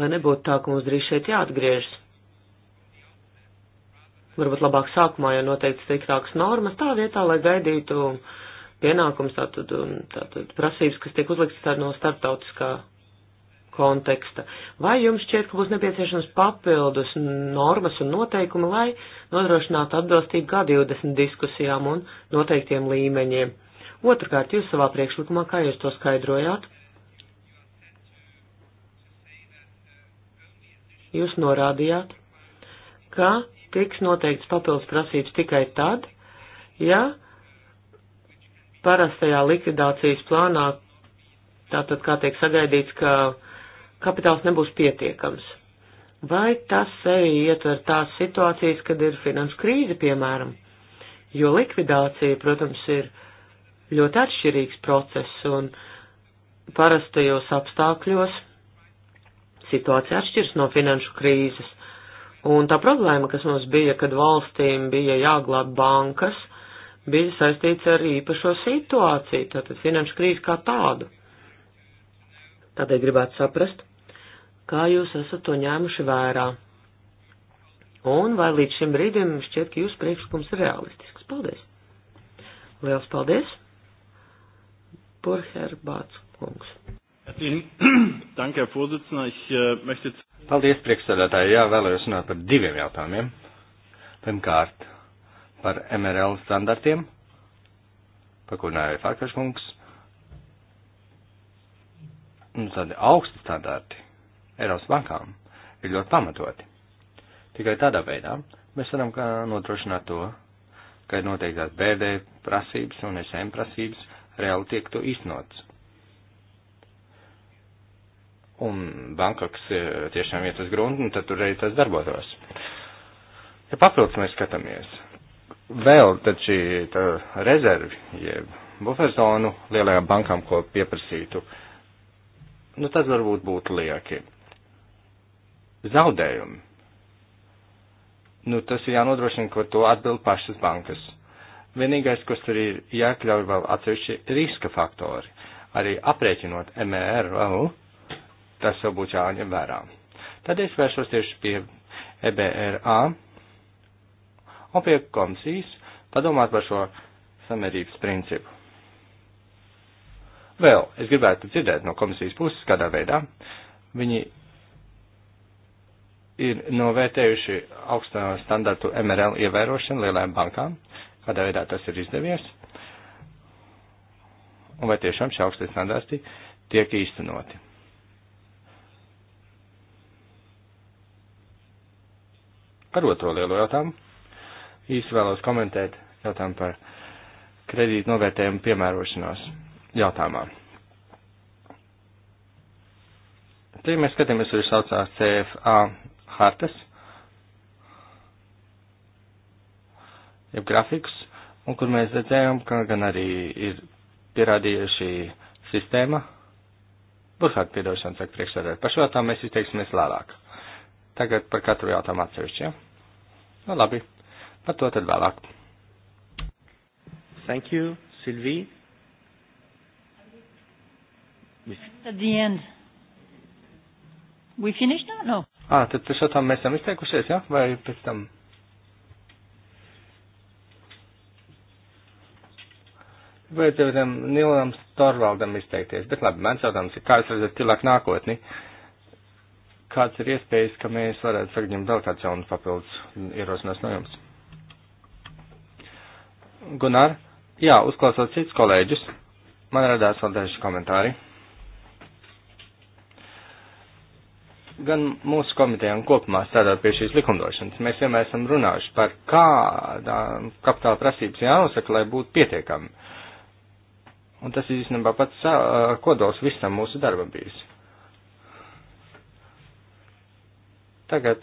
lai nebūtu tā, ka mums drīz šeit jāatgriežas. Varbūt labāk sākumā jau noteikti striktākas normas, tā vietā, lai gaidītu pienākums, tātad, tātad prasības, kas tiek uzliktas no starptautiskā konteksta. Vai jums šķiet, ka būs nepieciešams papildus normas un noteikumi, lai nodrošinātu atbilstību G20 diskusijām un noteiktiem līmeņiem? Otrkārt, jūs savā priekšlikumā, kā jūs to skaidrojāt, jūs norādījāt, ka tiks noteikts papildus prasības tikai tad, ja parastajā likvidācijas plānā, tātad kā tiek sagaidīts, ka kapitāls nebūs pietiekams. Vai tas sevi ietver tās situācijas, kad ir finanses krīze, piemēram? Jo likvidācija, protams, ir ļoti atšķirīgs process un parastajos apstākļos situācija atšķiras no finanšu krīzes. Un tā problēma, kas mums bija, kad valstīm bija jāglāb bankas, bija saistīts ar īpašo situāciju, tātad finanšu krīzi kā tādu. Tādēļ gribētu saprast, kā jūs esat to ņēmuši vērā. Un vai līdz šim brīdim šķiet, ka jūsu priekšlikums ir realistisks? Paldies! Liels paldies! Burherbāts kungs. Äh, Paldies, priekšsēdētāji. Jā, vēlējos runāt par diviem jautājumiem. Pirmkārt, par MRL standartiem, par kurināju Farkaškungs. Un tādi augsti standarti Eiropas bankām ir ļoti pamatoti. Tikai tādā veidā mēs varam nodrošināt to, ka ir noteiktās BD prasības un SM prasības reāli tiek to īstenots un Bankoks ir tiešām iet uz gruntu, tad tur arī tas darbotos. Ja papildus mēs skatāmies, vēl tad šī rezervi, jeb buferzonu lielajām bankām, ko pieprasītu, nu tas varbūt būtu lieki. Zaudējumi. Nu tas ir jānodrošina, ka to atbild pašas bankas. Vienīgais, kas tur ir jākļauj vēl atsevišķi riska faktori, arī aprēķinot MRL, e tas jau būtu jāņem vērā. Tad es vēršos tieši pie EBRA un pie komisijas padomāt par šo samērības principu. Vēl es gribētu dzirdēt no komisijas puses, kādā veidā viņi ir novērtējuši augstā standartu MRL ievērošanu lielajām bankām, kādā veidā tas ir izdevies, un vai tiešām šie augstie standarti tiek īstenoti. Par otro lielo jautājumu īsi vēlos komentēt jautājumu par kredītu novērtējumu piemērošanos jautājumā. Te mēs skatāmies uz saucās CFA hartas, jeb grafikus, un kur mēs redzējām, ka gan arī ir pierādījuši sistēma. Burkhārd, piedošana, saka priekšsēdētāji, par šo jautājumu mēs izteiksimies vēlāk. Tagad par katru jautājumu atsevišķi, ja? Nu, labi. Par to tad vēlāk. Thank you, Silvija. At the end. We finished now? No. Ah, tad par šo tām mēs esam izteikušies, jā? Ja? Vai pēc tam? Vajadzētu Nilam Storvaldam izteikties, bet labi, mans jautājums ir, kā jūs redzat cilvēku nākotni? Uh, kāds ir iespējas, ka mēs varētu saņemt vēl kāds jauns papildus ierosinās no jums? Gunār, jā, uzklausot cits kolēģis, man radās vēl daži komentāri. Gan mūsu komitejām kopumā strādāt pie šīs likumdošanas, mēs vienmēr esam runājuši par kādā kapitāla prasības jānosaka, lai būtu pietiekami. Un tas ir īstenībā pats kodols visam mūsu darbam bijis. Tagad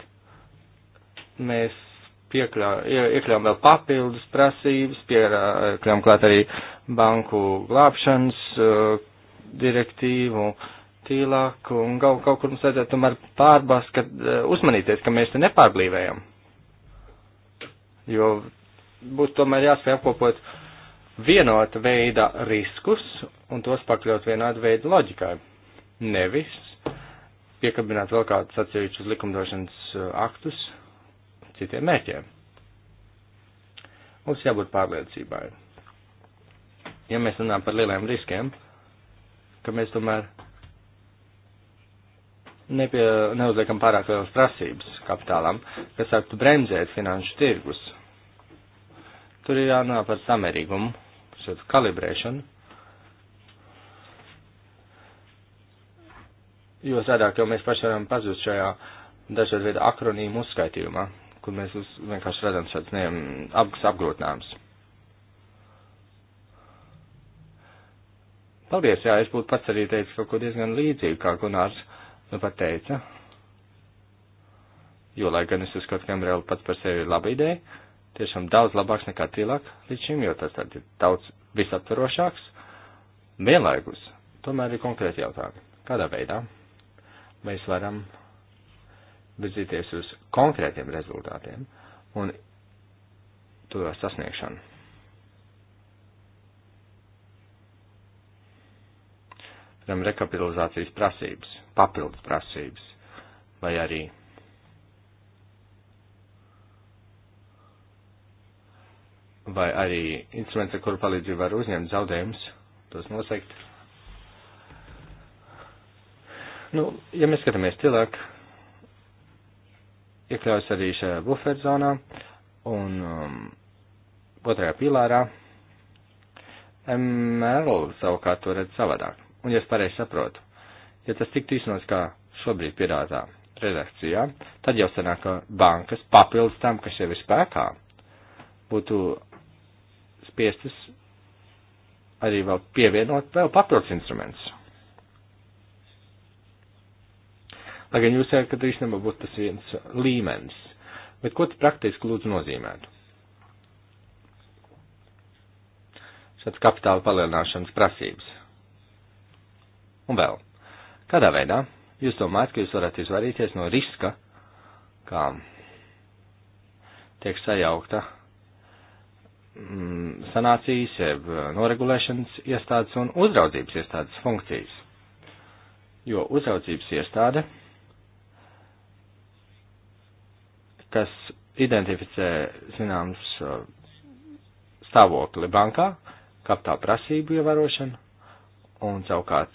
mēs iekļām vēl papildus prasības, piekļām klāt arī banku glābšanas uh, direktīvu tīlāk, un kaut, kaut kur mums vajadzētu tomēr pārbāst, kad uh, uzmanīties, ka mēs te nepārblīvējam. Jo būtu tomēr jāspēj apkopot vienota veida riskus un tos pakļaut vienādu veidu loģikai. Nevis piekabināt vēl kādus atsevišķus likumdošanas uh, aktus citiem mērķiem. Mums jābūt pārliecībai. Ja mēs runājam par lieliem riskiem, ka mēs tomēr nepie, neuzliekam pārāk lielas prasības kapitālam, kas sāktu bremzēt finanšu tirgus. Tur ir jānāk par samērīgumu, šo kalibrēšanu jo sādāk jau mēs paši varam pazust šajā dažādu veidu akronīmu uzskaitījumā, kur mēs uz, vienkārši redzam šāds ne, ap, apgrūtinājums. Paldies, jā, es būtu pats arī teicis kaut ko diezgan līdzīgu, kā Gunārs nu pat teica. Jo, lai gan es uzskatu, ka MRL pats par sevi ir laba ideja, tiešām daudz labāks nekā tilāk līdz šim, jo tas tad ir daudz visaptvarošāks, vienlaikus tomēr ir konkrēti jautājumi. Kādā veidā? mēs varam virzīties uz konkrētiem rezultātiem un to sasniegšanu. Piemēram, rekapitalizācijas prasības, papildus prasības vai arī vai arī instruments, ar kuru palīdzību var uzņemt zaudējumus, tos noseikt Nu, ja mēs skatāmies cilvēku, iekļaujas arī šajā buferzonā un um, otrajā pīlārā, ML savukārt to redz savādāk. Un, ja es pareizi saprotu, ja tas tiktu iznos kā šobrīd pirātā redakcijā, tad jau sanāk, ka bankas papildus tam, kas jau ir spēkā, būtu spiestas arī vēl pievienot vēl papildus instrumentus. Lai gan jūs sēkat, ka īstenībā būtu tas viens līmenis. Bet ko tas praktiski lūdzu nozīmētu? Šāds kapitāla palielināšanas prasības. Un vēl, kādā veidā jūs domājat, ka jūs varat izvairīties no riska, kā tiek sajaukta mm, sanācijas, jeb noregulēšanas iestādes un uzraudzības iestādes funkcijas? Jo uzraudzības iestāde kas identificē zināms stāvokli bankā, kapitāla prasību ievērošanu un savukārt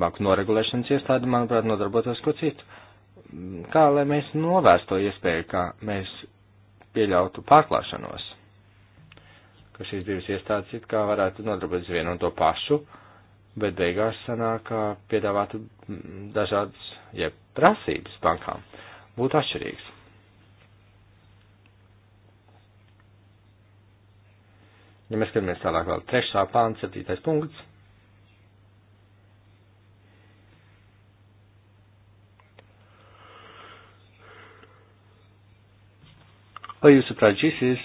banku noregulēšanas iestādi, manuprāt, nodarbotos ko citu. Kā lai mēs novērstu to iespēju, ka mēs pieļautu pārklāšanos, ka šīs divas iestādes it kā varētu nodarboties vienu un to pašu, bet beigās sanāk, ka piedāvātu dažādas, jeb prasības bankām būtu atšķirīgas. Ja mēs skatāmies tālāk vēl trešā pāns, septītais punkts. Vai jūsuprāt, šis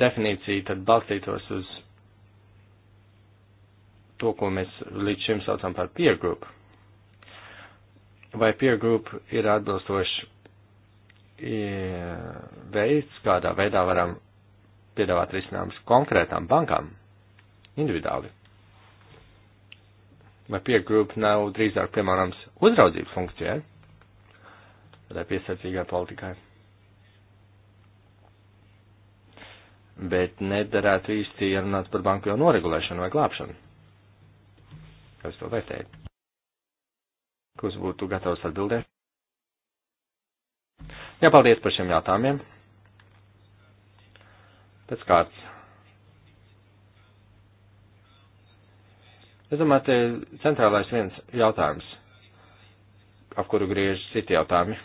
definīcija tad balstītos uz to, ko mēs līdz šim saucam par peer group? Vai peer group ir atbilstoši e, veids, kādā veidā varam piedāvāt risinājumus konkrētām bankām individuāli. Vai piegrupa nav drīzāk, piemēram, uzraudzības funkcijai vai piesardzīgai politikai? Bet nedarētu īsti, ja runāts par banku jau noregulēšanu vai glābšanu. Kā es to vērtēju? Kurš būtu gatavs atbildēt? Jā, paldies par šiem jautājumiem pēc kārtas. Es domāju, te centrālais viens jautājums, ap kuru griež citi jautājumi.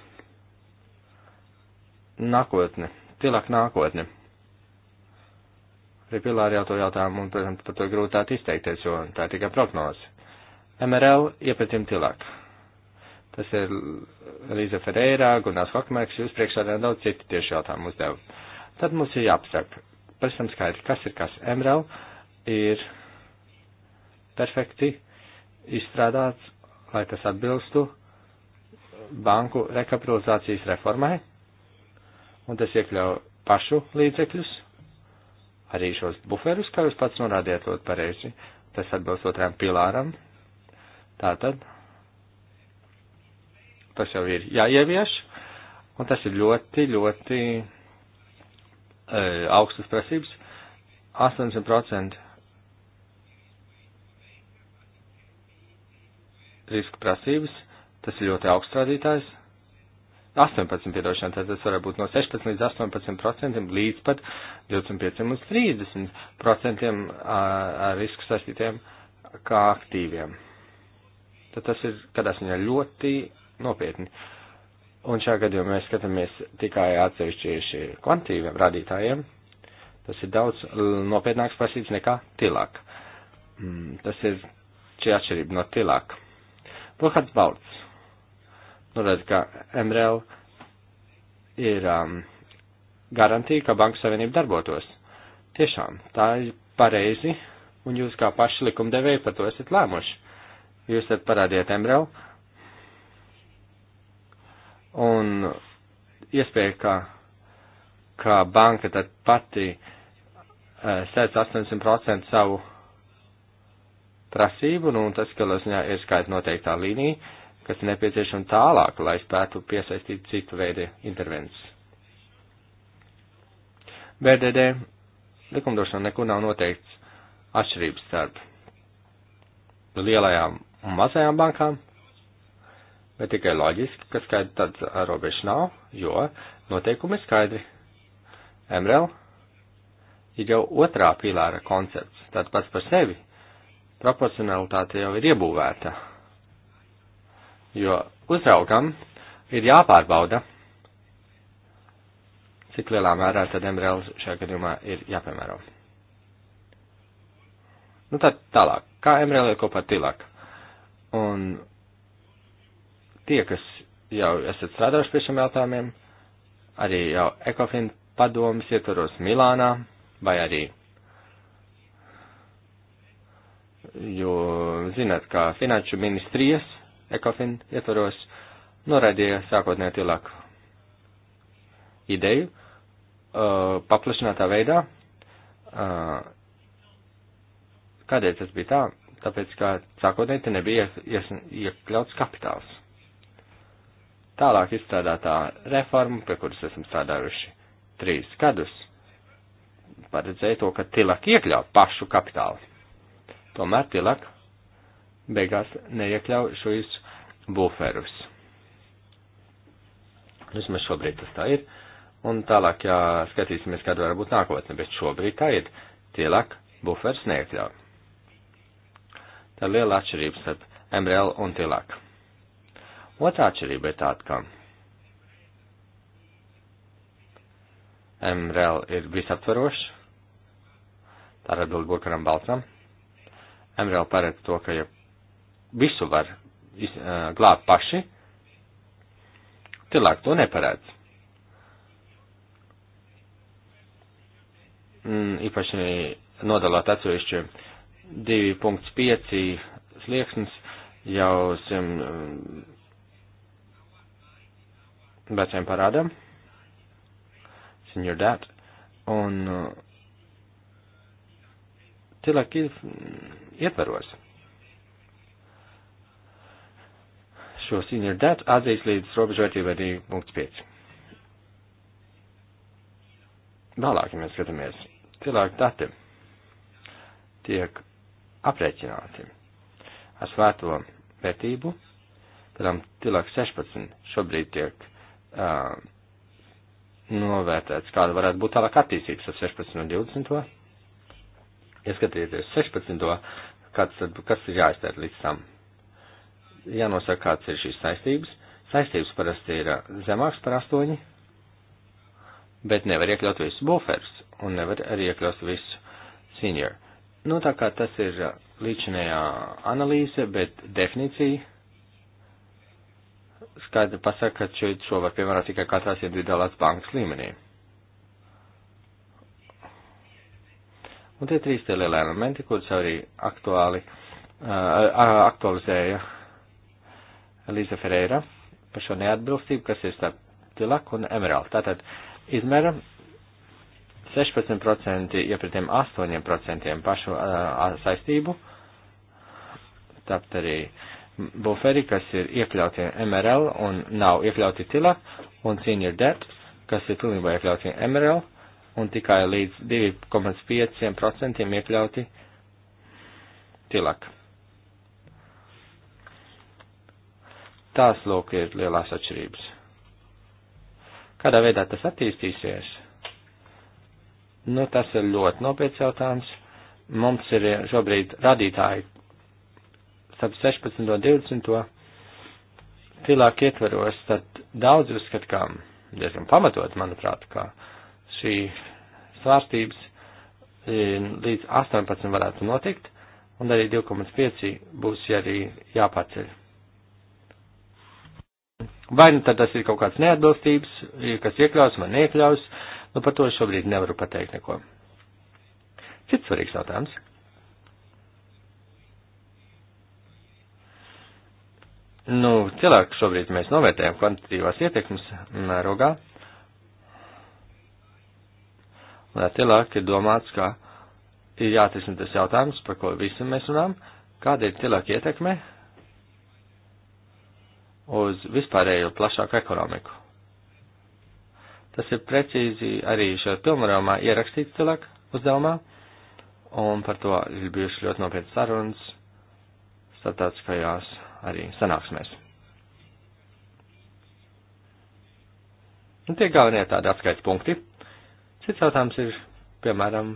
Nākotne, cilvēku nākotne. Arī Pilāri jau to jautājumu, un, protams, par to ir grūti tā izteikties, jo tā ir tikai prognoze. MRL iepēcim cilvēku. Tas ir Līza Ferreira, Gunārs Hokmēks, jūs priekšā daudz citi tieši jautājumu uzdevu. Tad mums ir jāapsaka, pavisam skaidri, kas ir kas. MRL ir perfekti izstrādāts, lai tas atbilstu banku rekapitalizācijas reformai, un tas iekļauj pašu līdzekļus, arī šos buferus, kā jūs pats norādījāt ļoti pareizi, tas atbilst otrajam pilāram. Tātad tas jau ir jāievieš, un tas ir ļoti, ļoti E, augstas prasības 80% riska prasības, tas ir ļoti augsts rādītājs. 18 piedošana, tad tas var būt no 16 līdz 18% līdz pat 25 līdz 30% ar risku saistītiem kā aktīviem. Tad tas ir, kādā ziņā, ļoti nopietni. Uh, Un šā gadījumā mēs skatāmies tikai atsevišķi kvantīviem rādītājiem. Tas ir daudz nopietnāks prasības nekā tilāk. Mm, tas ir šī atšķirība no tilāk. Burkhards Balts norāda, nu, ka MRL ir um, garantija, ka Banku Savienība darbotos. Tiešām, tā ir pareizi, un jūs kā paši likumdevēji par to esat lēmuši. Jūs esat parādījāt MRL Un iespēja, ka, ka banka tad pati eh, sēdz 80% savu prasību, nu, un tas, ka lasņā ir skaita noteiktā līnija, kas nepieciešama tālāk, lai spētu piesaistīt citu veidu intervences. BDD likumdošana neko nav noteikts atšķirības starp lielajām un mazajām bankām, bet tikai loģiski, ka skaidri tāds robežs nav, jo noteikumi ir skaidri. MRL ir jau otrā pīlāra koncepts, tāds pats par sevi. Proporcionalitāte jau ir iebūvēta, jo uzraugam ir jāpārbauda, cik lielā mērā tad MRL šajā gadījumā ir jāpiemēro. Nu tad tālāk, kā MRL ir kopā tīlāk? Un tie, kas jau esat strādājuši pie šiem jautājumiem, arī jau Ekofin padomas ietvaros Milānā, vai arī, jo zināt, kā finanšu ministrijas Ekofin ietvaros noraidīja sākotnēji tilāku ideju uh, paplašinātā veidā. Uh, kādēļ tas bija tā? Tāpēc, ka sākotnēji te nebija ies, ies, iekļauts kapitāls tālāk izstrādātā reforma, pie kuras esam strādājuši trīs gadus, paredzēja to, ka tilak iekļauj pašu kapitālu. Tomēr tilak beigās neiekļauj šos buferus. Vismaz šobrīd tas tā ir. Un tālāk, ja skatīsimies, kāda var būt nākotne, bet šobrīd tā ir tilak bufers neiekļauj. Tā ir liela atšķirība starp MRL un tilak. Otrā atšķirība ir tāda, ka MRL ir visaptvarošs, tā ir atbildi burkaram baltam. MRL paredz to, ka ja visu var iz, uh, glābt paši, cilvēki to neparedz. Mm, īpaši nodalot atsevišķi 2.5 slieksnis jau simt vecajam parādam, senior debt, un uh, cilvēki ir mm, ietveros. Šo senior debt atzīst līdz robežvērtībai 2.5. Vēlāk, ja mēs skatāmies, cilvēku dati tiek aprēķināti ar svēto vērtību, piemēram, cilvēks 16 šobrīd tiek uh, novērtēts, kāda varētu būt tālāk attīstības ar 16 un 20. Ieskatieties 16. Kāds, tad, kas ir jāizdara līdz tam? Jānosaka, kāds ir šīs saistības. Saistības parasti ir zemāks par 8, bet nevar iekļaut visus buferus un nevar arī iekļaut visu senior. Nu, tā kā tas ir līdzinējā analīze, bet definīcija skaidri pasaka, ka šeit šo var piemērot tikai katrās individuālās bankas līmenī. Un tie trīs tie lielie elementi, kurus arī aktuāli, uh, aktualizēja Elīza Ferreira par šo neatbilstību, kas ir starp tilaku un emeraldu. Tātad izmēra 16% iepratiem 8% pašu uh, saistību, tāpat arī uh, buferi, kas ir iekļauti MRL un nav iekļauti TILA, un senior debt, kas ir pilnībā iekļauti MRL un tikai līdz 2,5% iekļauti TILAK. Tās lūk ir lielās atšķirības. Kādā veidā tas attīstīsies? Nu, tas ir ļoti nopietns jautājums. Mums ir šobrīd radītāji starp 16 un 20 cilvēku ietveros, tad daudz uzskat, kā diezgan pamatot, manuprāt, kā šī svārstības e, līdz 18 varētu notikt, un arī 2,5 būs ja arī jāpaceļ. Vai nu tad tas ir kaut kāds neatbilstības, e, kas iekļaus vai neiekļaus, nu par to šobrīd nevaru pateikt neko. Cits svarīgs jautājums. Nu, cilvēku šobrīd mēs novērtējam kvantitīvās ietekmes mērogā. Lai cilvēki ir domāts, ka ir jāatrisina tas jautājums, par ko visi mēs runājam, kāda ir cilvēku ietekme uz vispārējo plašāku ekonomiku. Tas ir precīzi arī šajā pilnvarāmā ierakstīts cilvēku uzdevumā, un par to ir bijuši ļoti nopietnas sarunas starptautiskajās arī sanāksmēs. Un tie galvenie tādi atskaits punkti. Cits jautājums ir, piemēram,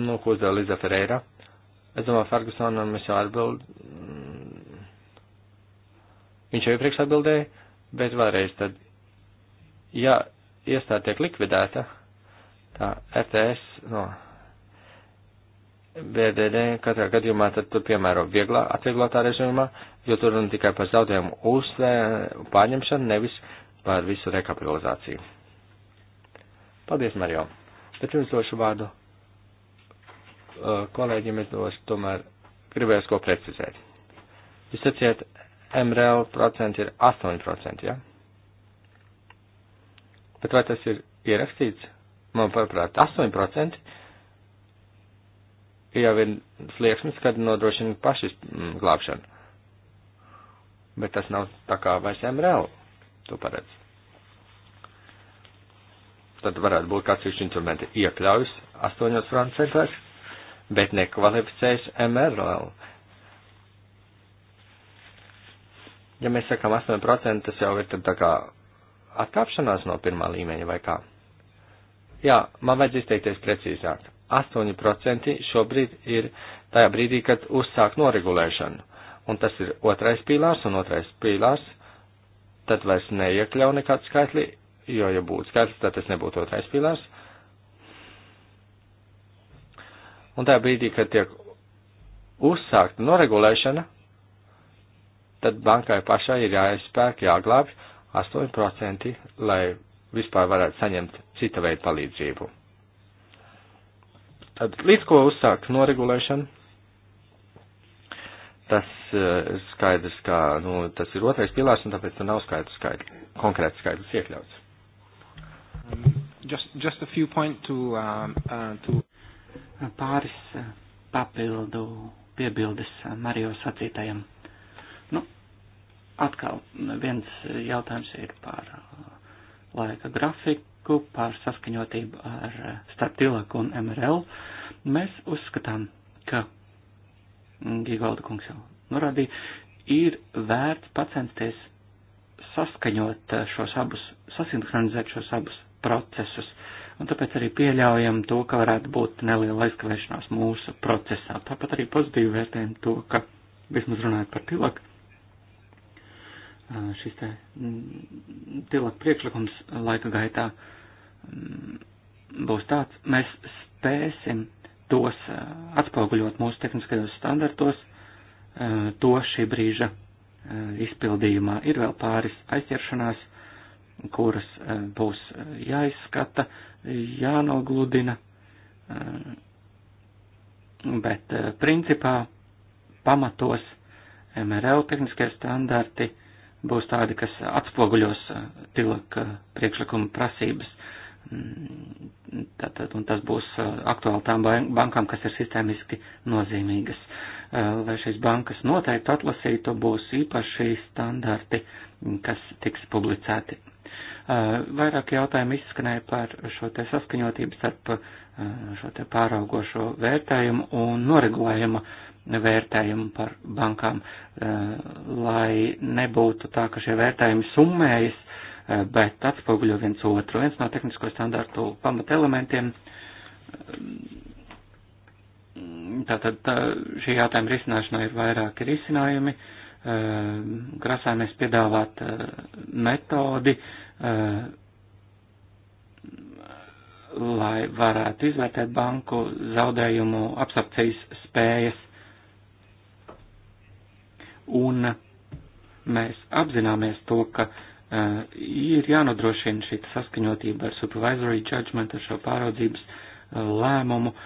nu, ko uzdeva Liza Ferreira. Es domāju, Fergusonam es jau atbild. Mm, viņš jau iepriekš atbildēja, bet vēlreiz tad, ja iestāde tiek likvidēta, tā RTS, e no, BDD katrā gadījumā tad tur piemēro vieglā atvieglotā režīmā, jo tur runa tikai par zaudējumu uzlē, pārņemšanu, nevis par visu rekapitalizāciju. Paldies, Mario. Bet jums došu vārdu. Kolēģiem es došu tomēr gribēs ko precizēt. Jūs sacījāt, MRL procenti ir 8%, ja? Bet vai tas ir ierakstīts? Man, paprāt, 8% jau ir slieksnis, kad nodrošina pašas mm, glābšanu. Bet tas nav tā kā vairs MRL to paredz. Tad varētu būt kāds viņš instrumenti iekļaujas 8 francu centrās, bet nekvalificējas MRL. Ja mēs sakam 8%, tas jau ir tad tā kā atkāpšanās no pirmā līmeņa vai kā. Jā, man vajadz izteikties precīzāk. 8% šobrīd ir tajā brīdī, kad uzsāk noregulēšanu. Un tas ir otrais pīlārs, un otrais pīlārs tad vairs neiekļau nekādu skaitli, jo, ja būtu skaitlis, tad tas nebūtu otrais pīlārs. Un tajā brīdī, kad tiek uzsākta noregulēšana, tad bankai pašai ir jāizspēk, jāglābj 8%, lai vispār varētu saņemt cita veida palīdzību. Tad līdz ko uzsāk noregulēšana, tas ir eh, skaidrs, kā, nu, tas ir otrais pilārs, un tāpēc tur nav skaidrs, skaidrs, konkrēts skaidrs iekļauts. Um, just, just a few point to, um, uh, to... Uh, pāris uh, papildu piebildes uh, Marijo sacītajam. Nu, atkal viens jautājums ir par laika grafiku politiku par saskaņotību ar eh, starp tilaku un MRL, mēs uzskatām, ka Gigalda kungs jau norādīja, ir vērts pacensties saskaņot eh, šos abus, sasinhronizēt šos abus procesus. Un tāpēc arī pieļaujam to, ka varētu būt neliela aizkavēšanās mūsu procesā. Tāpat arī pozitīvi vērtējam to, ka vismaz runājot par tilaku, eh, šis te mm, tilaku priekšlikums laika gaitā uh, Mm, būs tāds, mēs spēsim tos atspoguļot mūsu tehniskajos standartos, to šī brīža izpildījumā ir vēl pāris aizķeršanās, kuras būs jāizskata, jānogludina, bet principā pamatos MRL tehniskie standarti būs tādi, kas atspoguļos tilaka priekšlikuma prasības. Tātad, un tas būs uh, aktuāli tām bankām, kas ir sistēmiski nozīmīgas. Uh, lai šīs bankas noteikti atlasītu, būs īpaši standarti, kas tiks publicēti. Uh, vairāk jautājumu izskanēja par šo te saskaņotību starp šo te pāraugošo vērtējumu un noregulējumu vērtējumu par bankām, lai nebūtu tā, ka šie vērtējumi summējas bet atspoguļo viens otru. Viens no tehnisko standārtu pamatelementiem. Mm, tātad tā, šī jautājuma risināšanā ir vairāki risinājumi. Eh, grasāmies piedāvāt eh, metodi, eh, lai varētu izvērtēt banku zaudējumu absorpcijas spējas. Un mēs apzināmies to, ka uh, Eh, ir jānodrošina šī saskaņotība ar supervisory judgment, ar šo pāraudzības eh, lēmumu eh,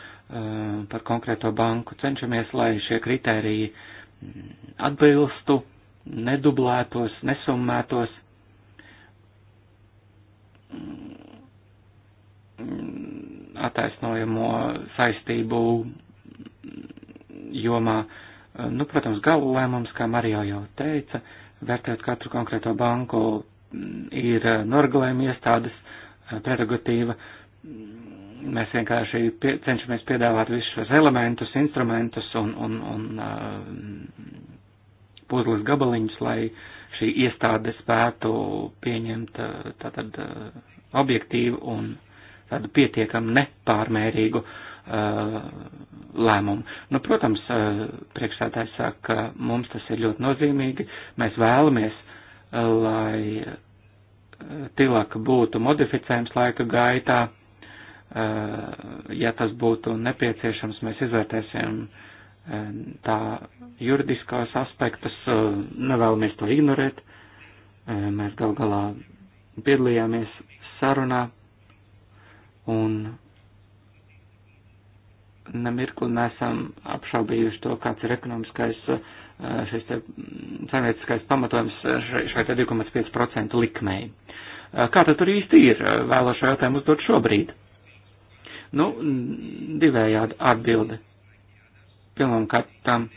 par konkrēto banku. Cenšamies, lai šie kritēriji mm, atbilstu, nedublētos, nesummētos. Mm, attaisnojamo saistību mm, jomā. Nu, protams, galu lēmums, kā Marijā jau teica, vērtēt katru konkrēto banku ir eh, noregulējuma iestādes eh, prerogatīva. Mēs vienkārši pie, cenšamies piedāvāt visus šos elementus, instrumentus un, un, un eh, puzles gabaliņus, lai šī iestāde spētu pieņemt tātad objektīvu un tādu pietiekam nepārmērīgu uh, lēmumu. Nu, protams, uh, priekšsētājs saka, ka mums tas ir ļoti nozīmīgi, mēs vēlamies lai eh, tilaka būtu modificējums laika gaitā. Eh, ja tas būtu nepieciešams, mēs izvērtēsim eh, tā juridiskos aspektus, nevēlamies to ignorēt. Mēs gal galā piedalījāmies sarunā un nemirkli nesam apšaubījuši to, kāds ir ekonomiskais uh, Eh, šis te mm, saimnieciskais pamatojums eh, šai, šai te 2,5% likmei. Eh, kā tad tur īsti ir? Vēlos šo jautājumu uzdot šobrīd. Nu, mm, divējādi atbilde. Pirmam kārtām,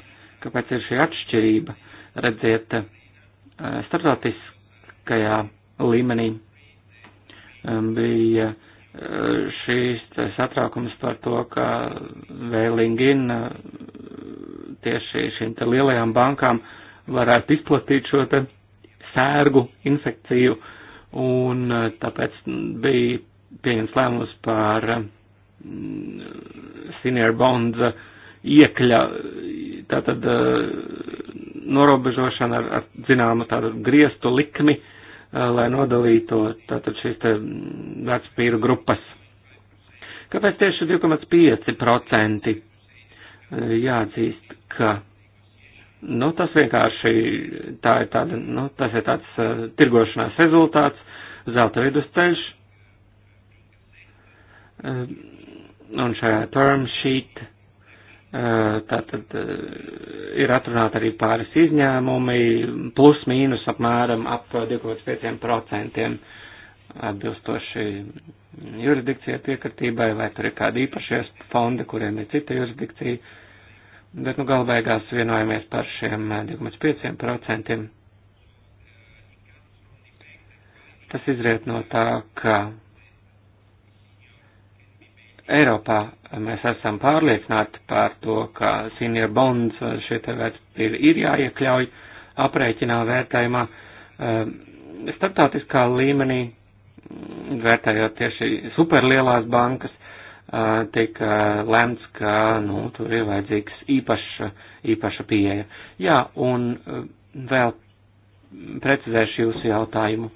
kāpēc ir šī atšķirība, redziet, starptautiskajā līmenī bija šīs satraukums par to, ka Vēlingin tieši šīm te lielajām bankām varētu izplatīt šo te sērgu infekciju, un eh, tāpēc bija pieņems lēmums par mm, senior bonds iekļa, tātad eh, norobežošana ar, ar zināmu tādu griestu likmi, uh, Eh, lai nodalītu tātad šīs te vecpīru grupas. Kāpēc tieši 2,5%? Eh, jāatzīst, ka, nu, tas vienkārši, tā ir tāda, nu, tas ir tāds uh, tirgošanās rezultāts, zelta vidusceļš. Uh, un šajā term sheet uh, Eh, Tātad eh, ir atrunāti arī pāris izņēmumi, plus mīnus apmēram ap 2,5% atbilstoši jurisdikcijai piekritībai, vai tur ir kādi īpašie fondi, kuriem ir cita jurisdikcija. Bet nu galvēgās vienojamies par šiem 2,5%. Eh, Tas izriet no tā, ka Eiropā mēs esam pārliecināti par to, ka senior bonds eh, šie te vērtspapīri ir jāiekļauj aprēķinā vērtējumā. Eh, Startautiskā līmenī, mm, vērtējot tieši superlielās bankas, eh, tika lemts, ka, nu, tur ir vajadzīgs īpaša, īpaša pieeja. Jā, un vēl precizēšu jūsu jautājumu.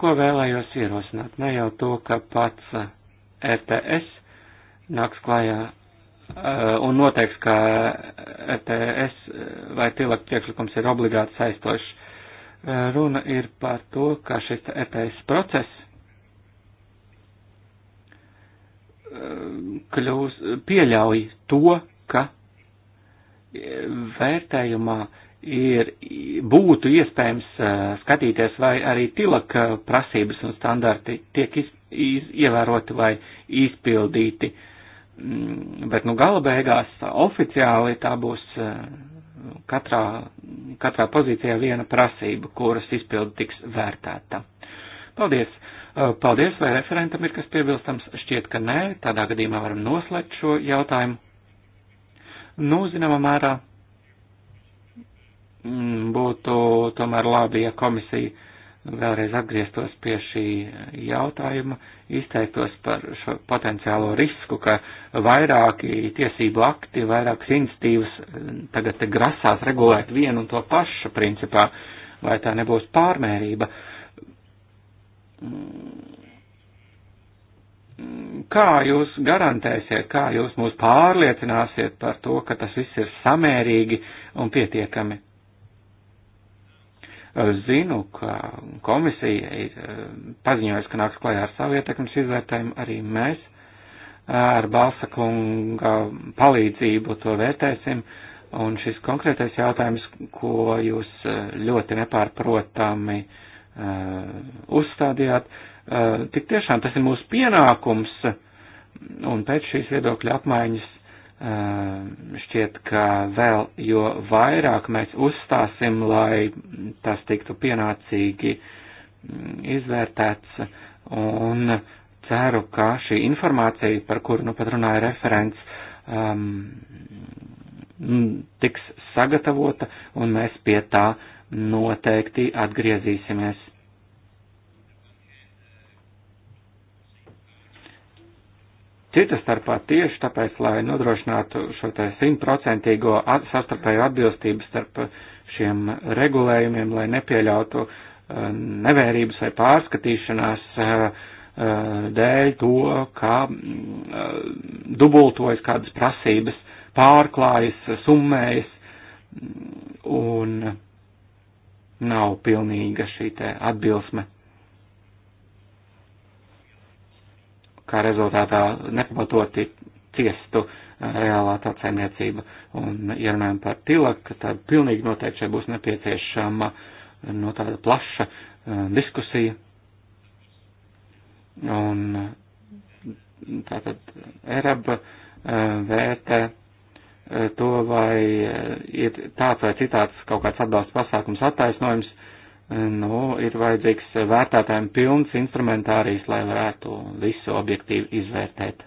Ko vēlējos ierosināt? Ne jau to, ka pats ETS nāks klājā eh, un noteiks, ka ETS eh, vai tilak priekšlikums ir obligāti saistošs. Eh, runa ir par to, ka šis ETS process kļūs, pieļauj to, ka vērtējumā uh, ir, būtu iespējams skatīties, vai arī tilak prasības un standarti tiek iz, iz, ievēroti vai izpildīti. Mm, bet, nu, gala beigās oficiāli tā būs katrā, katrā pozīcijā viena prasība, kuras izpildi tiks vērtēta. Paldies! Paldies, vai referentam ir kas piebilstams? Šķiet, ka nē, tādā gadījumā varam noslēgt šo jautājumu. Nu, zināmā mērā Mm, būtu tomēr labi, ja komisija vēlreiz atgrieztos pie šī jautājuma, izteiktos par šo potenciālo risku, ka vairāki tiesību akti, vairākas institīvas mm, tagad grasās regulēt vienu un to pašu principā, vai tā nebūs pārmērība. Mm, kā jūs garantēsiet, kā jūs mūs pārliecināsiet par to, ka tas viss ir samērīgi un pietiekami Zinu, ka komisija ir eh, paziņojusi, ka nāks klajā ar savu ietekmes izvērtējumu arī mēs eh, ar Balsa kunga palīdzību to vērtēsim. Un šis konkrētais jautājums, ko jūs eh, ļoti nepārprotami uh, uzstādījāt, uh, tik tiešām tas ir mūsu pienākums. Un pēc šīs viedokļa apmaiņas Ehm, šķiet, ka vēl jo vairāk mēs uzstāsim, lai tas tiktu pienācīgi mm, izvērtēts un ceru, ka šī informācija, par kuru nu pat runāja referents, um, tiks sagatavota un mēs pie tā noteikti atgriezīsimies. Cita starpā tieši tāpēc, lai nodrošinātu šo te simtprocentīgo sastarpēju atbilstību starp šiem regulējumiem, lai nepieļautu eh, nevērības vai pārskatīšanās eh, eh, dēļ to, kā mm, dubultojas kādas prasības, pārklājas, summējas mm, un nav pilnīga šī te atbilsme kā rezultātā nepamatoti ciestu uh, reālā tautsaimniecība. Un, ja runājam par tilaku, tad pilnīgi noteikti šeit būs nepieciešama uh, no tāda plaša uh, diskusija. Un tātad Eraba vērtē to, vai ir tāds vai citāds kaut kāds atbalsts pasākums attaisnojums nu, ir vajadzīgs vērtētājiem pilns instrumentārijs, lai varētu visu objektīvi izvērtēt.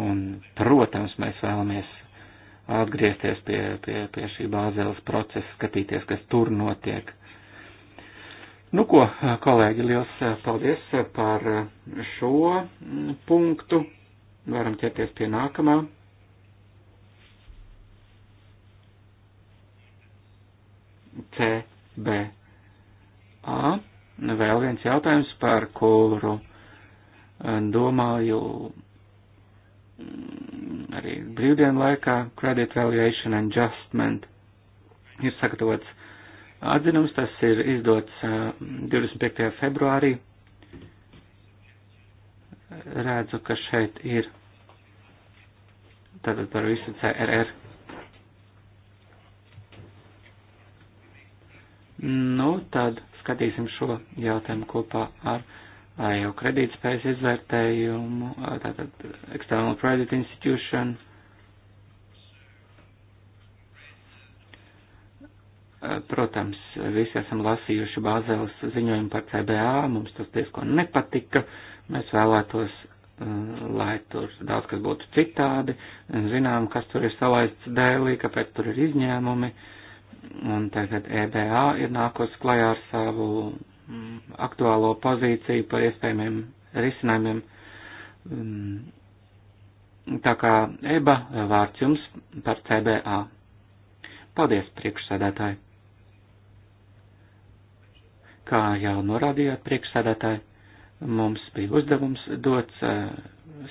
Un, protams, mēs vēlamies atgriezties pie, pie, pie šī bāzēles procesa, skatīties, kas tur notiek. Nu ko, kolēģi, liels paldies par šo punktu. Varam ķerties pie nākamā. CB. A. Vēl viens jautājums, par kuru domāju mm, arī brīvdienu laikā Credit Valuation Adjustment ir sagatavots atzinums, tas ir izdots 25. februārī. Redzu, ka šeit ir tātad par visu CRR. Nu, tad skatīsim šo jautājumu kopā ar jau kredītspējas izvērtējumu, tātad External Credit Institution. Protams, visi esam lasījuši Bāzeles ziņojumu par CBA, mums tas diezko nepatika, mēs vēlētos Eh, lai tur daudz kas būtu citādi, eh, zinām, kas tur ir salaists dēlī, kāpēc tur ir izņēmumi, un tagad EBA ir nākos klajā ar savu mm, aktuālo pozīciju par iespējamiem risinājumiem. Mm, tā kā EBA vārds jums par CBA. Paldies, priekšsēdētāji! Kā jau norādījāt, priekšsēdētāji! Mums bija uzdevums dots eh,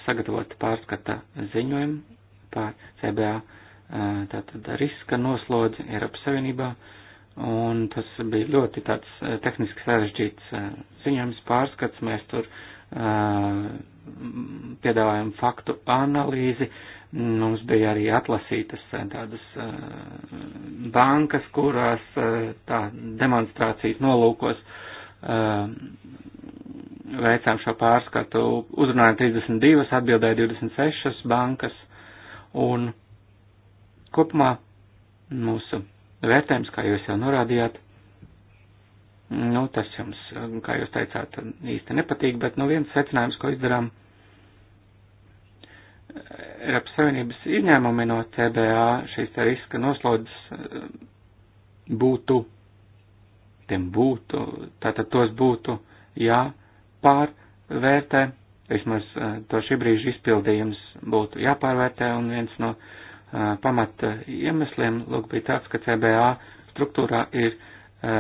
sagatavot pārskata ziņojumu par CBA eh, tātad riska noslodzi Eiropas Savienībā, un tas bija ļoti tāds eh, tehniski sarežģīts ziņojums pārskats. Mēs tur piedāvājam faktu analīzi, mums bija arī atlasītas tādas bankas, kurās tā demonstrācijas nolūkos veicām šo pārskatu, uzrunājām 32, atbildēja 26 bankas, un kopumā mūsu vērtējums, kā jūs jau norādījāt, nu, tas jums, kā jūs teicāt, īsti nepatīk, bet, nu, viens secinājums, ko izdarām, Eiropas Savienības ieņēmumi no CBA šīs te riska noslodzes būtu, tiem būtu, tātad tos būtu, jā, pārvērtē, vismaz eh, to šī brīža izpildījums būtu jāpārvērtē, un viens no eh, pamata iemesliem, lūk, bija tāds, ka CBA struktūrā ir eh,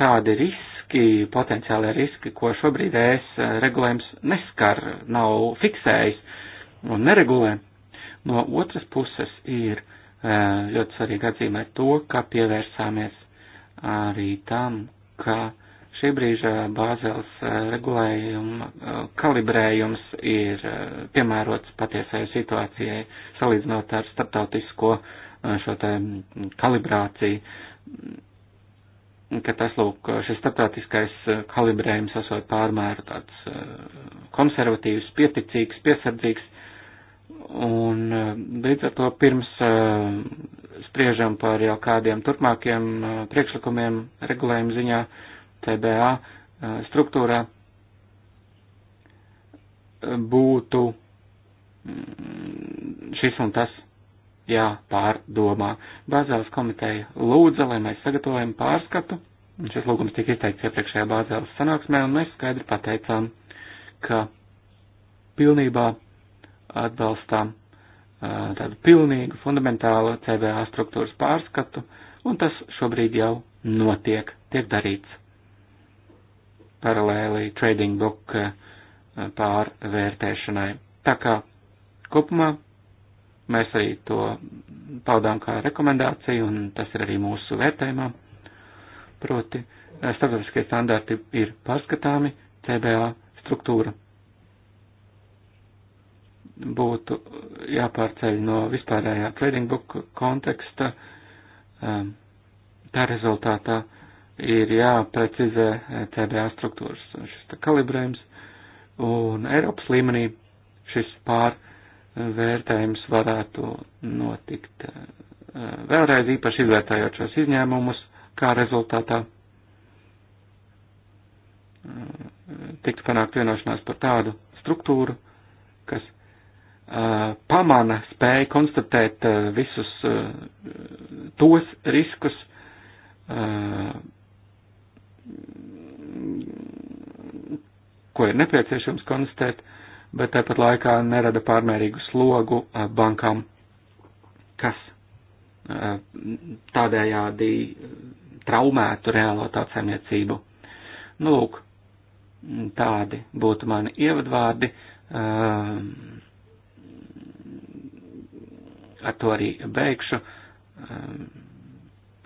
tādi riski, potenciāli riski, ko šobrīd es regulējums neskar, nav fiksējis un neregulē. No otras puses ir ļoti svarīgi atzīmēt to, ka pievērsāmies arī tam, ka uh, Šī brīža Bāzels eh, regulējuma eh, kalibrējums ir eh, piemērots patiesai situācijai, salīdzinot ar starptautisko šo te mm, kalibrāciju, ka tas, lūk, šis starptautiskais kalibrējums esot pārmēru tāds konservatīvs, pieticīgs, piesardzīgs, un līdz ar to pirms spriežam par jau kādiem turpmākiem priekšlikumiem regulējuma ziņā, TBA eh, struktūrā eh, būtu mm, šis un tas jāpārdomā. Bāzēlas komiteja lūdza, lai mēs sagatavojam pārskatu, un šis lūgums tika izteikts iepriekšējā Bāzēlas sanāksmē, un mēs skaidri pateicām, ka pilnībā atbalstām eh, tādu pilnīgu, fundamentālu CBA struktūras pārskatu, un tas šobrīd jau notiek, tiek darīts paralēli trading book eh, pārvērtēšanai. Tā kā kopumā mēs arī to paudām kā rekomendāciju, un tas ir arī mūsu vērtējumā. Proti, eh, starptautiskie standarti ir pārskatāmi, CBA struktūra būtu jāpārceļ no vispārējā trading book konteksta. Eh, tā rezultātā uh, ir jāprecizē TBA struktūras šis kalibrējums, un Eiropas līmenī šis pārvērtējums eh, varētu notikt eh, vēlreiz īpaši izvērtējot šos izņēmumus, kā rezultātā eh, tiks panākt vienošanās par tādu struktūru, kas uh, pamana spēju konstatēt uh, visus uh, tos riskus, uh, ko ir nepieciešams konstatēt, bet tāpat laikā nerada pārmērīgu slogu eh, bankām, kas eh, tādējādi traumētu reālo tautsēmniecību. Nu, lūk, tādi būtu mani ievadvārdi. Eh, ar to arī beigšu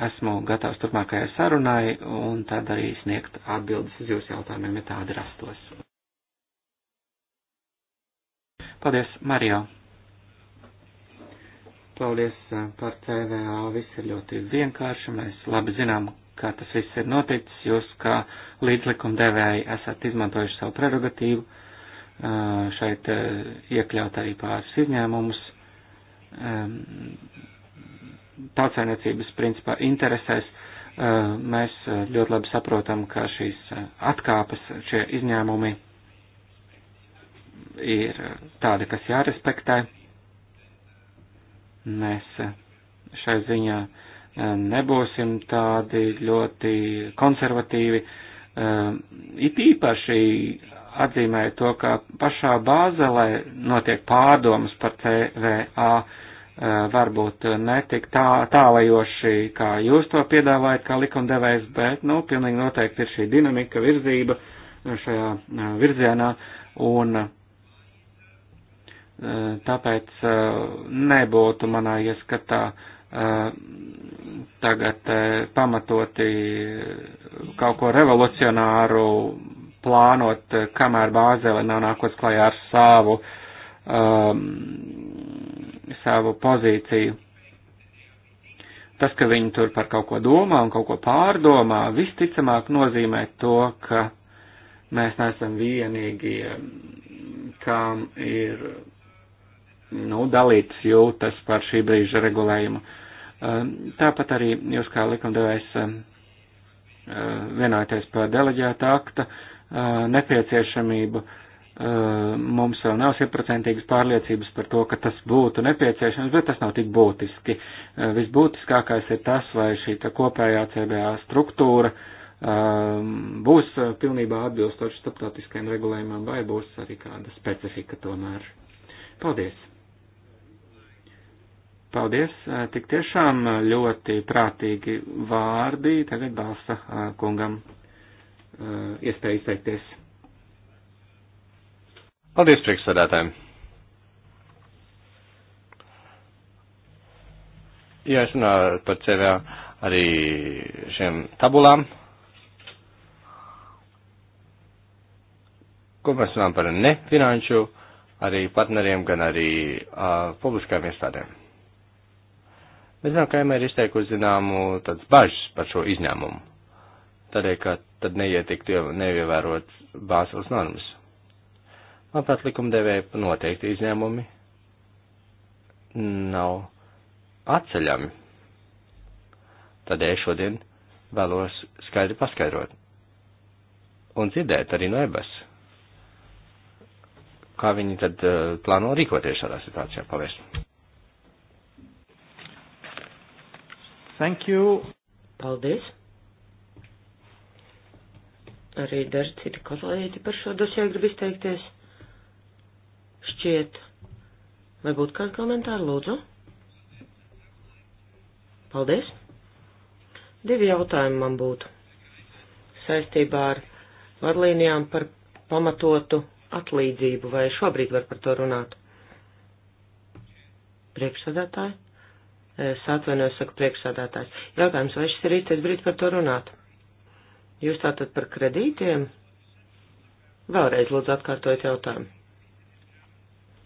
esmu gatavs turpmākajai sarunai un tad arī sniegt atbildes uz jūsu jautājumiem, ja tāda rastos. Paldies, Mario! Paldies eh, par CVA. Viss ir ļoti vienkārši. Mēs labi zinām, kā tas viss ir noticis. Jūs, kā līdzlikumdevēji, esat izmantojuši savu prerogatīvu. Eh, šeit eh, iekļaut arī pāris izņēmumus tautsēniecības principā interesēs, uh, mēs uh, ļoti labi saprotam, ka šīs uh, atkāpes, šie izņēmumi ir tādi, kas jārespektē. Mēs šai ziņā nebūsim tādi ļoti konservatīvi. It īpaši atzīmēja to, ka pašā bāzelē notiek pārdomas par CVA Eh, varbūt netik tā, tālajoši, kā jūs to piedāvājat, kā likumdevējs, bet, nu, pilnīgi noteikti ir šī dinamika, virzība eh, šajā eh, virzienā, un tāpēc nebūtu manā ieskatā tagad pamatoti kaut ko revolucionāru plānot, kamēr Bāzele nav nākos klajā ar savu um, savu pozīciju. Tas, ka viņi tur par kaut ko domā un kaut ko pārdomā, visticamāk nozīmē to, ka mēs neesam vienīgie, kam ir nu, dalītas jūtas par šī brīža regulējumu. Um, tāpat arī jūs kā likumdevējs um, uh, vienoties par deleģēta akta uh, nepieciešamību Eh, mums vēl nav simtprocentīgas pārliecības par to, ka tas būtu nepieciešams, bet tas nav tik būtiski. Eh, visbūtiskākais ir tas, vai šī kopējā CBA struktūra eh, būs pilnībā atbilstoši starptautiskajiem regulējumam, vai būs arī kāda specifika tomēr. Paldies! Paldies! Tik tiešām ļoti prātīgi vārdi tagad balsta kungam iespēja izteikties. Paldies priekšsēdētājiem! Jā, es runāju par CVA arī šiem tabulām. Ko mēs runājam par nefinanšu, arī partneriem, gan arī uh, publiskajām iestādēm. Mēs zinām, ka EMA ir izteikusi zināmu tāds bažas par šo izņēmumu. Tādēļ, ka tad neietiktu nevievērot bāzes normas. Manuprāt, likumdevēja noteikti izņēmumi nav atceļami. Tādēļ šodien vēlos skaidri paskaidrot un dzirdēt arī no ebas, kā viņi tad uh, plāno rīkoties šādā situācijā. Paldies! Thank you! Paldies! Arī daži citi kolēģi par šo dosē grib izteikties. Šķiet, vai būtu kādi komentāri, lūdzu? Paldies! Divi jautājumi man būtu saistībā ar vadlīnijām par pamatotu atlīdzību, vai šobrīd var par to runāt? Priekšsādātāji? Es atvainojos, saku priekšsādātājs. Jautājums, vai šis ir īstais brīdis par to runāt? Jūs tātad par kredītiem? Vēlreiz lūdzu atkārtojiet jautājumu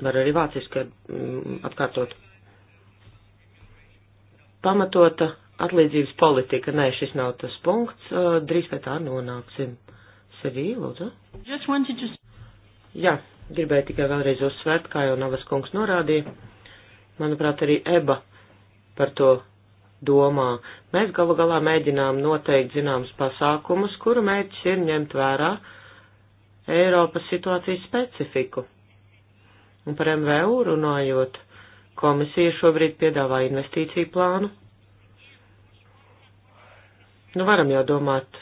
var arī vāciski mm, atkārtot. Pamatota atlīdzības politika, nē, šis nav tas punkts, drīz pie tā nonāksim. Sevī, lūdzu. To... Jā, gribēju tikai vēlreiz uzsvērt, kā jau Navas kungs norādīja. Manuprāt, arī Eba par to domā. Mēs galu galā mēģinām noteikt zināmas pasākumus, kuru mērķis ir ņemt vērā Eiropas situācijas specifiku Un par MVU runājot, komisija šobrīd piedāvā investīciju plānu. Nu, varam jau domāt,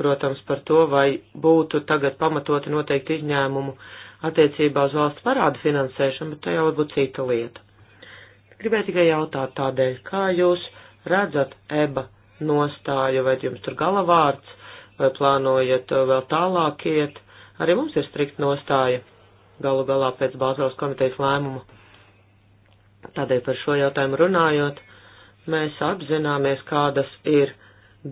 protams, par to, vai būtu tagad pamatoti noteikti izņēmumu attiecībā uz valsts parādu finansēšanu, bet tā jau būtu cita lieta. Gribēju tikai jautāt tādēļ, kā jūs redzat EBA nostāju, vai jums tur galavārds, vai plānojat vēl tālāk iet, arī mums ir strikt nostāja galu galā pēc Bāzeles komitejas lēmuma. Tādēļ par šo jautājumu runājot, mēs apzināmies, kādas ir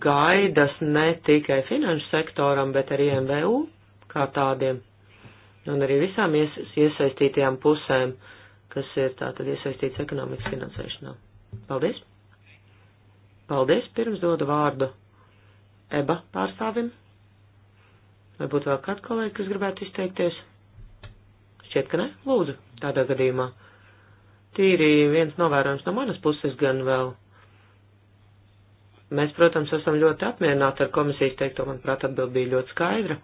gaidas ne tikai finanšu sektoram, bet arī MVU kā tādiem un arī visām ies iesaistītajām pusēm, kas ir tātad iesaistīts ekonomikas finansēšanā. Paldies! Paldies! Pirms dodu vārdu EBA pārstāvim. Vai būtu vēl kāds kolēģi, kas gribētu izteikties? Šķiet, ka ne? Lūdzu, tādā gadījumā. Tīri viens novērojums no manas puses gan vēl. Mēs, protams, esam ļoti apmierināti ar komisijas teikto, manuprāt, atbild bija ļoti skaidra.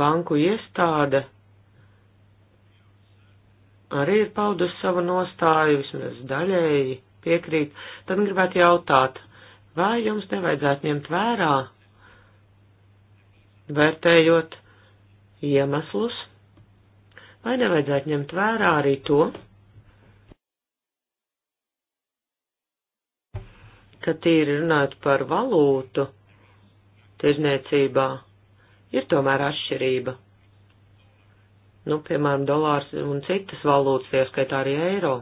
Banku iestāde arī ir paudusi savu nostāju, vismaz daļēji piekrīt. Tad gribētu jautāt, vai jums nevajadzētu ņemt vērā, vērtējot iemeslus, Vai nevajadzētu ņemt vērā arī to, ka tīri runāt par valūtu tirzniecībā ir tomēr atšķirība? Nu, piemēram, dolārs un citas valūtas, ieskaitā arī eiro.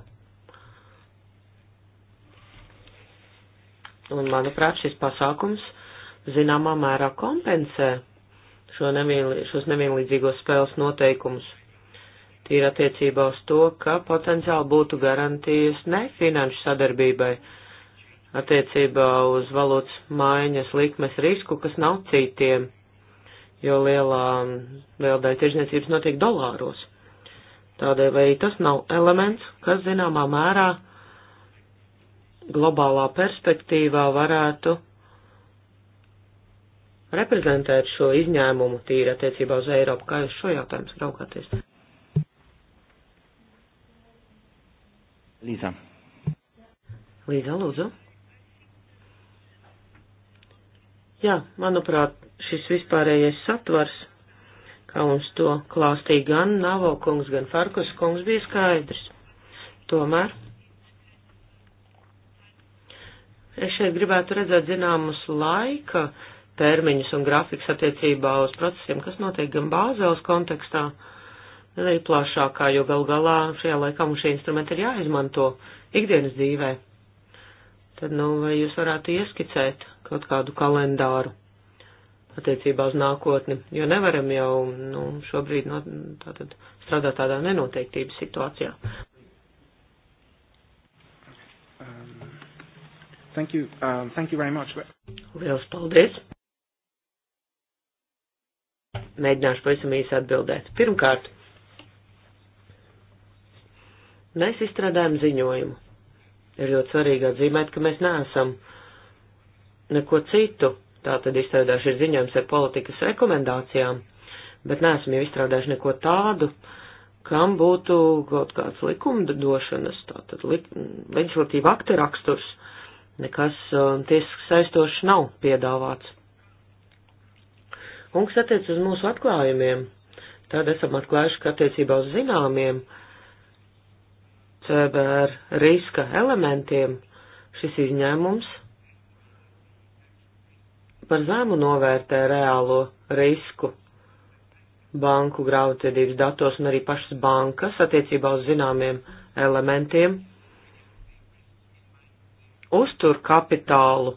Un, manuprāt, šis pasākums zināmā mērā kompensē šo nevienlī, šos nevienlīdzīgos spēles noteikumus tīri attiecībā uz to, ka potenciāli būtu garantijas ne finanšu sadarbībai attiecībā uz valūtas maiņas likmes risku, kas nav citiem, jo lielā, liela daļa tirzniecības notiek dolāros. Tādēļ vai tas nav elements, kas zināmā mērā globālā perspektīvā varētu reprezentēt šo izņēmumu tīri attiecībā uz Eiropu, kā jūs šo jautājumu raugāties? Līza. Līza, lūdzu. Jā, manuprāt, šis vispārējais satvars, kā mums to klāstīja gan Navo kungs, gan Farkas kungs, bija skaidrs. Tomēr es šeit gribētu redzēt zināmus laika termiņus un grafikus attiecībā uz procesiem, kas notiek gan bāzēlas kontekstā, uh, arī plašākā, jo gal galā šajā laikā mums šie instrumenti ir jāizmanto ikdienas dzīvē. Tad, nu, vai jūs varētu ieskicēt kaut kādu kalendāru attiecībā uz nākotni, jo nevaram jau, nu, šobrīd no, nu, tātad, strādāt tādā nenoteiktības situācijā. Um, thank you, um, thank you very much. Liels paldies! Mēģināšu pavisam īsi atbildēt. Pirmkārt, Mēs izstrādājam ziņojumu. Ir ļoti svarīgi atzīmēt, ka mēs neesam neko citu. Tātad izstrādājuši ir ziņojums ar politikas rekomendācijām, bet neesam jau izstrādājuši neko tādu, kam būtu kaut kāds likumdošanas, tātad li leģislatīva akta raksturs. Nekas um, tiesiski saistošs nav piedāvāts. Un kas attiec uz mūsu atklājumiem, tad esam atklājuši, ka attiecībā uz zināmiem, uh, CBR riska elementiem šis izņēmums par zemu novērtē reālo risku banku grāmatvedības datos un arī pašas bankas attiecībā uz zināmiem elementiem, uztur kapitālu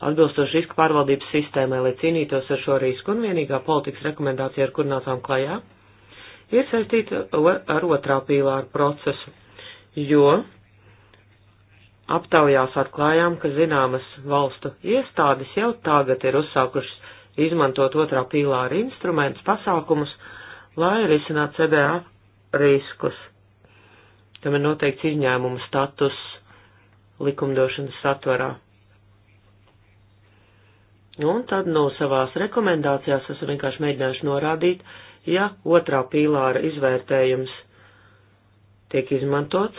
atbilstoši riska pārvaldības sistēmai, lai cīnītos ar šo risku, un vienīgā politikas rekomendācija, ar kur nācām klajā, ir saistīta ar otrā pīlāra procesu jo aptaujās atklājām, ka zināmas valstu iestādes jau tagad ir uzsākušas izmantot otrā pīlāra instrumentus, pasākumus, lai risinātu CBA riskus. Tam ir noteikts izņēmuma status likumdošanas satvarā. Un tad no nu, savās rekomendācijās esam vienkārši mēģinājuši norādīt, ja otrā pīlāra izvērtējums tiek izmantots.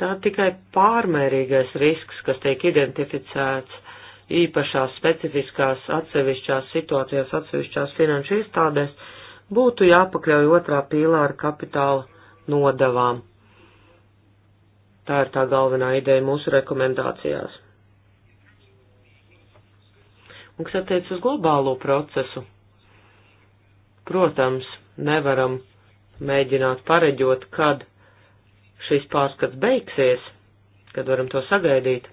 Tā tikai pārmērīgais risks, kas tiek identificēts īpašās, specifiskās, atsevišķās situācijās, atsevišķās finanšu iestādēs, būtu jāpakļauj otrā pīlāra kapitāla nodavām. Tā ir tā galvenā ideja mūsu rekomendācijās. Un kas attiec uz globālo procesu? Protams, nevaram mēģināt pareģot, kad šis pārskats beigsies, kad varam to sagaidīt.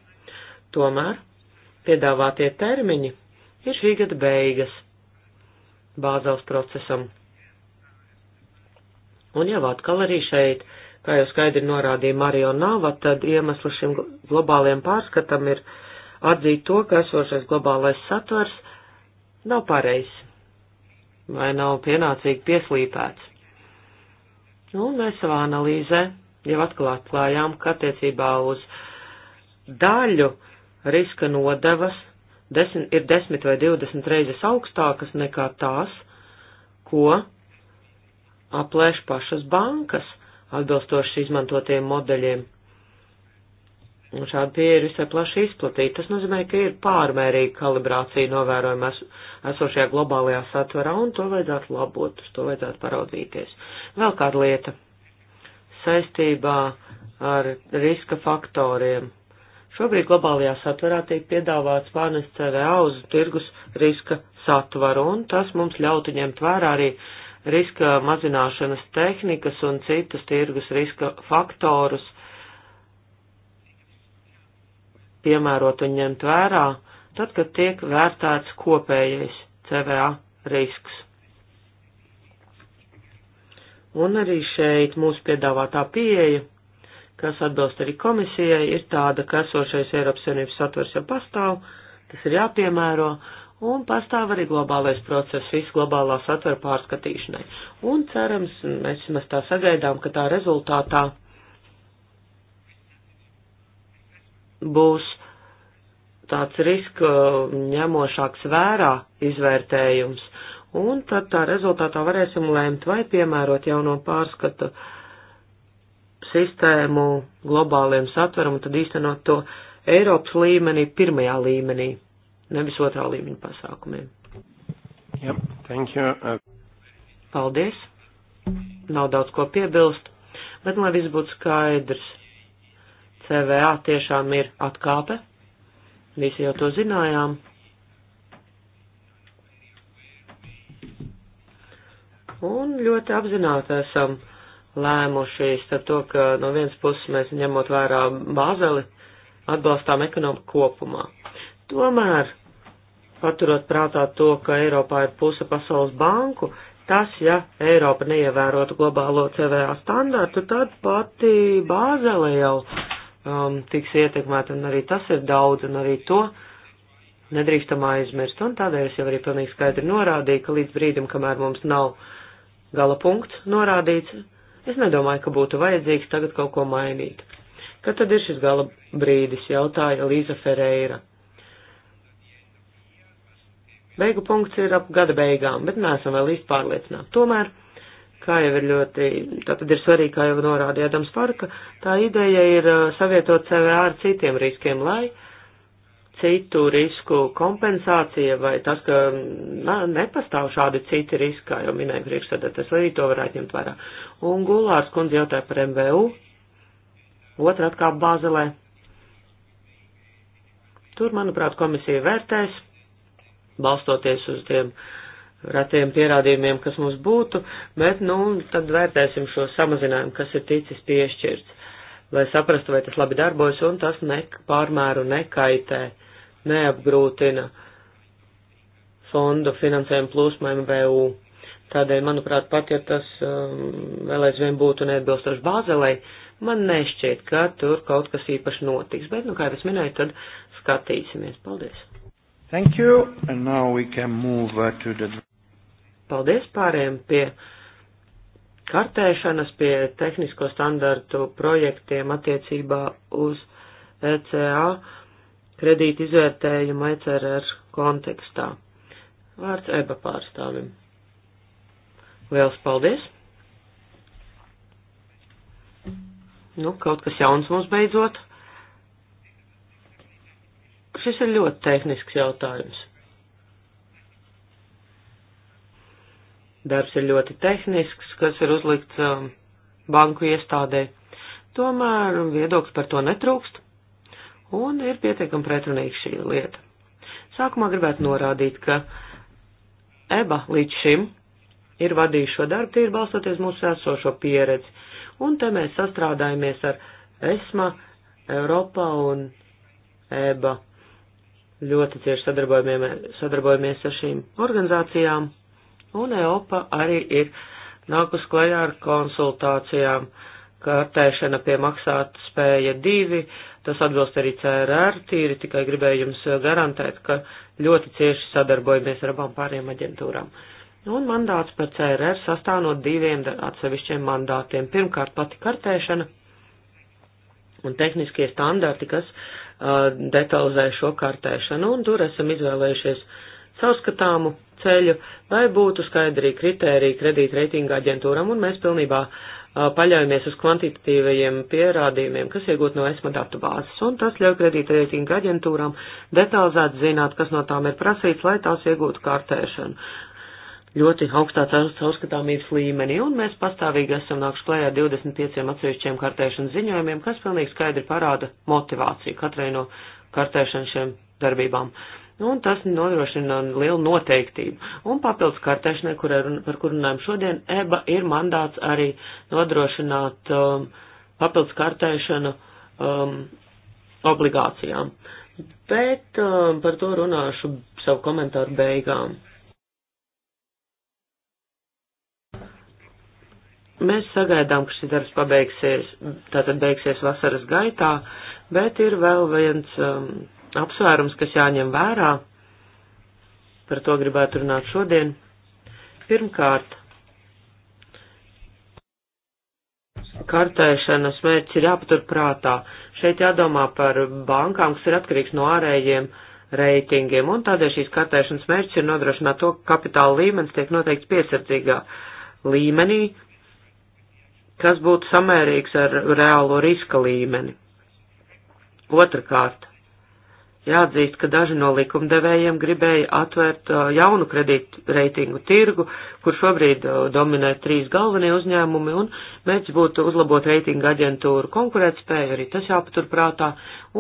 Tomēr piedāvātie termiņi ir šī gada beigas bāzels procesam. Un jau atkal arī šeit, kā jau skaidri norādīja Mario Nava, tad iemesls šim globāliem pārskatam ir atzīt to, ka esošais globālais satvers nav pareizs vai nav pienācīgi pieslīpēts. Nu, un mēs savā analīzē jau atkal atklājām, ka attiecībā uz daļu riska nodevas desmit, ir 10 vai 20 reizes augstākas nekā tās, ko aplēš pašas bankas atbilstoši izmantotiem modeļiem. Un šāda pieeja ir visai plaši izplatīta. Tas nozīmē, ka ir pārmērīga kalibrācija novērojama esošajā globālajā satvarā, un to vajadzētu labot, uz to vajadzētu paraudzīties. Vēl kāda lieta saistībā ar riska faktoriem. Šobrīd globālajā satvarā tiek piedāvāts pārnest CVA uz tirgus riska satvaru, un tas mums ļautu ņemt vērā arī riska mazināšanas tehnikas un citus tirgus riska faktorus piemērot un ņemt vērā, tad, kad tiek vērtēts kopējais CVA risks. Un arī šeit mūsu piedāvātā pieeja, kas atbilst arī komisijai, ir tāda, ka esošais Eiropas Savienības satvers jau pastāv, tas ir jāpiemēro, un pastāv arī globālais process visu globālā satvera pārskatīšanai. Un cerams, mēs mēs tā sagaidām, ka tā rezultātā būs tāds riska ņemošāks vērā izvērtējums, un tad tā rezultātā varēsim lēmt, vai piemērot jauno pārskatu sistēmu globāliem satveram un tad īstenot to Eiropas līmenī, pirmajā līmenī, nevis otrā līmeņa pasākumiem. Yep, thank you. Uh... Paldies. Nav daudz ko piebilst, bet lai viss būtu skaidrs CVA tiešām ir atkāpe, visi jau to zinājām. Un ļoti apzināti esam lēmuši starp to, ka no vienas puses mēs ņemot vērā bāzeli, atbalstām ekonomiku kopumā. Tomēr, paturot prātā to, ka Eiropā ir puse pasaules banku, tas, ja Eiropa neievērotu globālo CVA standārtu, tad pati bāzele jau um, tiks ietekmēta, un arī tas ir daudz, un arī to nedrīkstam aizmirst. Un tādēļ es jau arī pilnīgi skaidri norādīju, ka līdz brīdim, kamēr mums nav gala punkts norādīts, es nedomāju, ka būtu vajadzīgs tagad kaut ko mainīt. Kad tad ir šis gala brīdis, jautāja Līza Ferreira. Beigu punkts ir ap gada beigām, bet neesam vēl īsti pārliecināti. Tomēr kā jau ir ļoti, tā tad ir svarīgi, kā jau norādīja Adams Parka, tā ideja ir uh, savietot sevi ar citiem riskiem, lai citu risku kompensācija vai tas, ka mm, na, nepastāv šādi citi riski, kā jau minēja priekšsēdētājs, lai arī to varētu ņemt vērā. Un Gulārs kundze jautāja par MVU, otrā atkāp Bāzelē. Tur, manuprāt, komisija vērtēs, balstoties uz tiem uh, retiem pierādījumiem, kas mums būtu, bet, nu, tad vērtēsim šo samazinājumu, kas ir ticis piešķirts, lai saprastu, vai tas labi darbojas un tas ne, pārmēru nekaitē, neapgrūtina fondu finansējumu plūsmai MVU. Tādēļ, manuprāt, pat ja tas um, vēl aizvien būtu neatbilstoši bāzelei, man nešķiet, ka tur kaut kas īpaši notiks, bet, nu, kā jau es minēju, tad skatīsimies. Paldies! Thank you. And now we can move to the Paldies pārējiem pie kartēšanas, pie tehnisko standartu projektiem attiecībā uz ECA kredīti izvērtējumu ECRR kontekstā. Vārds EBA pārstāvim. Liels paldies! Nu, kaut kas jauns mums beidzot. Šis ir ļoti tehnisks jautājums. darbs ir ļoti tehnisks, kas ir uzlikts um, banku iestādē. Tomēr viedoklis par to netrūkst, un ir pietiekami pretrunīga šī lieta. Sākumā gribētu norādīt, ka EBA līdz šim ir vadījuši šo darbu, tie ir balstoties mūsu esošo pieredzi, un te mēs sastrādājamies ar ESMA, Eiropā un EBA. Ļoti cieši sadarbojamies ar šīm organizācijām Un EOPA arī ir nākus klajā ar konsultācijām, ka attēšana pie maksāt spēja divi, tas atbilst arī CRR, tīri tikai gribēju jums eh, garantēt, ka ļoti cieši sadarbojamies ar abām pārējām aģentūrām. Un mandāts par CRR sastāv no diviem atsevišķiem mandātiem. Pirmkārt, pati kartēšana un tehniskie standarti, kas uh, detalizē šo kartēšanu, un tur esam izvēlējušies savskatāmu ceļu, lai būtu skaidrī kritērija kredītreitinga aģentūram, un mēs pilnībā paļaujamies uz kvantitatīvajiem pierādījumiem, kas iegūt no esma datu bāzes, un tas ļauj kredītreitinga aģentūram detalizēt zināt, kas no tām ir prasīts, lai tās iegūtu kārtēšanu ļoti augstā caurskatāmības līmenī, un mēs pastāvīgi esam nākuši klējā 25 atsevišķiem kartēšanas ziņojumiem, kas pilnīgi skaidri parāda motivāciju katrai no kartēšanas šiem darbībām. Nu, un tas nodrošina lielu noteiktību. Un papildus kartēšanai, kur, par kur runājam šodien, EBA ir mandāts arī nodrošināt um, papildus kartēšanu um, obligācijām. Bet um, par to runāšu savu komentāru beigām. Mēs sagaidām, ka šis darbs pabeigsies, tātad beigsies vasaras gaitā, bet ir vēl viens um, apsvērums, kas jāņem vērā, par to gribētu runāt šodien. Pirmkārt, kartēšanas mērķis ir jāpatur prātā. Šeit jādomā par bankām, kas ir atkarīgs no ārējiem reitingiem, un tādēļ šīs kartēšanas mērķis ir nodrošināt to, ka kapitāla līmenis tiek noteikts piesardzīgā līmenī, kas būtu samērīgs ar reālo riska līmeni. Otrakārt, Jāatzīst, ka daži no likumdevējiem gribēja atvērt uh, jaunu kredītu reitingu tirgu, kur šobrīd uh, dominē trīs galvenie uzņēmumi, un mērķis būtu uzlabot reitingu aģentūru konkurētspēju, arī tas jāpatur prātā,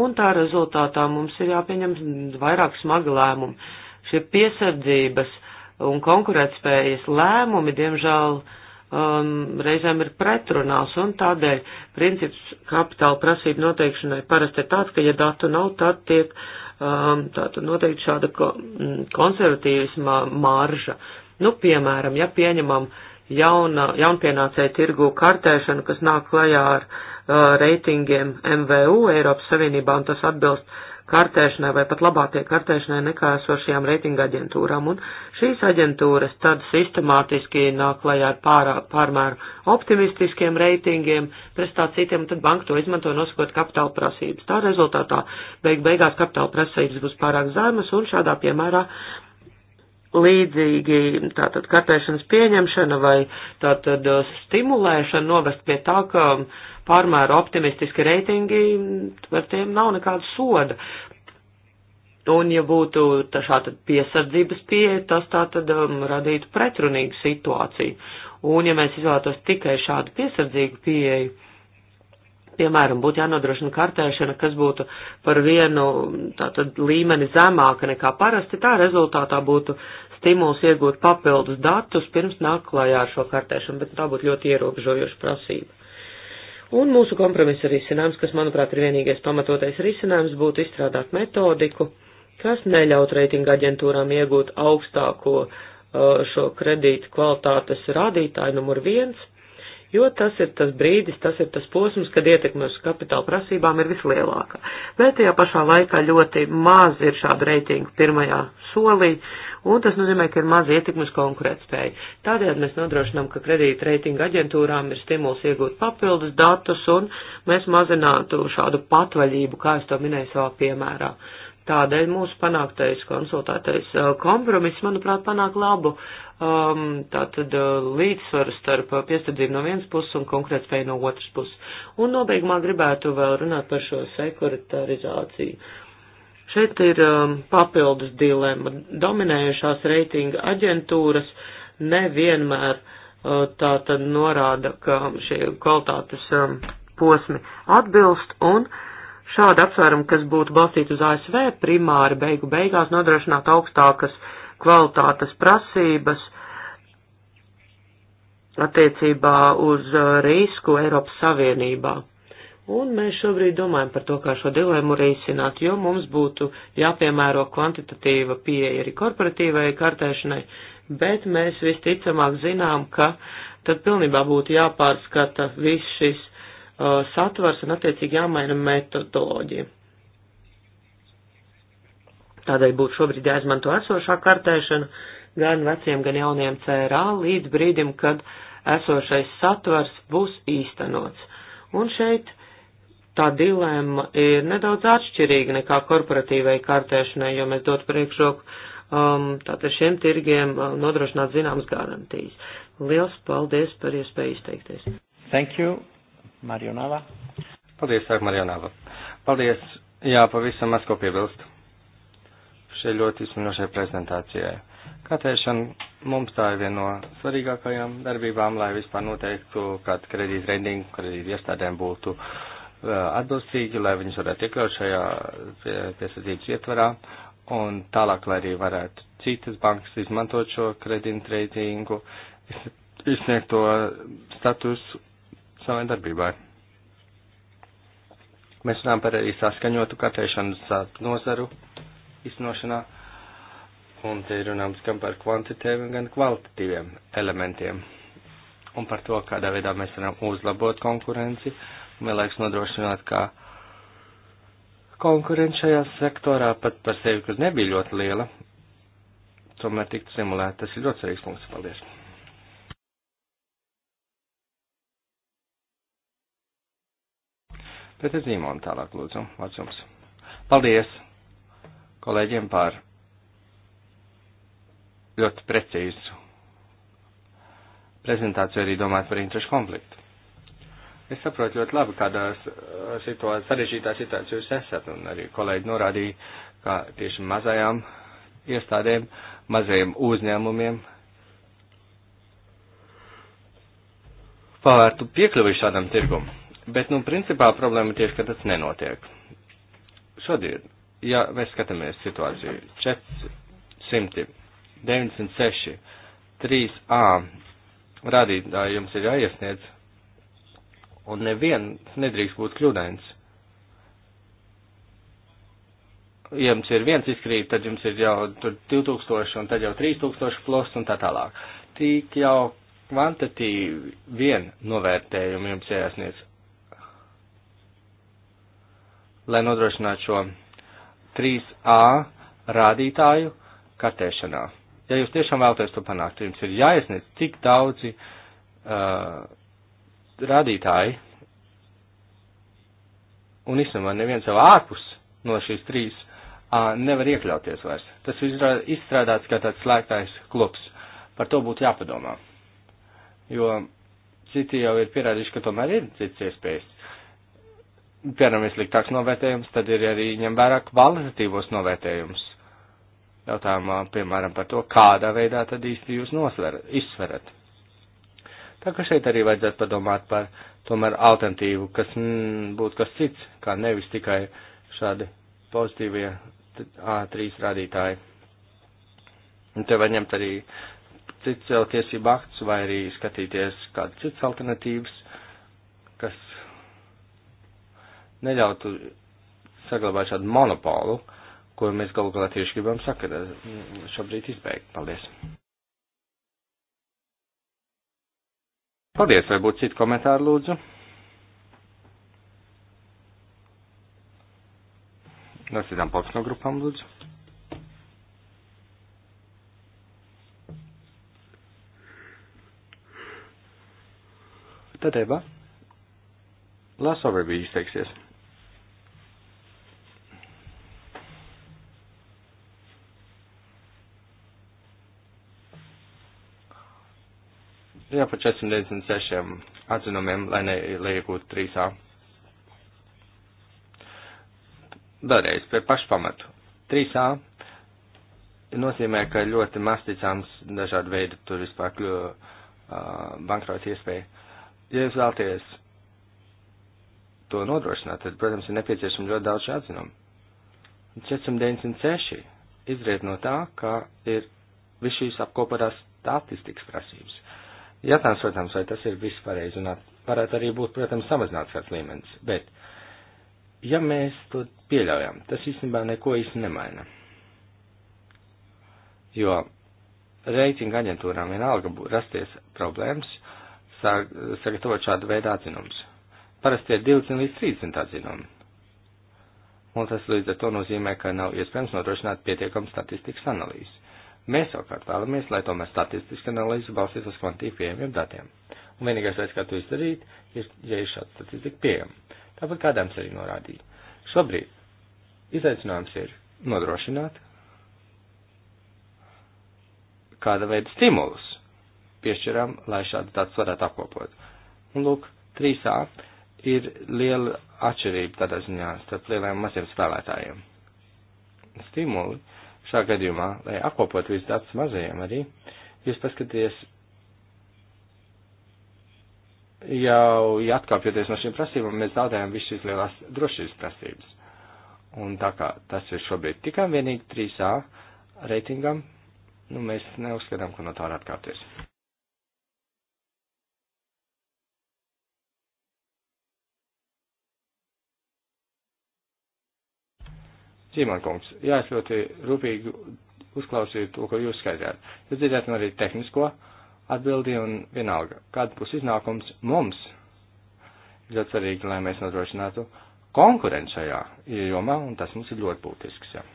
un tā rezultātā mums ir jāpieņem vairāk smagi lēmumi. Šie piesardzības un konkurētspējas lēmumi, diemžēl, uh, um, reizēm ir pretrunās, un tādēļ princips kapitāla prasību noteikšanai parasti ir tāds, ka, ja datu nav, tad tiek um, tātad noteikti šāda ko, mm, konservatīvisma marža. Nu, piemēram, ja pieņemam jauna, jaunpienācēju tirgu kartēšanu, kas nāk klajā ar uh, reitingiem MVU Eiropas Savienībā, un tas atbilst kartēšanai vai pat labāk tiek kartēšanai nekā esošajām reitinga aģentūrām, un Šīs aģentūras tad sistemātiski nāk klajā ar pārā, pārmēr optimistiskiem reitingiem, prestā citiem, tad banka to izmanto nosakot kapitāla prasības. Tā rezultātā beig beigās kapitāla prasības būs pārāk zemas un šādā piemērā līdzīgi tātad kartēšanas pieņemšana vai tātad uh, stimulēšana novest pie tā, ka um, pārmēru optimistiski reitingi, par tiem nav nekāda soda. Un, ja būtu šāda piesardzības pieeja, tas tā tad um, radītu pretrunīgu situāciju. Un, ja mēs izvēlētos tikai šādu piesardzīgu pieeju, piemēram, būtu jānodrošina kartēšana, kas būtu par vienu um, tātad, līmeni zemāka nekā parasti, tā rezultātā būtu stimuls iegūt papildus datus pirms nāk klājā ar šo kartēšanu, bet tā būtu ļoti ierobežojoša prasība. Un mūsu kompromisa risinājums, kas, manuprāt, ir vienīgais pamatotais risinājums, būtu izstrādāt metodiku, kas neļaut reitinga aģentūrām iegūt augstāko uh, šo kredītu kvalitātes rādītāju numur viens, jo tas ir tas brīdis, tas ir tas posms, kad ietekme uz kapitāla prasībām ir vislielākā. Bet tajā pašā laikā ļoti maz ir šāda reitinga pirmajā solī, un tas nozīmē, ka ir maz ietekme uz konkurētspēju. Tādējādi mēs nodrošinām, ka kredīta reitinga aģentūrām ir stimuls iegūt papildus datus, un mēs mazinātu šādu patvaļību, kā es to minēju savā piemērā. Uh, Tādēļ mūsu panāktais konsultātais uh, kompromiss, manuprāt, panāk labu um, tātad uh, līdzsvaru starp uh, piestādzību no vienas puses un konkrētspēju no otras puses. Un nobeigumā gribētu vēl runāt par šo sekuritarizāciju. Šeit ir um, papildus dilema. Dominējušās reitinga aģentūras nevienmēr uh, tātad norāda, ka šie kvalitātes um, posmi atbilst un uh, Šāda apsvēruma, kas būtu balstīta uz ASV, primāri beigu beigās nodrošināt augstākas kvalitātes prasības attiecībā uz uh, risku Eiropas Savienībā. Un mēs šobrīd domājam par to, kā šo dilemmu risināt, jo mums būtu jāpiemēro kvantitatīva pieeja arī korporatīvai kartēšanai, bet mēs visticamāk zinām, ka tad pilnībā būtu jāpārskata viss šis uh, satvars un attiecīgi jāmaina metodoloģija. Tādēļ būtu šobrīd jāizmanto esošā kartēšana gan veciem, gan jauniem CRA līdz brīdim, kad esošais satvars būs īstenots. Un šeit tā dilemma ir nedaudz atšķirīga nekā korporatīvai kartēšanai, jo mēs dotu priekšroku um, tātad šiem tirgiem uh, nodrošināt zināmas garantijas. Liels paldies par iespēju izteikties. Thank you. Marionāvā. Paldies, Sāk Marionāvā. Paldies. Jā, pavisam maz ko piebilst. Šai ļoti izsmeļošai prezentācijai. Katēšana mums tā ir viena no svarīgākajām darbībām, lai vispār noteiktu, kāda kredīt reitinga, kredīt iestādēm būtu atbilstīgi, lai viņas varētu iekļaut šajā piesardzības ietvarā un tālāk, lai arī varētu citas bankas izmantot šo kredīt reitingu, izsniegto status profesionālajai darbībai. Mēs runājam par arī saskaņotu kartēšanas nozaru iznošanā, un te runājams gan par kvantitīviem, gan kvalitatīviem elementiem, un par to, kādā veidā mēs varam uzlabot konkurenci, un vienlaiks nodrošināt, ka konkurence šajā sektorā pat par sevi, kas nebija ļoti liela, tomēr tiktu simulēta. Tas ir ļoti svarīgs punkts. Paldies! Pēc zīmola tālāk lūdzu, vārds jums. Paldies kolēģiem par ļoti precīzu prezentāciju arī domāt par interešu konfliktu. Es saprotu ļoti labi, kādā situācijā, sarežģītā situācijā jūs esat, un arī kolēģi norādīja, ka tieši mazajām iestādēm, mazajiem uzņēmumiem pavērtu piekļuvi šādam tirgumam. Bet, nu, principā problēma tieši, ka tas nenotiek. Šodien, ja mēs skatāmies situāciju, 496, 3A rādītāji jums ir jāiesniedz, un neviens nedrīkst būt kļūdains. Ja jums ir viens izkrīt, tad jums ir jau tur 2000, un tad jau 3000 plus, un tā tālāk. Tik jau kvantitīvi vien novērtējumi jums jāiesniedz lai nodrošinātu šo 3A rādītāju kartēšanā. Ja jūs tiešām vēlaties to panākt, jums ir jāiesniedz tik daudzi uh, rādītāji, un īstenībā neviens jau ārpus no šīs trīs uh, nevar iekļauties vairs. Tas ir izstrādāts kā tāds slēgtais klubs. Par to būtu jāpadomā. Jo citi jau ir pierādījuši, ka tomēr ir cits iespējas piemēram, ir sliktāks novērtējums, tad ir arī ņem vērā kvalitatīvos novērtējums. Jautājumā, piemēram, par to, kādā veidā tad īsti jūs nosverat, izsverat. Tā ka šeit arī vajadzētu padomāt par tomēr alternatīvu, kas mm, būtu kas cits, kā nevis tikai šādi pozitīvie A3 rādītāji. Un te var ņemt arī cits tiesību akts vai arī skatīties kādas citas alternatīvas, kas neļautu saglabāt šādu monopolu, ko mēs galu galā tieši gribam sakara šobrīd izbeigt. Paldies! Paldies, vai būtu citu komentāru lūdzu? Lasītām pats no grupām lūdzu. Tad Eva, Lasovē bija izteiksies. ir jāpat 496 atzinumiem, lai, ne, lai iegūtu 3A. Vēlreiz par pašpamatu. 3A nozīmē, ka ļoti maz ticams dažādu veidu tur vispār kļu, uh, bankrots iespēja. Ja jūs vēlaties to nodrošināt, tad, protams, ir nepieciešama ļoti daudz šādu atzinumu. 496 izriet no tā, ka ir viss šīs apkoparās statistikas prasības. Jautājums, protams, vai tas ir viss pareizi, un varētu arī būt, protams, samazināts kāds līmenis, bet, ja mēs to pieļaujam, tas īstenībā neko īsti nemaina. Jo reitinga aģentūrām vienalga būtu rasties problēmas sagatavot šādu veidu atzinumus. Parasti ir 20 līdz 30 atzinumi. Un tas līdz ar to nozīmē, ka nav iespējams nodrošināt pietiekamu statistikas analīzi. Mēs savukārt vēlamies, lai tomēr statistiska analīze balstīs uz kvantīvi pieejamiem datiem. Un vienīgais veids, kā to izdarīt, ir, ja ir šāda statistika pieejama. Tāpat kādams arī norādīja. Šobrīd izaicinājums ir nodrošināt kāda veida stimulus piešķiram, lai šādas datus varētu apkopot. Un lūk, 3A ir liela atšķirība tādā ziņā starp lieliem un maziem spēlētājiem. Stimuli Šā gadījumā, lai apkopot visus datus mazajiem arī, jūs paskaties, jau ja atkāpjoties no šīm prasībām, mēs zaudējam visu šīs lielās drošības prasības. Un tā kā tas ir šobrīd tikai vienīgi 3A reitingam, nu mēs neuzskatām, ka no tā var atkāpties. Zīmonkungs, jā, es ļoti rūpīgi uzklausīju to, ko jūs skaidrāt. Jūs dzirdēt man arī tehnisko atbildi un vienalga, kāda būs iznākums mums. Ļoti svarīgi, lai mēs nodrošinātu konkurenci šajā jomā, un tas mums ir ļoti būtisks. Jā.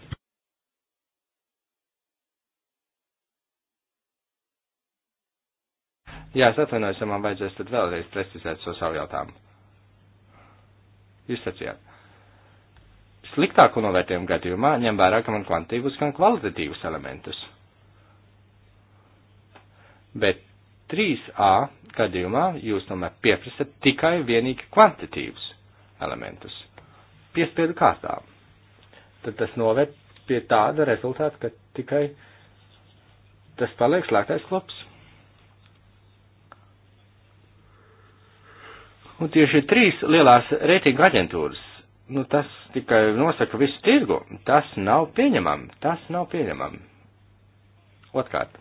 Jā, es atvainojos, ja man vajadzēs tad vēlreiz precizēt šo so savu jautājumu. Jūs sacījāt sliktāku novērtējumu gadījumā ņem vērā gan kvantitīvus, gan kvalitatīvus elementus. Bet 3A gadījumā jūs tomēr pieprasat tikai vienīgi kvantitīvus elementus. Piespiedu kārtā. Tad tas noved pie tāda rezultāta, ka tikai tas paliek slēgtais klops. Un tieši trīs lielās reitinga aģentūras nu, tas tikai nosaka visu tirgu. Tas nav pieņemam, tas nav pieņemam. Otkārt.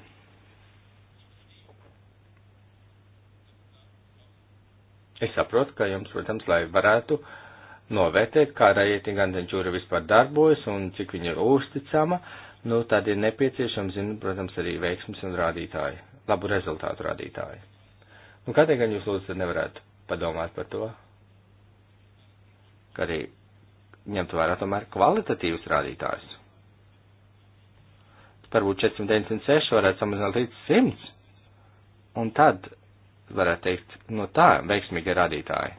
Es saprotu, ka jums, protams, lai varētu novērtēt, kā reitinga aģentūra vispār darbojas un cik viņa ir uzticama, nu, tad ir nepieciešams, zinu, protams, arī veiksmes un rādītāji, labu rezultātu rādītāji. Nu, kādēļ gan jūs lūdzu nevarētu padomāt par to? ka arī ņemtu vērā tomēr kvalitatīvus rādītājus. Varbūt 496 varētu samazināt līdz 100, un tad varētu teikt, no tā veiksmīgi rādītāji.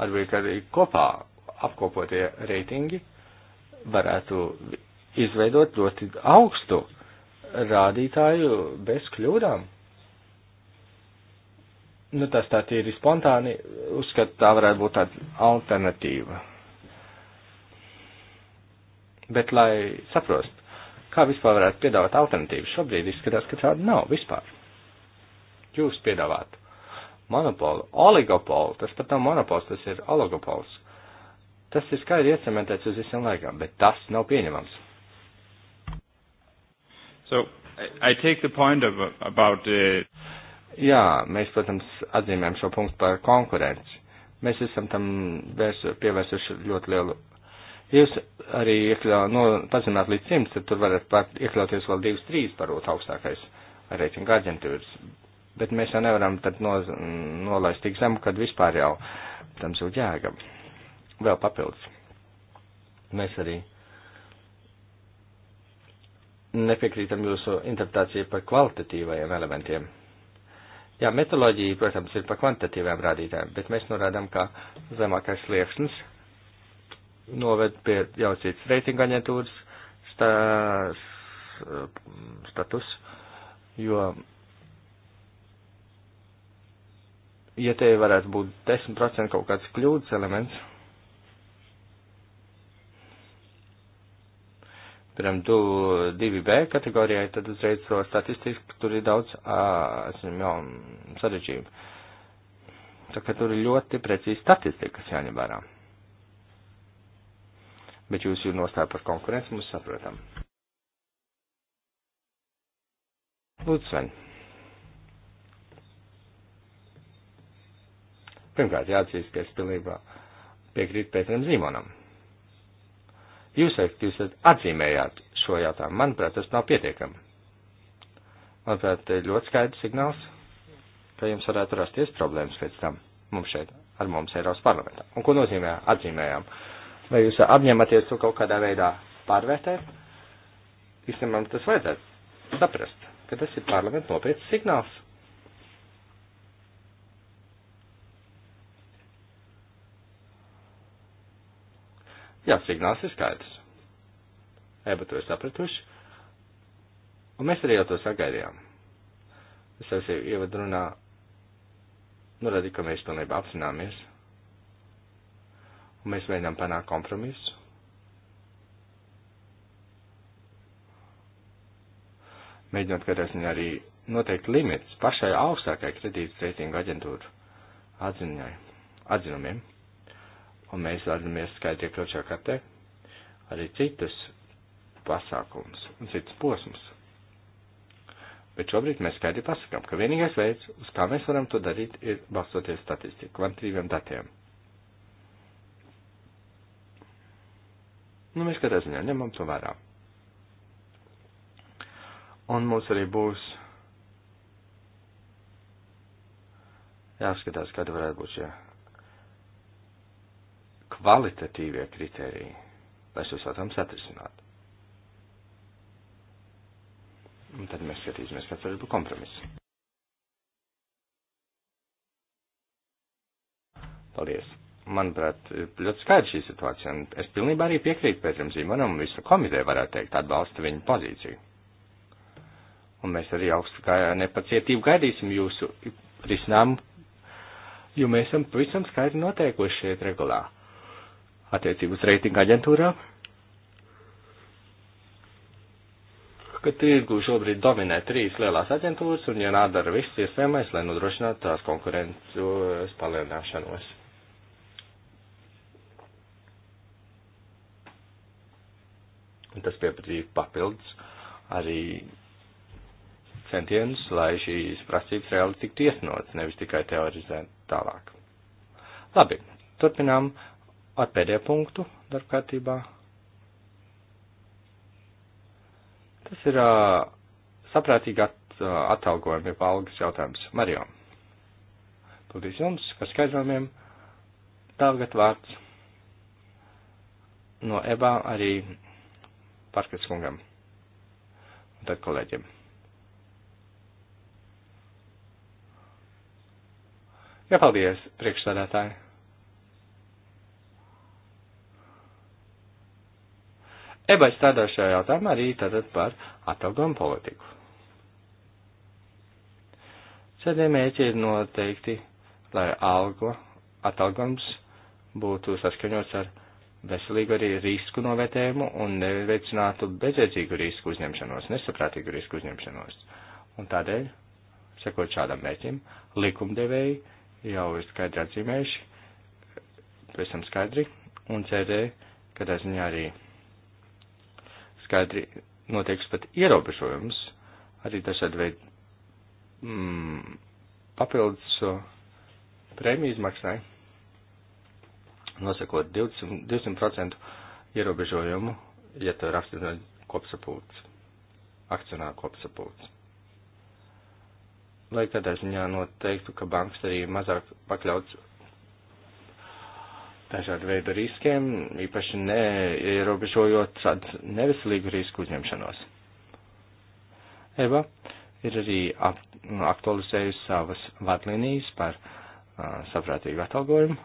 Varbūt arī kopā apkopotie reitingi varētu izveidot ļoti augstu rādītāju bez kļūdām nu, tas tā tīri spontāni uzskatu, tā varētu būt tāda alternatīva. Bet, lai saprostu, kā vispār varētu piedāvāt alternatīvu, šobrīd izskatās, ka tāda nav vispār. Jūs piedāvāt monopolu, oligopolu, tas pat nav monopols, tas ir oligopols. Tas ir skaidri iecementēts uz visiem laikam, bet tas nav pieņemams. So, I, I take the point of, about, uh... Jā, mēs, protams, atzīmējam šo punktu par konkurenci. Mēs esam tam vērsu, pievērsuši ļoti lielu. Jūs arī iekļaut, nu, pazināt līdz simts, tad tur varat pat iekļauties vēl divas, trīs varbūt augstākais reitinga aģentūras. Bet mēs jau nevaram tad no, nolaist tik zemu, kad vispār jau tam zūd jēga. Vēl papildus. Mēs arī nepiekrītam jūsu interpretācijai par kvalitatīvajiem elementiem Jā, metoloģija, protams, ir par kvantitīviem rādītājiem, bet mēs norādām, ka zemākais slieksnis noved pie jau cits reitinga aģentūras stā, status, jo, ja te varētu būt 10% kaut kāds kļūdas elements, piemēram, 2B kategorijai, tad uzreiz to statistiski tur ir daudz sarežģību. Tā kā tur ir ļoti precīzi statistika, kas jāņem vērā. Bet jūs jau nostāja par konkurenci, mums saprotam. Lūdzu, Sven. Pirmkārt, jāatzīst, ka es pilnībā piekrītu Pēteram Zīmonam. Jūs, jūs atzīmējāt šo jautājumu. Manuprāt, tas nav pietiekami. Manuprāt, ļoti skaidrs signāls, ka jums varētu rasties problēmas pēc tam mums šeit, ar mums Eiropas parlamentā. Un ko nozīmē atzīmējām? Vai jūs apņematies to kaut kādā veidā pārvērtēt? Īstenībā tas vajadzētu saprast, ka tas ir parlamenta nopietns signāls. Jā, signāls ir skaidrs. Eba to ir sapratuši. Un mēs arī jau to sagaidījām. Es jau sev ievadrunā, nu redzu, ka mēs pilnībā apzināmies. Un mēs mēģinām panākt kompromisu. Mēģinot, ka tas viņa arī noteikti limits pašai augstākai kredītas reitingu aģentūru atziņai, atzinumiem un mēs vēlamies skaidri iekļaut šajā kartē arī citus pasākumus un citus posmus. Bet šobrīd mēs skaidri pasakām, ka vienīgais veids, uz kā mēs varam to darīt, ir balstoties statistiku, kvantitīviem datiem. Nu, mēs katrā ziņā ņemam to vērā. Un mums arī būs jāskatās, kāda varētu būt šie kvalitatīvie kriteriji, lai šos jautājumus atrisinātu. Un tad mēs skatīsimies, kāds varētu būt kompromiss. Paldies! Manuprāt, ļoti skaidra šī situācija, un es pilnībā arī piekrītu Pētram Zīmanam un visu komiteju, varētu teikt, atbalsta viņu pozīciju. Un mēs arī augstu kā nepacietību gaidīsim jūsu risinājumu, jo mēs esam pavisam skaidri noteikuši šeit regulā attiecību uz reitinga aģentūrām, ka tirgu šobrīd dominē trīs lielās aģentūras un jānādara ja viss iespējamais, lai nodrošinātu tās konkurences palielināšanos. Un tas pieprasīja papildus arī centienus, lai šīs prasības reāli tiktu iesnots, nevis tikai teorizēt tālāk. Labi, turpinām ar pēdējo punktu darbkārtībā. Tas ir uh, saprātīgi at, uh, atalgojumi pa algas jautājums. Marijo, paldies jums par skaidrojumiem. Tagad vārds no EBA arī Parkas kungam un tad kolēģiem. Jā, paldies, priekšsādātāji. EBA strādā šajā jautājumā arī tātad par atalgojumu politiku. Cēdējie mērķi ir noteikti, lai algo atalgojums būtu saskaņots ar veselīgu arī risku novērtējumu un neveicinātu bezjēdzīgu risku uzņemšanos, nesaprātīgu risku uzņemšanos. Un tādēļ, sekot šādam mērķim, likumdevēji jau ir skaidri atzīmējuši, pēc tam skaidri, un CD, kad aizņā arī skaidri noteikts pat ierobežojums, arī dažādi veidi mm, papildus prēmiju izmaksai, nosakot 200%, 200 ierobežojumu, ja to ir apstiprināts kopsapulcs, akcionāra kopsapulcs. Lai tādā ziņā noteiktu, ka banks arī mazāk pakļauts dažādu veidu riskiem, īpaši neierobežojot šādu neveselīgu risku uzņemšanos. Eva ir arī ap, aktualizējusi savas vadlīnijas par uh, saprātīgu atalgojumu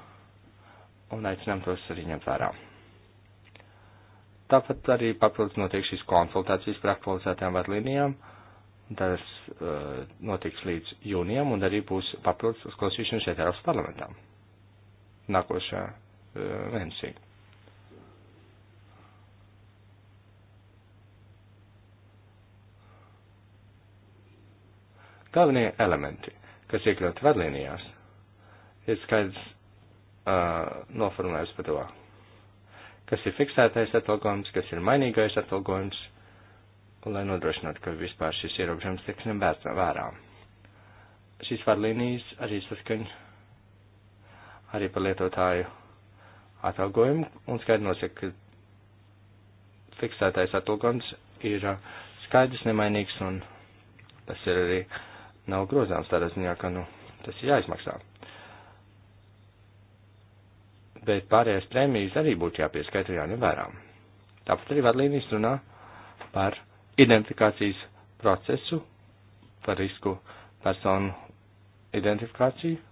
un aicinām tos arī ņemt vērā. Tāpat arī papildus notiek šīs konsultācijas par aktualizētām vadlīnijām. Tas uh, notiks līdz jūnijam un arī būs papildus uzklausīšana šeit Eiropas parlamentā. Nākošā Renzi. Galvenie elementi, kas iekļaut vadlīnijās, ir skaidrs uh, noformulējums par to, kas ir fiksētais atalgojums, kas ir mainīgais atalgojums, lai nodrošinātu, ka vispār šis ierobežojums tiks nebērts vērā. Šīs vadlīnijas arī saskaņ arī par lietotāju atalgojumu un skaidri nosaka, ka fiksētais atalgojums ir skaidrs, nemainīgs un tas ir arī nav grozāms tādā ziņā, ka nu, tas ir jāizmaksā. Bet pārējās prēmijas arī būtu jāpieskaita jāņemvērā. Tāpat arī vadlīnijas runā par identifikācijas procesu, par risku personu identifikāciju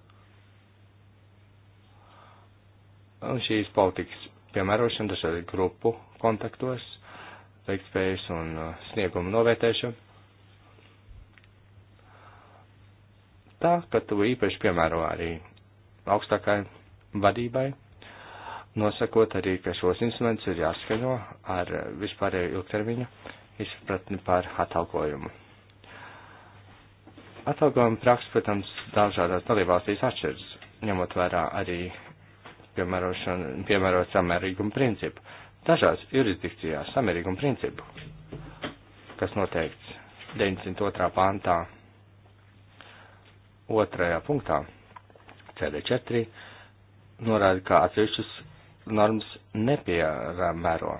Un šīs politikas piemērošana dažādu grupu kontaktos, veiktspējas un uh, sniegumu novērtēšana. Tā, ka to īpaši piemēro arī augstākai vadībai, nosakot arī, ka šos instrumentus ir jāskaņo ar vispārēju ilgtermiņu izpratni par atalgojumu. Atalgojuma praksa, protams, dažādās dalībvalstīs atšķiras, ņemot vērā arī piemērošanu, piemērot samērīgumu principu. Dažās jurisdikcijās samērīgumu principu, kas noteikts 92. pāntā, 2. punktā, CD4, norāda, ka atsevišķas normas nepiemēro,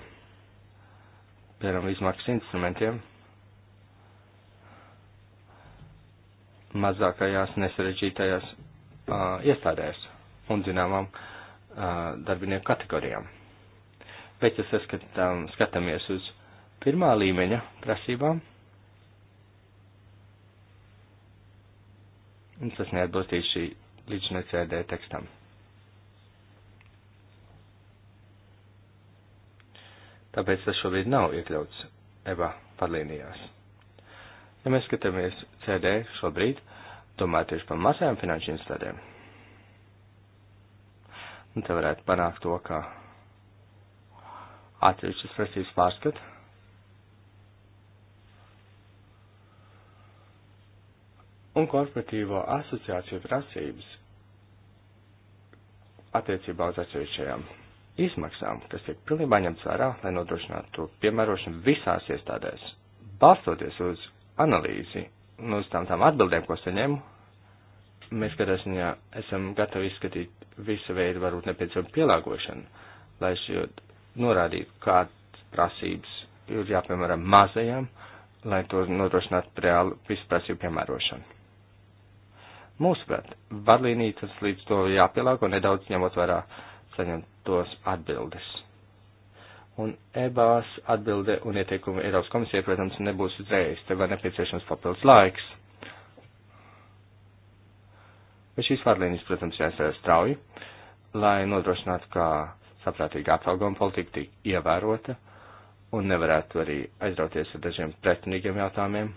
piemēram, izmaksas instrumentiem, mazākajās nesarežģītajās uh, iestādēs un zināmām uh, darbinieku kategorijām. Bet, ja saskatām, skatāmies uz pirmā līmeņa prasībām, tas neatbilstīs šī līdzina CD tekstam. Tāpēc tas šobrīd nav iekļauts EBA padlīnijās. Ja mēs skatāmies CD šobrīd, domājot tieši par mazajām finanšu institūtēm, Un te varētu panākt to, ka atsevišķas prasības pārskat. Un korporatīvo asociāciju prasības attiecībā uz atsevišķajām izmaksām, kas tiek pilnībā ņemts vērā, lai nodrošinātu to piemērošanu visās iestādēs, balstoties uz analīzi un uz tām, tām atbildēm, ko saņemu mēs kādā ziņā esam gatavi izskatīt visu veidu varbūt nepieciešamu pielāgošanu, lai šķiet norādītu, kādas prasības ir jāpiemēra mazajām, lai to nodrošinātu reālu visprasību piemērošanu. Mūsuprāt, vadlīnijas līdz to jāpielāgo nedaudz ņemot vērā saņemtos atbildes. Un EBAS atbilde un ieteikumi Eiropas komisijai, protams, nebūs uzreiz, te vēl nepieciešams papildus laiks Bet šīs vārdlīnijas, protams, jāizsver strauji, lai nodrošinātu, ka saprātīga atalgojuma politika tiek ievērota un nevarētu arī aizrauties ar dažiem pretrunīgiem jautājumiem.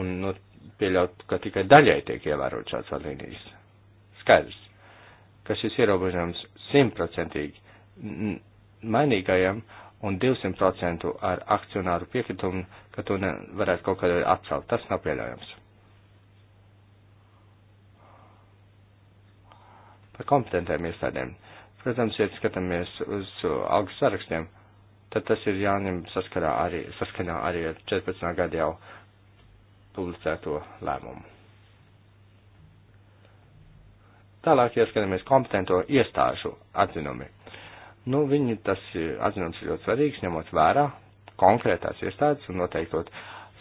Un nu, pieļaut, ka tikai daļai tiek ievērot šāds vadlīnijas. Skaidrs, ka šis ierobežojums simtprocentīgi mainīgajam un 200% ar akcionāru piekritumu, ka to nevarētu kaut kādā veidā atcelt. Tas nav pieļaujams. kompetentēm iestādēm. Protams, ja skatāmies uz augstu sarakstiem, tad tas ir jāņem saskarā arī, saskanā arī ar 14. gadu jau publicēto lēmumu. Tālāk, ja skatāmies kompetento iestāžu atzinumi, nu, viņi tas atzinums ir ļoti svarīgs, ņemot vērā konkrētās iestādes un noteiktot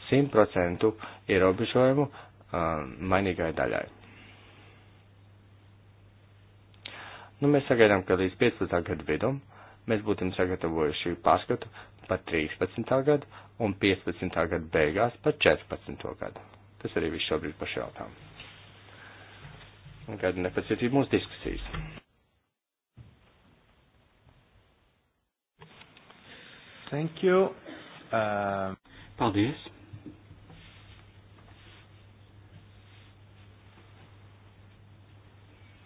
100% ierobežojumu um, mainīgai daļai. Nu, mēs sagaidām, ka līdz 15. gadu vidum mēs būsim sagatavojuši pārskatu par 13. gadu un 15. gadu beigās par 14. gadu. Tas arī viss šobrīd par šo jautājumu. Un kāda nepacietība mūsu diskusijas. Thank you. Uh... Paldies.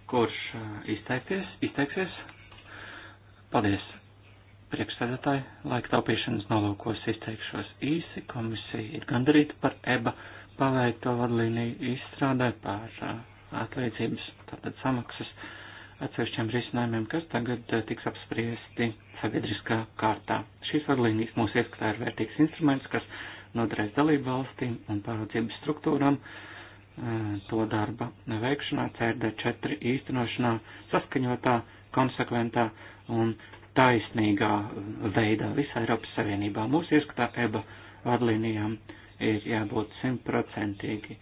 kurš eh, izteikties, izteiksies. Paldies, priekšsēdētāji, laika taupīšanas nolūkos izteikšos īsi. Komisija ir gandarīta par EBA paveikto vadlīniju izstrādē par eh, atlīdzības, tātad samaksas atsevišķiem risinājumiem, kas tagad eh, tiks apspriesti sabiedriskā kārtā. Šīs vadlīnijas mūsu ieskatā ir vērtīgs instruments, kas noderēs dalību valstīm un pārvaldības struktūram. Uh, to darba veikšanā, CRD4 īstenošanā, saskaņotā, konsekventā un taisnīgā veidā visā Eiropas Savienībā. Mūsu ieskatā EBA vadlīnijām ir jābūt simtprocentīgi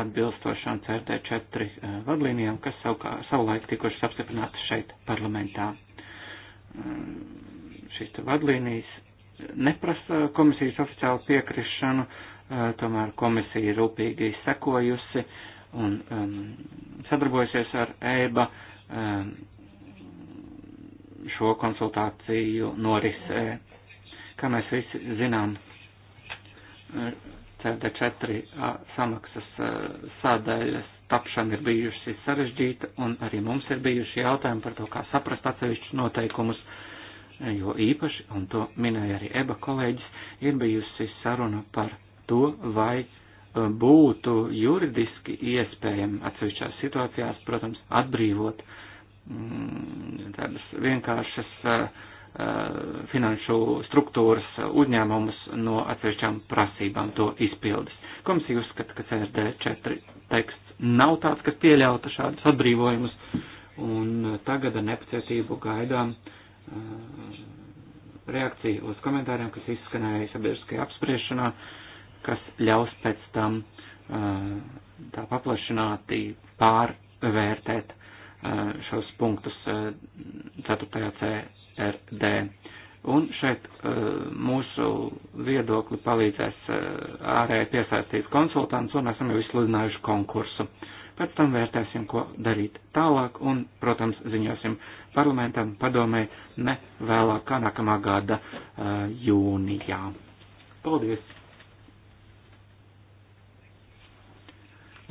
atbilstošām CRD4 vadlīnijām, kas savukā, savulaik tikušas apstiprinātas šeit parlamentā. Šīs vadlīnijas neprasa komisijas oficiālu piekrišanu, uh, Eh, tomēr komisija rūpīgi sekojusi un um, sadarbojusies ar EBA um, šo konsultāciju norisē. Kā mēs visi zinām, eh, CD4 samaksas eh, sādaļas tapšana ir bijusi sarežģīta, un arī mums ir bijuši jautājumi par to, kā saprast atsevišķus noteikumus, jo īpaši, un to minēja arī Eba kolēģis, ir bijusi saruna par to, vai eh, būtu juridiski iespējami atsevišķās situācijās, protams, atbrīvot mm, tādas vienkāršas eh, eh, finanšu struktūras uzņēmumus no atsevišķām prasībām to izpildes. Komisija uzskata, ka CRD 4 teksts nav tāds, kas pieļauta šādus atbrīvojumus, un tagad ar nepacietību gaidām reakciju uz komentāriem, kas izskanēja sabiedriskajā apspriešanā. Uh, kas ļaus pēc tam tā paplašināti pārvērtēt šos punktus 4. CRD. Un šeit mūsu viedokli palīdzēs ārēji piesaistīt konsultants, un esam jau izsludinājuši konkursu. Pēc tam vērtēsim, ko darīt tālāk, un, protams, ziņosim parlamentam padomē ne vēlāk kā nākamā gada jūnijā. Paldies!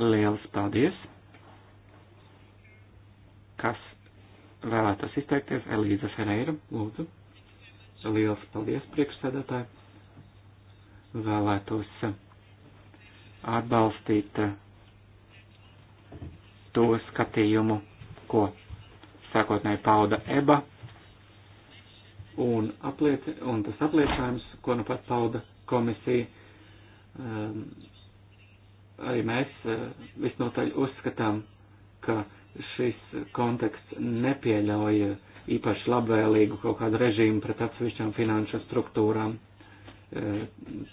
Lielas paldies! Kas vēlētos izteikties? Elīza Ferreira, lūdzu. Lielas paldies, priekšsēdētāji. Vēlētos atbalstīt to skatījumu, ko sākotnēji pauda EBA, un, apliec, un tas apliecinājums, ko nu pat pauda komisija, um, arī mēs eh, visnotaļ uzskatām, ka šis konteksts nepieļauj īpaši labvēlīgu kaut kādu režīmu pret atsevišķām finanšu struktūrām eh,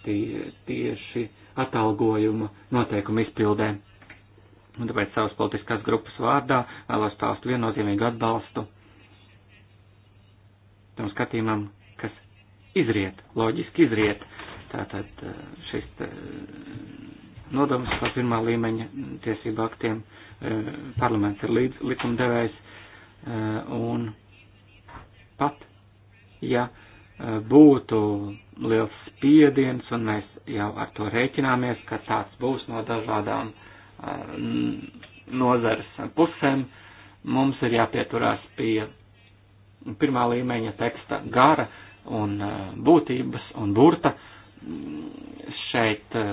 tie, tieši atalgojuma noteikumu izpildē. Un tāpēc savas politiskās grupas vārdā vēlos paust viennozīmīgu atbalstu tam skatījumam, kas izriet, loģiski izriet. Tātad eh, šis nodoms par pirmā līmeņa tiesību aktiem. Eh, parlaments ir līdz likumdevējs eh, un pat, ja eh, būtu liels spiediens, un mēs jau ar to rēķināmies, ka tāds būs no dažādām nozares pusēm, mums ir jāpieturās pie pirmā līmeņa teksta gara un būtības un burta, uh, šeit eh,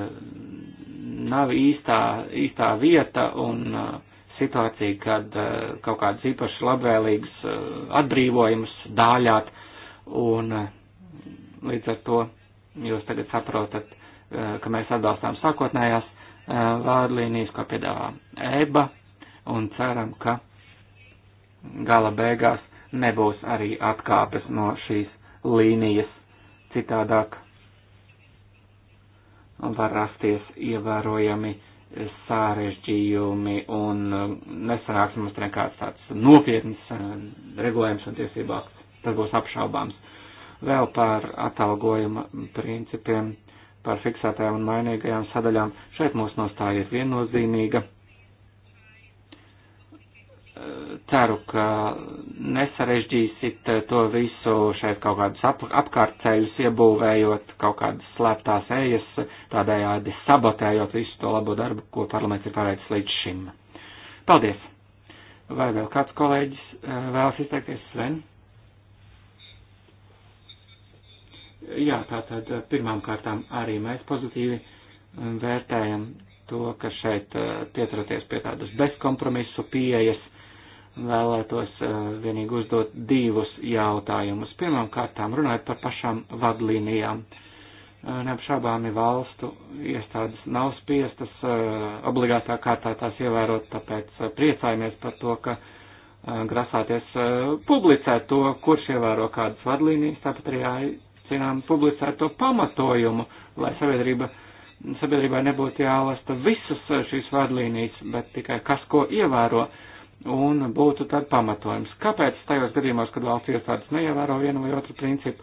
nav īstā, īstā vieta un eh, situācija, kad eh, kaut kādas īpaši labvēlīgas atbrīvojumus dāļāt un līdz ar to jūs tagad saprotat, ka mēs atbalstām sākotnējās vārdlīnijas, ko piedāvā EBA un ceram, ka gala beigās nebūs arī atkāpes no šīs līnijas citādāk var rasties ievērojami sārežģījumi un nesanāks mums nekāds tāds nopietns eh, regulējums un tiesībāks. Tas būs apšaubāms. Vēl par atalgojuma principiem, par fiksētajām un mainīgajām sadaļām. Šeit mūsu nostāja ir viennozīmīga ceru, ka nesarežģīsit to visu šeit kaut kādus ap, apkārtceļus iebūvējot, kaut kādas slēptās ejas, tādējādi sabotējot visu to labo darbu, ko parlaments ir paveicis līdz šim. Paldies! Vai vēl kāds kolēģis eh, vēlas izteikties, Sven? Jā, tātad eh, pirmām kārtām arī mēs pozitīvi eh, vērtējam to, ka šeit pieturēties pie tādas bezkompromisu pieejas vēlētos eh, vienīgi uzdot divus jautājumus. Pirmām kārtām runājot par pašām vadlīnijām. Eh, Neapšābāmi valstu iestādes nav spiestas eh, obligātā kārtā tās ievērot, tāpēc priecājamies par to, ka grasāties publicēt to, kurš ievēro kādas vadlīnijas, tāpat arī aicinām publicēt to pamatojumu, lai sabiedrība sabiedrībai nebūtu jālasta visas šīs vadlīnijas, bet tikai kas ko ievēro. Uh, un būtu tad pamatojums. Kāpēc tajos gadījumos, kad valsts iestādes neievēro vienu vai otru principu,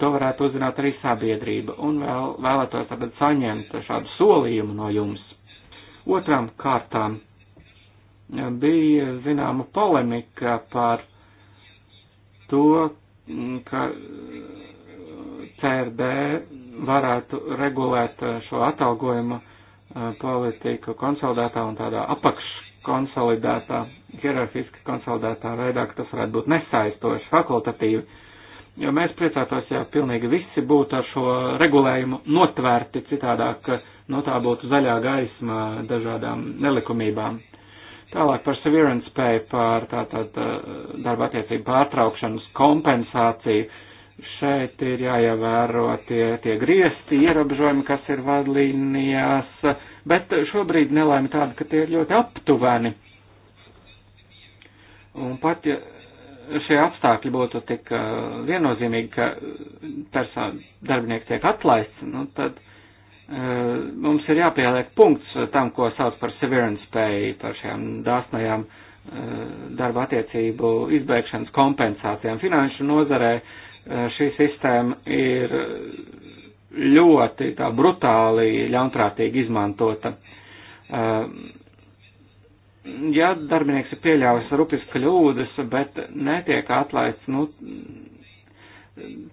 to varētu uzzināt arī sabiedrība un vēl, vēlētos tad saņemt šādu solījumu no jums. Otram kārtām bija zināma polemika par to, ka CRD varētu regulēt šo atalgojuma eh, politiku konsolidētā un tādā apakškonsolidētā hierarhiski konsolidētā veidā, ka tas varētu būt nesaistoši, fakultatīvi. Jo mēs priecātos, ja pilnīgi visi būtu ar šo regulējumu notvērti citādāk, no nu, tā būtu zaļā gaisma dažādām nelikumībām. Tālāk par severance pay, par tātad eh, darba attiecību pārtraukšanas kompensāciju. Šeit ir jāievēro tie, tie griezti, ierobežojumi, kas ir vadlīnijās, bet šobrīd nelēma tāda, ka tie ir ļoti aptuveni. Un pat, ja šie apstākļi būtu tik uh, viennozīmīgi, ka personu darbinieks tiek atlaists, nu, tad uh, mums ir jāpieliek punkts tam, ko sauc par severance pay, par šiem dāsnajām uh, darba attiecību izbēgšanas kompensācijām. Finanšu nozarē uh, šī sistēma ir ļoti tā brutāli ļaunprātīgi izmantota. Uh, ja darbinieks ir pieļāvis rupjas kļūdas, bet netiek atlaists, nu,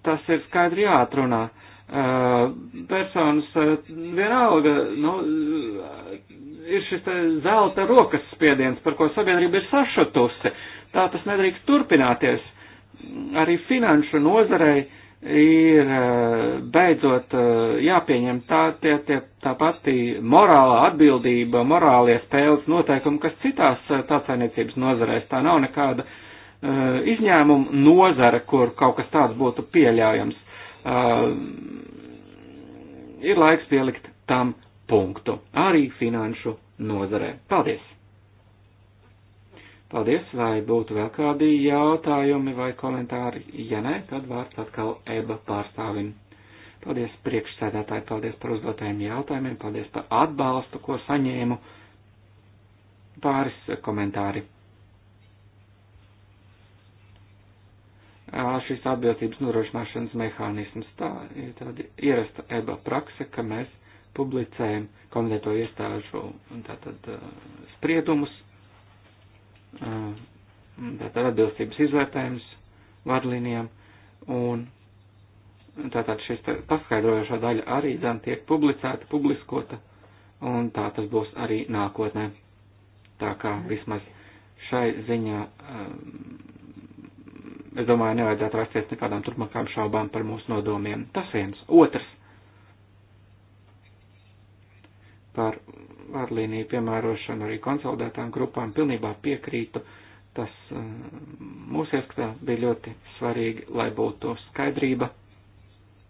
tas ir skaidri jāatrunā. Eh, personas eh, vienalga, nu, ir šis zelta rokas spiediens, par ko sabiedrība ir sašutusi. Tā tas nedrīkst turpināties. Arī finanšu nozarei uh, ir eh, beidzot eh, jāpieņem tā, tie, tie, tā pati morālā atbildība, morālie spēles noteikumi, kas citās eh, tautsainicības nozarēs. Tā nav nekāda uh, izņēmuma nozara, kur kaut kas tāds būtu pieļaujams. Uh, ir laiks pielikt tam punktu arī finanšu nozarē. Paldies! Paldies, vai būtu vēl kādi jautājumi vai komentāri? Ja nē, tad vārds atkal EBA pārstāvim. Paldies priekšsēdētāji, paldies par uzdotajiem jautājumiem, paldies par atbalstu, ko saņēmu. Pāris komentāri. Šis atbildības norošināšanas mehānisms tā ir tāda ierasta EBA prakse, ka mēs publicējam komentēto iestāžu un tātad spriedumus tātad atbilstības izvērtējums vadlinijām un tātad šis paskaidrojošā daļa arī zem tiek publicēta, publiskota un tā tas būs arī nākotnē. Tā kā vismaz šai ziņā, es domāju, nevajadzētu rasties nekādām turpmākām šaubām par mūsu nodomiem. Tas viens. Otrs. Par vadlīniju piemērošanu arī konsolidētām grupām pilnībā piekrītu. Tas eh, mūsu ieskatā bija ļoti svarīgi, lai būtu skaidrība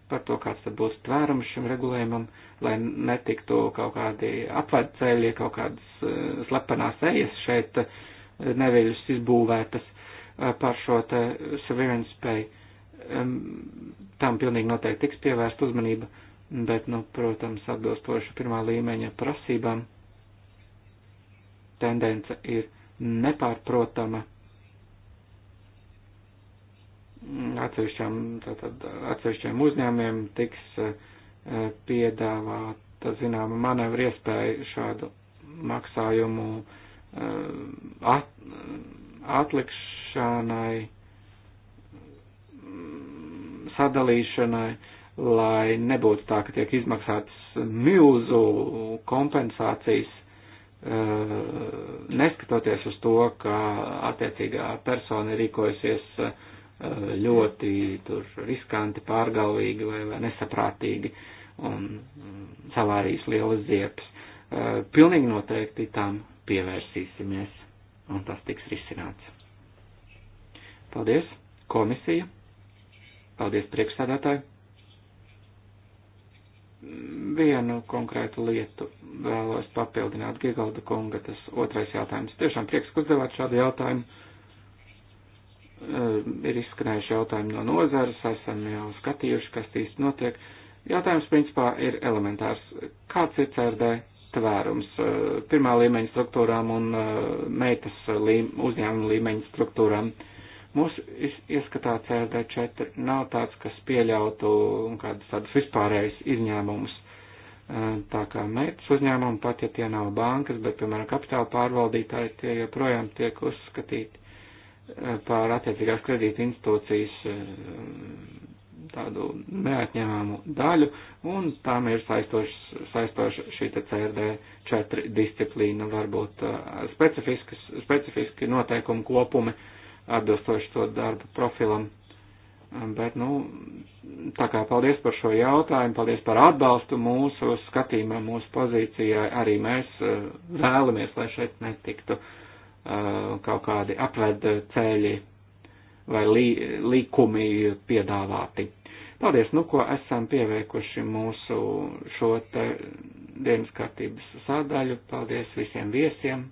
par to, kāds tad būs tvērums šim regulējumam, lai netiktu kaut kādi apvedceļi, kaut kādas eh, slepenās ejas šeit eh, neveļus izbūvētas par šo te surveillance spēju. Tam pilnīgi noteikti tiks pievērst uzmanība, bet, nu, protams, atbilstoši pirmā līmeņa prasībām tendence ir nepārprotama. Atsevišķām, tātad, atsevišķiem uzņēmiem tiks eh, piedāvāta, zināma, manevra iespēja šādu maksājumu eh, at, atlikšanai, sadalīšanai, lai nebūtu tā, ka tiek izmaksātas milzu kompensācijas Eh, neskatoties uz to, ka attiecīgā persona rīkojusies eh, ļoti tur riskanti, pārgalvīgi vai, vai nesaprātīgi un mm, savārīs lielas ziepes. Eh, pilnīgi noteikti tam pievērsīsimies un tas tiks risināts. Paldies, komisija! Paldies, priekšsādātāji! vienu konkrētu lietu vēlos papildināt Gigalda kunga, tas otrais jautājums. Tiešām prieks, ka uzdevāt šādu jautājumu. Ehm, ir izskanējuši jautājumi no nozares, esam jau skatījuši, kas īsti notiek. Jautājums principā ir elementārs. Kāds ir CRD tvērums ehm, pirmā līmeņa struktūrām un ehm, meitas līme, uzņēmuma līmeņa struktūrām? Uh, Mūsu ieskatā CRD4 nav tāds, kas pieļautu kādus tādus vispārējus izņēmumus. Tā kā mērķis uzņēmumu, pat ja tie nav bankas, bet, piemēram, kapitāla pārvaldītāji, tie joprojām tiek uzskatīti par attiecīgās kredīta institūcijas tādu neatņemamu daļu, un tām ir saistoša šī CRD4 disciplīna, varbūt specifiski noteikumu kopumi atbilstoši to darbu profilam. Bet, nu, tā kā paldies par šo jautājumu, paldies par atbalstu mūsu skatījumā, mūsu pozīcijā. Arī mēs eh, vēlamies, lai šeit netiktu eh, kaut kādi apveda ceļi vai lī, līkumi piedāvāti. Paldies, nu, ko esam pieveikuši mūsu šo te dienas kārtības sādaļu. Paldies visiem viesiem!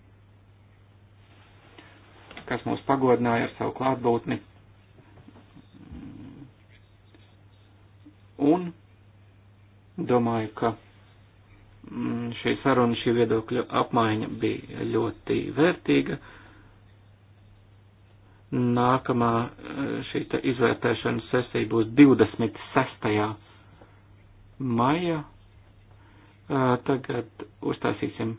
kas mūs pagodināja ar savu klātbūtni. Un domāju, ka mm, šī saruna, šī viedokļa apmaiņa bija ļoti vērtīga. Nākamā eh, šī izvērtēšanas sesija būs 26. maija. Eh, tagad uzstāsīsim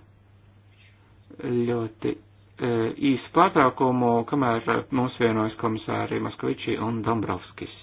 ļoti E, īsu pārtraukumu, kamēr e, mums vienojas komisāri Moskviči un Dombrovskis.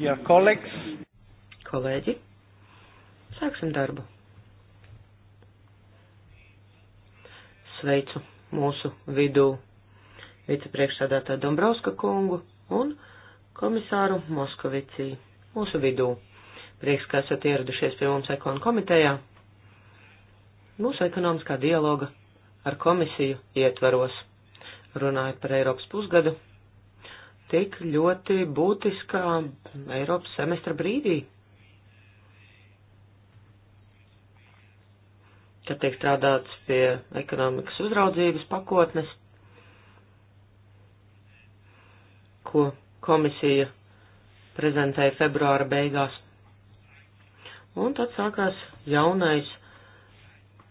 Dear colleagues. Kolēģi, sāksim darbu. Sveicu mūsu vidū vicepriekšsādātāju Dombrovska kungu un komisāru Moskovici mūsu vidū. Prieks, ka esat ieradušies pie mums ekonu komitejā. Mūsu ekonomiskā dialoga ar komisiju ietvaros. Runājot par Eiropas pusgadu, tik ļoti būtiskā Eiropas semestra brīdī, kad tiek strādāts pie ekonomikas uzraudzības pakotnes, ko komisija prezentēja februāra beigās. Un tad sākās jaunais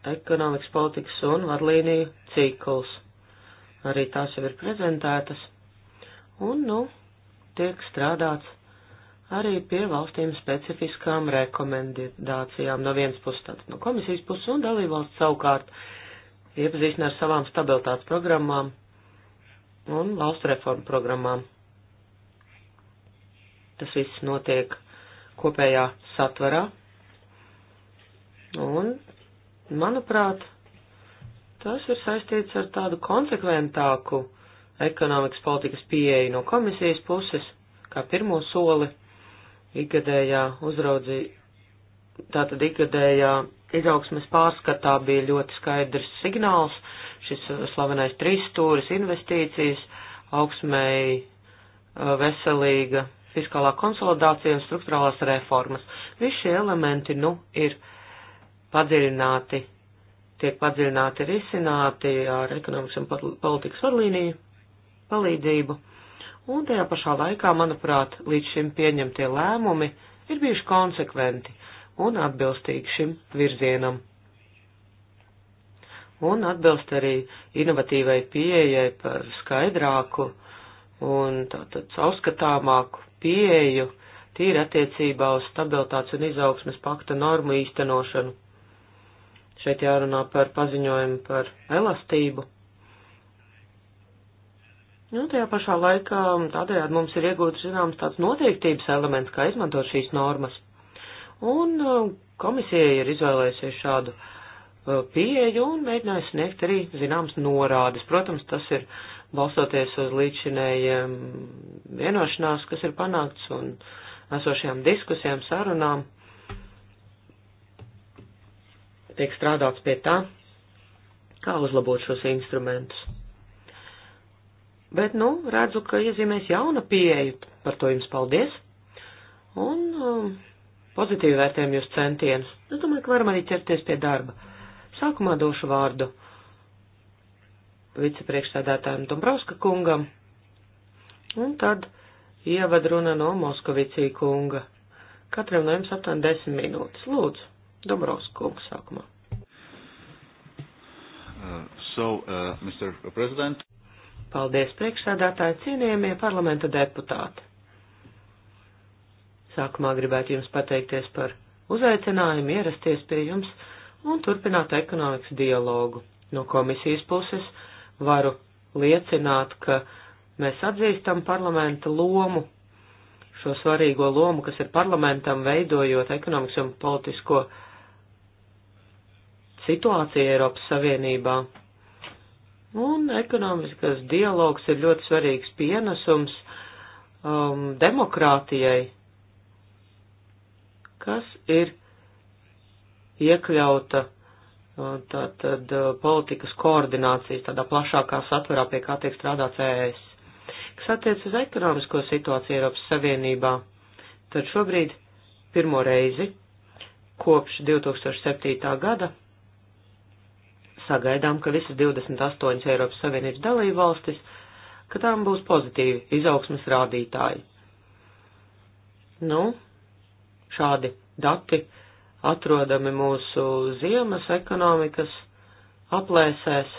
ekonomikas politikas un vadlīniju cikls. Arī tās jau ir prezentētas un, nu, tiek strādāts arī pie valstīm specifiskām rekomendācijām no vienas puses, tātad no komisijas puses, un dalībvalsts savukārt iepazīstina ar savām stabilitātes programmām un valstu reformu programmām. Tas viss notiek kopējā satvarā, un, manuprāt, tas ir saistīts ar tādu konsekventāku ekonomikas politikas pieeja no komisijas puses, kā pirmo soli ikgadējā uzraudzī, tātad ikgadējā izaugsmes pārskatā bija ļoti skaidrs signāls, šis uh, slavenais trīs stūris investīcijas, augsmēji uh, veselīga fiskālā konsolidācija un struktūrālās reformas. Visi šie elementi, nu, ir padziļināti, tiek padziļināti risināti ar ekonomikas un politikas vadlīniju palīdzību. Un tajā pašā laikā, manuprāt, līdz šim pieņemtie lēmumi ir bijuši konsekventi un atbilstīgi šim virzienam. Un atbilst arī inovatīvai pieejai par skaidrāku un tātad caurskatāmāku pieeju tīri attiecībā uz stabilitātes un izaugsmes pakta normu īstenošanu. Šeit jārunā par paziņojumu par elastību Nu, tajā pašā laikā tādējādi mums ir iegūts, zināms, tāds noteiktības elements, kā izmantot šīs normas. Un um, komisija ir izvēlējusies šādu uh, pieeju un mēģinājusi sniegt arī, zināms, norādes. Protams, tas ir balstoties uz līdzinējiem vienošanās, kas ir panākts un esošajām diskusijām, sarunām. Tiek strādāts pie tā, kā uzlabot šos instrumentus. Bet, nu, redzu, ka iezīmēs jauna pieeja. Par to jums paldies. Un um, pozitīvi vērtējam jūs centienus. Es domāju, ka varam arī ķerties pie darba. Sākumā došu vārdu vicepriekšsēdētājiem Dombrovska kungam. Un tad ievadruna no Moskovicī kunga. Katram no jums aptuveni desmit minūtes. Lūdzu, Dombrovska kungs sākumā. Uh, so, uh, Mr. President. Paldies priekšsēdētāji cienījamie parlamenta deputāti. Sākumā gribētu jums pateikties par uzaicinājumu ierasties pie jums un turpināt ekonomikas dialogu. No komisijas puses varu liecināt, ka mēs atzīstam parlamenta lomu, šo svarīgo lomu, kas ir parlamentam veidojot ekonomikas un politisko situāciju Eiropas Savienībā Un ekonomiskais dialogs ir ļoti svarīgs pienesums um, demokrātijai, kas ir iekļauta uh, tātad uh, politikas koordinācijas tādā plašākā satverā, pie kā tiek strādāts ES. Kas attiec uz ekonomisko situāciju Eiropas Savienībā, tad šobrīd pirmo reizi kopš 2007. gada Sagaidām, ka visas 28 Eiropas Savienības dalībvalstis, ka tām būs pozitīvi izaugsmas rādītāji. Nu, šādi dati atrodami mūsu ziemas ekonomikas aplēsēs.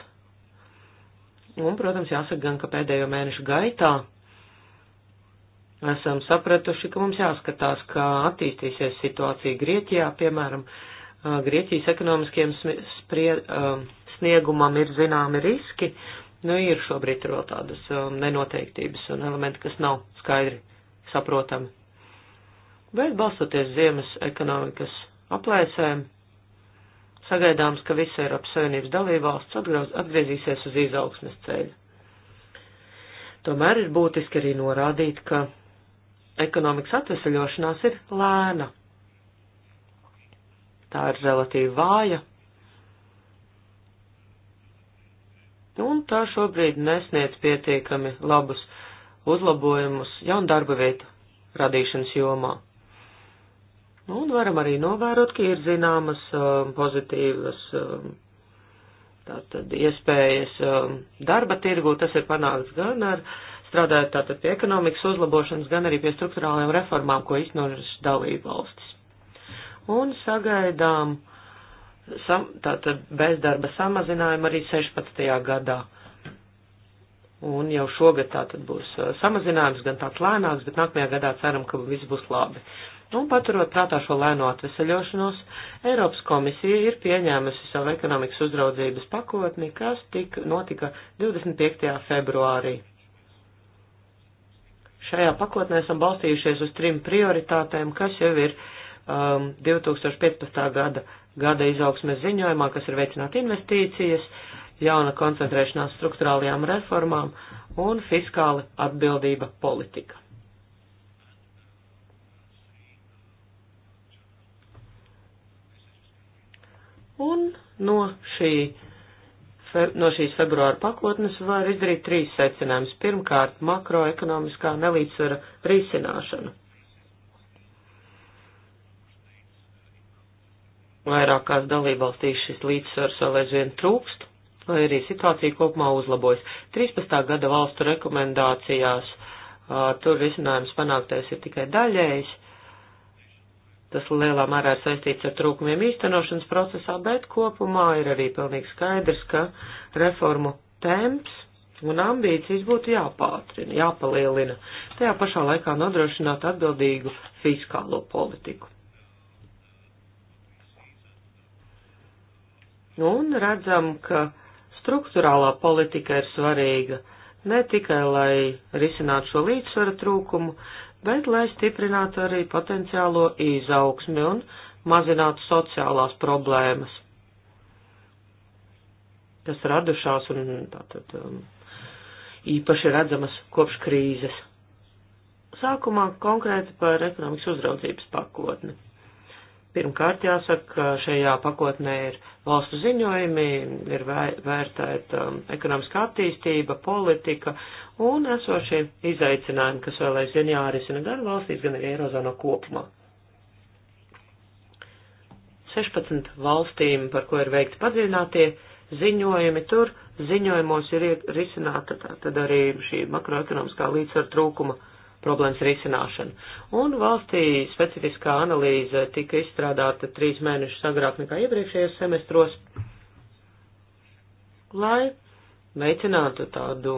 Un, protams, jāsaka gan, ka pēdējo mēnešu gaitā esam sapratuši, ka mums jāskatās, kā attīstīsies situācija Grieķijā, piemēram, Grieķijas ekonomiskiem sprie, sniegumam ir zināmi riski, nu ir šobrīd ir vēl tādas nenoteiktības un elementi, kas nav skaidri saprotami. Bet balstoties ziemas ekonomikas aplēsēm, sagaidāms, ka visa Eiropas Savienības dalībvalsts atgriezīsies uz izaugsmes ceļu. Tomēr ir būtiski arī norādīt, ka ekonomikas atvesaļošanās ir lēna tā ir relatīvi vāja. Un tā šobrīd nesniedz pietiekami labus uzlabojumus jaunu darba vietu radīšanas jomā. Nu, un varam arī novērot, ka ir zināmas um, pozitīvas um, tātad, iespējas um, darba tirgu. Tas ir panākts gan ar strādājot tātad pie ekonomikas uzlabošanas, gan arī pie struktūrālajām reformām, ko iznožas dalību valstis un sagaidām sam, tātad bezdarba samazinājumu arī 16. gadā. Un jau šogad tātad būs uh, samazinājums, gan tāds lēnāks, bet nākamajā gadā ceram, ka viss būs labi. Un paturot prātā šo lēno atveseļošanos, Eiropas komisija ir pieņēmusi savu ekonomikas uzraudzības pakotni, kas tik notika 25. februārī. Šajā pakotnē esam balstījušies uz trim prioritātēm, kas jau ir uh, um, 2015. gada, gada izaugsmes ziņojumā, kas ir veicināt investīcijas, jauna koncentrēšanās struktūrālajām reformām un fiskāli atbildība politika. Un no, šī, fe, no šīs februāra pakotnes var izdarīt trīs secinājumus. Pirmkārt, makroekonomiskā nelīdzsvara risināšana. Vairākās dalībvalstīs šis līdzsvars vēl aizvien trūkst, lai arī situācija kopumā uzlabojas. 13. gada valstu rekomendācijās uh, tur risinājums panāktais ir tikai daļējs. Tas lielā mērā ir saistīts ar trūkumiem īstenošanas procesā, bet kopumā ir arī pilnīgi skaidrs, ka reformu temps un ambīcijas būtu jāpātrina, jāpalielina, tajā pašā laikā nodrošināt atbildīgu fiskālo politiku. Nu, un redzam, ka struktūrālā politika ir svarīga ne tikai, lai risinātu šo līdzsvara trūkumu, bet lai stiprinātu arī potenciālo izaugsmi un mazinātu sociālās problēmas, kas radušās un tātad um, īpaši redzamas kopš krīzes. Sākumā konkrēti par ekonomikas uzraudzības pakotni. Pirmkārt, jāsaka, ka šajā pakotnē ir valstu ziņojumi, ir vērtēta um, ekonomiskā attīstība, politika un esošie izaicinājumi, kas vēl aizvien jārisina gan valstīs, gan arī Eirozonā kopumā. 16 valstīm, par ko ir veikti padziļinātie ziņojumi, tur ziņojumos ir risināta tātad arī šī makroekonomiskā līdzsvar trūkuma problēmas risināšanu. Un valstī specifiskā analīze tika izstrādāta trīs mēnešus agrāk nekā iepriekšējos semestros, lai veicinātu tādu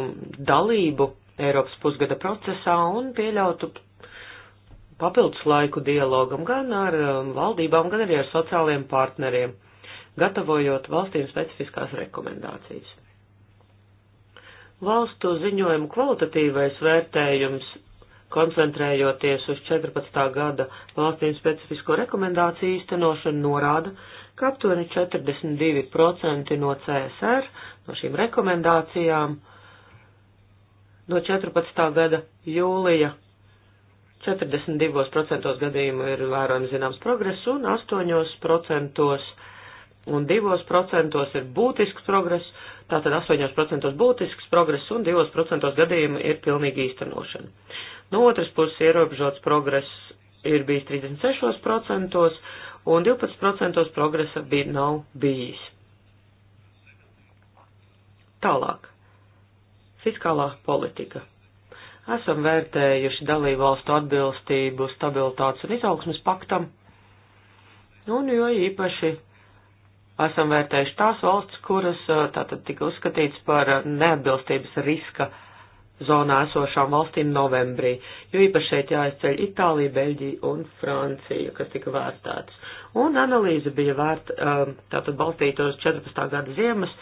dalību Eiropas pusgada procesā un pieļautu papildus laiku dialogam gan ar um, valdībām, gan arī ar sociālajiem partneriem, gatavojot valstīm specifiskās rekomendācijas. Valstu ziņojumu kvalitatīvais vērtējums koncentrējoties uz 14. gada valstīm specifisko rekomendāciju īstenošanu, norāda, ka aptuveni 42% no CSR, no šīm rekomendācijām, no 14. gada jūlija 42% gadījumu ir vērojams zināms progress un 8% un 2% ir būtisks progress, tātad 8% būtisks progress un 2% gadījumu ir pilnīgi īstenošana. No otras puses ierobežots progress ir bijis 36% un 12% progresa bija, nav bijis. Tālāk. Fiskālā politika. Esam vērtējuši dalību valstu atbilstību stabilitātes un izaugsmes paktam, un jo īpaši esam vērtējuši tās valsts, kuras tātad tika uzskatīts par neatbilstības riska uh, zonā esošām valstīm novembrī, jo īpaši šeit jāizceļ Itālija, Beļģija un Francija, kas tika vērtētas. Un analīze bija vērt, um, tātad balstīta uz 14. gada ziemas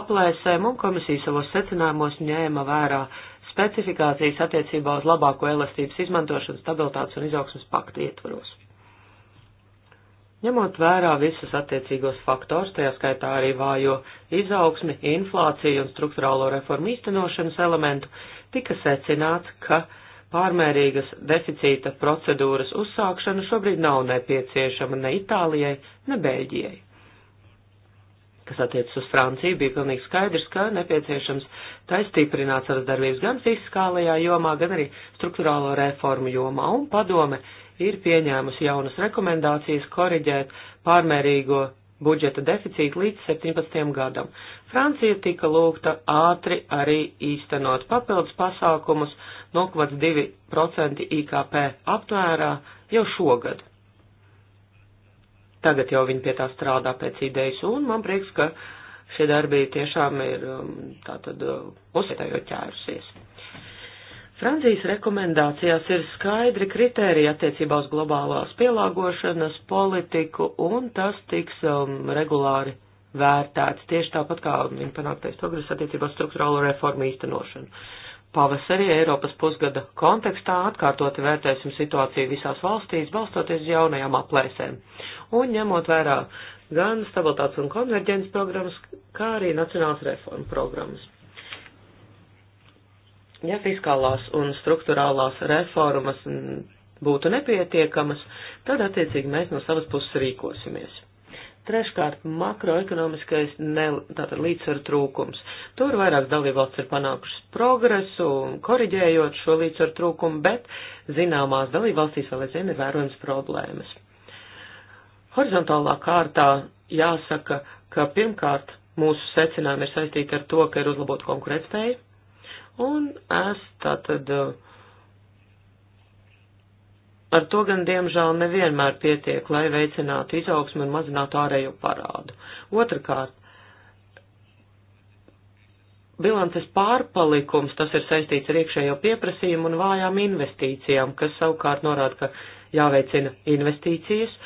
aplēsēm, un komisija savos secinājumos ņēma vērā specifikācijas attiecībā uz labāko elastības izmantošanu stabilitātes un izaugsmas paktu ietvaros. Ņemot vērā visus attiecīgos faktors, tajā skaitā arī vājo izaugsmi, inflāciju un struktūrālo reformu īstenošanas elementu, tika secināts, ka pārmērīgas deficīta procedūras uzsākšana šobrīd nav nepieciešama ne Itālijai, ne Beļģijai. Kas attiecas uz Franciju, bija pilnīgi skaidrs, ka nepieciešams taistiprināt savas darbības gan fiskālajā jomā, gan arī struktūrālo reformu jomā, un padome ir pieņēmusi jaunas rekomendācijas koriģēt pārmērīgo budžeta deficītu līdz 17. gadam. Francija tika lūgta ātri arī īstenot papildus pasākumus 0,2% IKP aptvērā jau šogad. Tagad jau viņi pie tā strādā pēc idejas, un man prieks, ka šie darbi tiešām ir um, tātad uh, uzsētējot ķērusies. Francijas rekomendācijās ir skaidri kriteriji attiecībā uz globālās pielāgošanas politiku, un tas tiks um, regulāri vērtēts tieši tāpat kā viņa panāktais progress attiecībā struktūrālo reformu īstenošanu. Pavasarī Eiropas pusgada kontekstā atkārtoti vērtēsim situāciju visās valstīs, balstoties jaunajām aplēsēm un ņemot vērā gan stabilitātes un konverģences programmas, kā arī nacionālas reformu programmas. Ja fiskālās un struktūrālās reformas būtu nepietiekamas, tad attiecīgi mēs no savas puses rīkosimies. Treškārt, makroekonomiskais ne, līdzsvaru trūkums. Tur vairākas dalībvalsts ir panākušas progresu, koriģējot šo līdzsvaru trūkumu, bet zināmās dalībvalstīs vēl aizvien ir vērojams problēmas. Horizontālā kārtā jāsaka, ka pirmkārt mūsu secinājumi ir saistīti ar to, ka ir uzlabota konkurētspēja, Un es tātad eh, ar to gan diemžēl nevienmēr pietiek, lai veicinātu izaugsmu un mazinātu ārējo parādu. Otrakārt, bilances pārpalikums, tas ir saistīts ar iekšējo pieprasījumu un vājām investīcijām, kas savukārt norāda, ka jāveicina investīcijas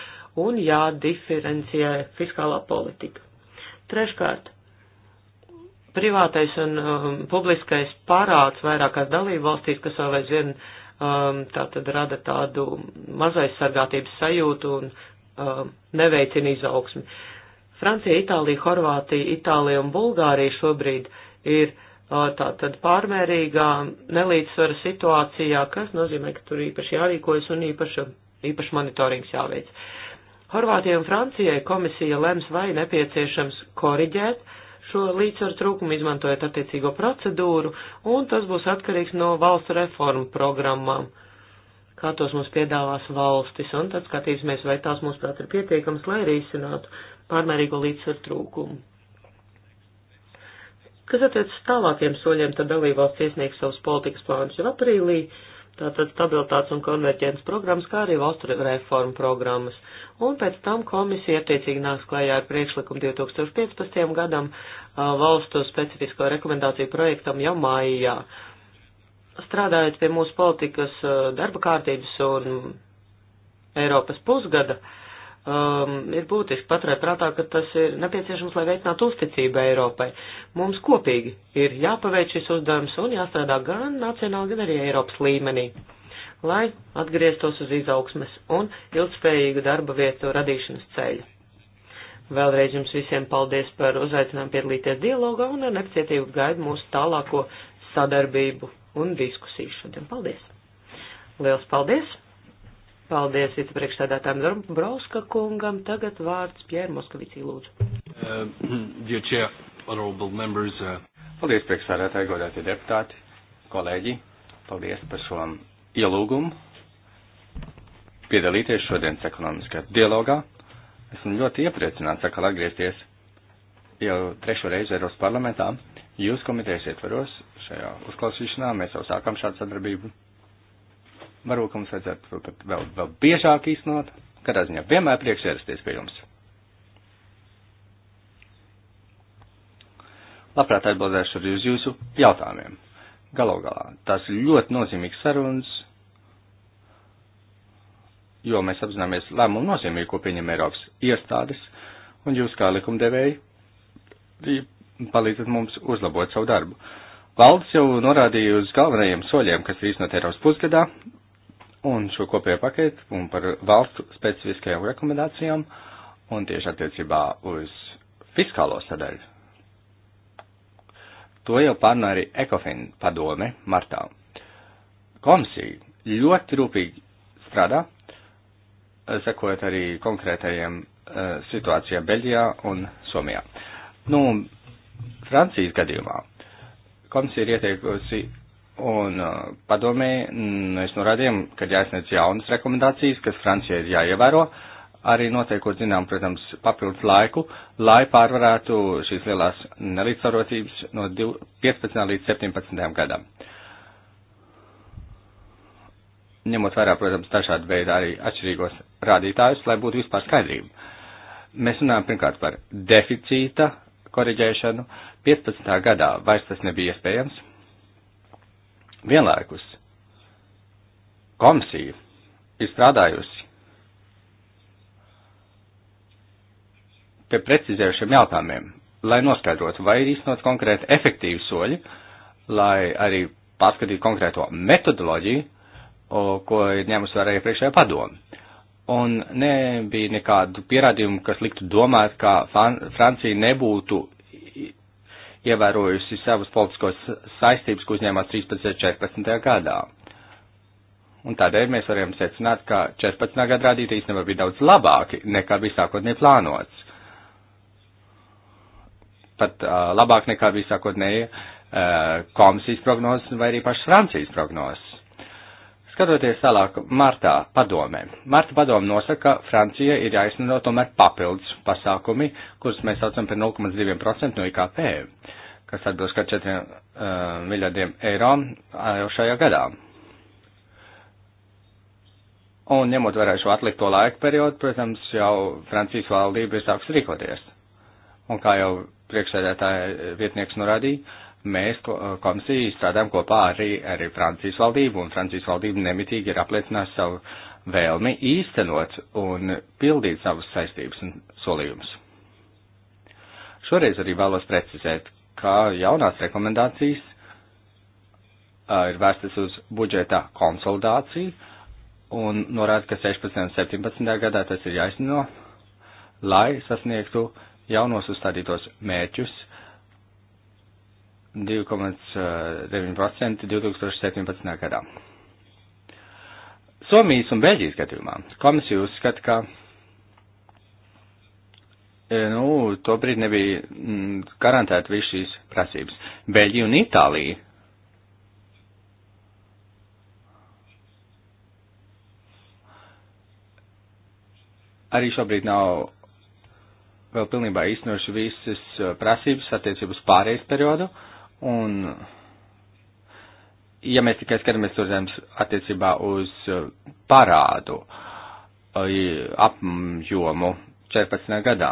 un jādiferencijē fiskālā politika. Treškārt, privātais un um, publiskais parāds vairākās dalību valstīs, kas vēl aizvien um, tā tad rada tādu mazaizsargātības sajūtu un um, neveicina izaugsmi. Francija, Itālija, Horvātija, Itālija un Bulgārija šobrīd ir uh, tā tad pārmērīgā nelīdzsvara situācijā, kas nozīmē, ka tur īpaši jārīkojas un īpaši, īpaši monitorings jāveic. Horvātijai un Francijai komisija lems, vai nepieciešams koriģēt uh, šo līdzsvaru trūkumu izmantojot attiecīgo procedūru, un tas būs atkarīgs no valstu reformu programmām, kā tos mums piedāvās valstis, un tad skatīsimies, vai tās mums prāt ir pietiekams, lai arī izsinātu pārmērīgo līdzsvaru trūkumu. Kas attiecas tālākiem soļiem, tad dalībvalsts iesniegs savus politikas plānus jau aprīlī, uh, tātad stabilitātes un konverģences programmas, kā arī valstu reformu programmas. Un pēc tam komisija attiecīgi nāks klajā ar priekšlikumu 2015. gadam valstu specifisko rekomendāciju projektam jau maijā. Strādājot pie mūsu politikas darba kārtības un Eiropas pusgada, uh, um, ir būtiski paturēt prātā, ka tas ir nepieciešams, lai veicinātu uzticību Eiropai. Mums kopīgi ir jāpaveic šis uzdevums un jāstrādā gan nacionāli, gan arī Eiropas līmenī, lai atgrieztos uz izaugsmes un ilgspējīgu darba vietu radīšanas ceļu. Vēlreiz jums visiem paldies par uzaicinājumu piedalīties dialogā un ar nepacietību gaidu mūsu tālāko sadarbību un diskusiju šodien. Paldies! Liels paldies! Paldies vicepriekšstādātām Brauska kungam. Tagad vārds Pjēra Moskavicī lūdzu. Uh, uh, Paldies, priekšsādātāji, godātie deputāti, kolēģi. Paldies par šo ielūgumu piedalīties šodienas ekonomiskajā dialogā. Esmu ļoti iepriecināts atkal atgriezties jau trešo reizi Eiropas parlamentā. Jūs komitejas ietvaros šajā uzklausīšanā mēs jau sākam šādu sadarbību Varbūt mums vajadzētu pat vēl, vēl biežāk īstenot. Katrā ziņā vienmēr prieks ierasties pie jums. Labprāt atbildēšu arī uz jūsu jautājumiem. Galu galā tas ir ļoti nozīmīgs sarunas, jo mēs apzināmies lēmumu nozīmību, ko pieņem Eiropas iestādes, un jūs kā likumdevēji palīdzat mums uzlabot savu darbu. Valdes jau norādīja uz galvenajiem soļiem, kas ir īstenot Eiropas pusgadā, un šo kopējo paketu un par valstu specifiskajām rekomendācijām un tieši attiecībā uz fiskālo sadaļu. To jau pārnā arī Ekofin padome martā. Komisija ļoti rūpīgi strādā, sekojot arī konkrētajiem uh, situācijām Beļģijā un Somijā. Nu, Francijas gadījumā komisija ir ieteikusi Un uh, padomē, mm, mēs norādījām, ka jāsniedz jaunas rekomendācijas, kas Francijai ir jāievēro, arī noteikot, zinām, protams, papildus laiku, lai pārvarētu šīs lielās nelīdzsvarotības no 15. līdz 17. gadam. Ņemot vērā, protams, dažādu veidu arī atšķirīgos rādītājus, lai būtu vispār skaidrība. Mēs runājam pirmkārt par deficīta koriģēšanu. 15. gadā vairs tas nebija iespējams, Vienlaikus komisija ir strādājusi pie precizējušiem jautājumiem, lai noskaidrotu, vai ir īstenot konkrēti efektīvi soļi, lai arī pārskatītu konkrēto metodoloģiju, ko ir ņēmusi vērā iepriekšējā padoma. Un nebija nekādu pierādījumu, kas liktu domāt, ka Francija nebūtu ievērojusi savus politiskos saistības, ko uzņēmās 13.14. gadā. Un tādēļ mēs varam secināt, ka 14. gada rādītāji īstenībā bija daudz labāki nekā bija sākotnēji plānots. Pat uh, labāk nekā bija sākotnēji uh, komisijas prognozes vai arī pašas Francijas prognozes. Skatoties tālāk, martā padomē. Marta padome nosaka, ka Francija ir jāizsniedz tomēr papildus pasākumi, kurus mēs saucam par 0,2% no IKP, kas atbilst kā 4 uh, miljardiem eiro jau šajā gadā. Un ņemot vērā šo atlikto laika periodu, protams, jau Francijas valdība ir sāks rīkoties. Un kā jau priekšsēdētāja vietnieks norādīja, mēs eh, komisiju strādājam kopā arī, arī Francijas valdību, un Francijas valdība nemitīgi ir apliecinājusi savu vēlmi īstenot un pildīt savus saistības un solījumus. Šoreiz arī vēlos precizēt, ka jaunās rekomendācijas eh, ir vērstas uz budžeta konsolidāciju un norāda, ka 16. un 17. gadā tas ir jāizno, lai sasniegtu jaunos uzstādītos mērķus 2,9% 2017. Eh, gadā. Somijas un Beļģijas gadījumā komisija uzskata, ka e, nu, to brīdi nebija mm, garantēta visu šīs prasības. Beļģija un Itālija. Arī šobrīd nav vēl pilnībā īstenoši visas eh, prasības attiecības pārējais periodu. Uh, Un, ja mēs tikai skatāmies uz zemes attiecībā uz uh, parādu uh, apjomu 14 gadā,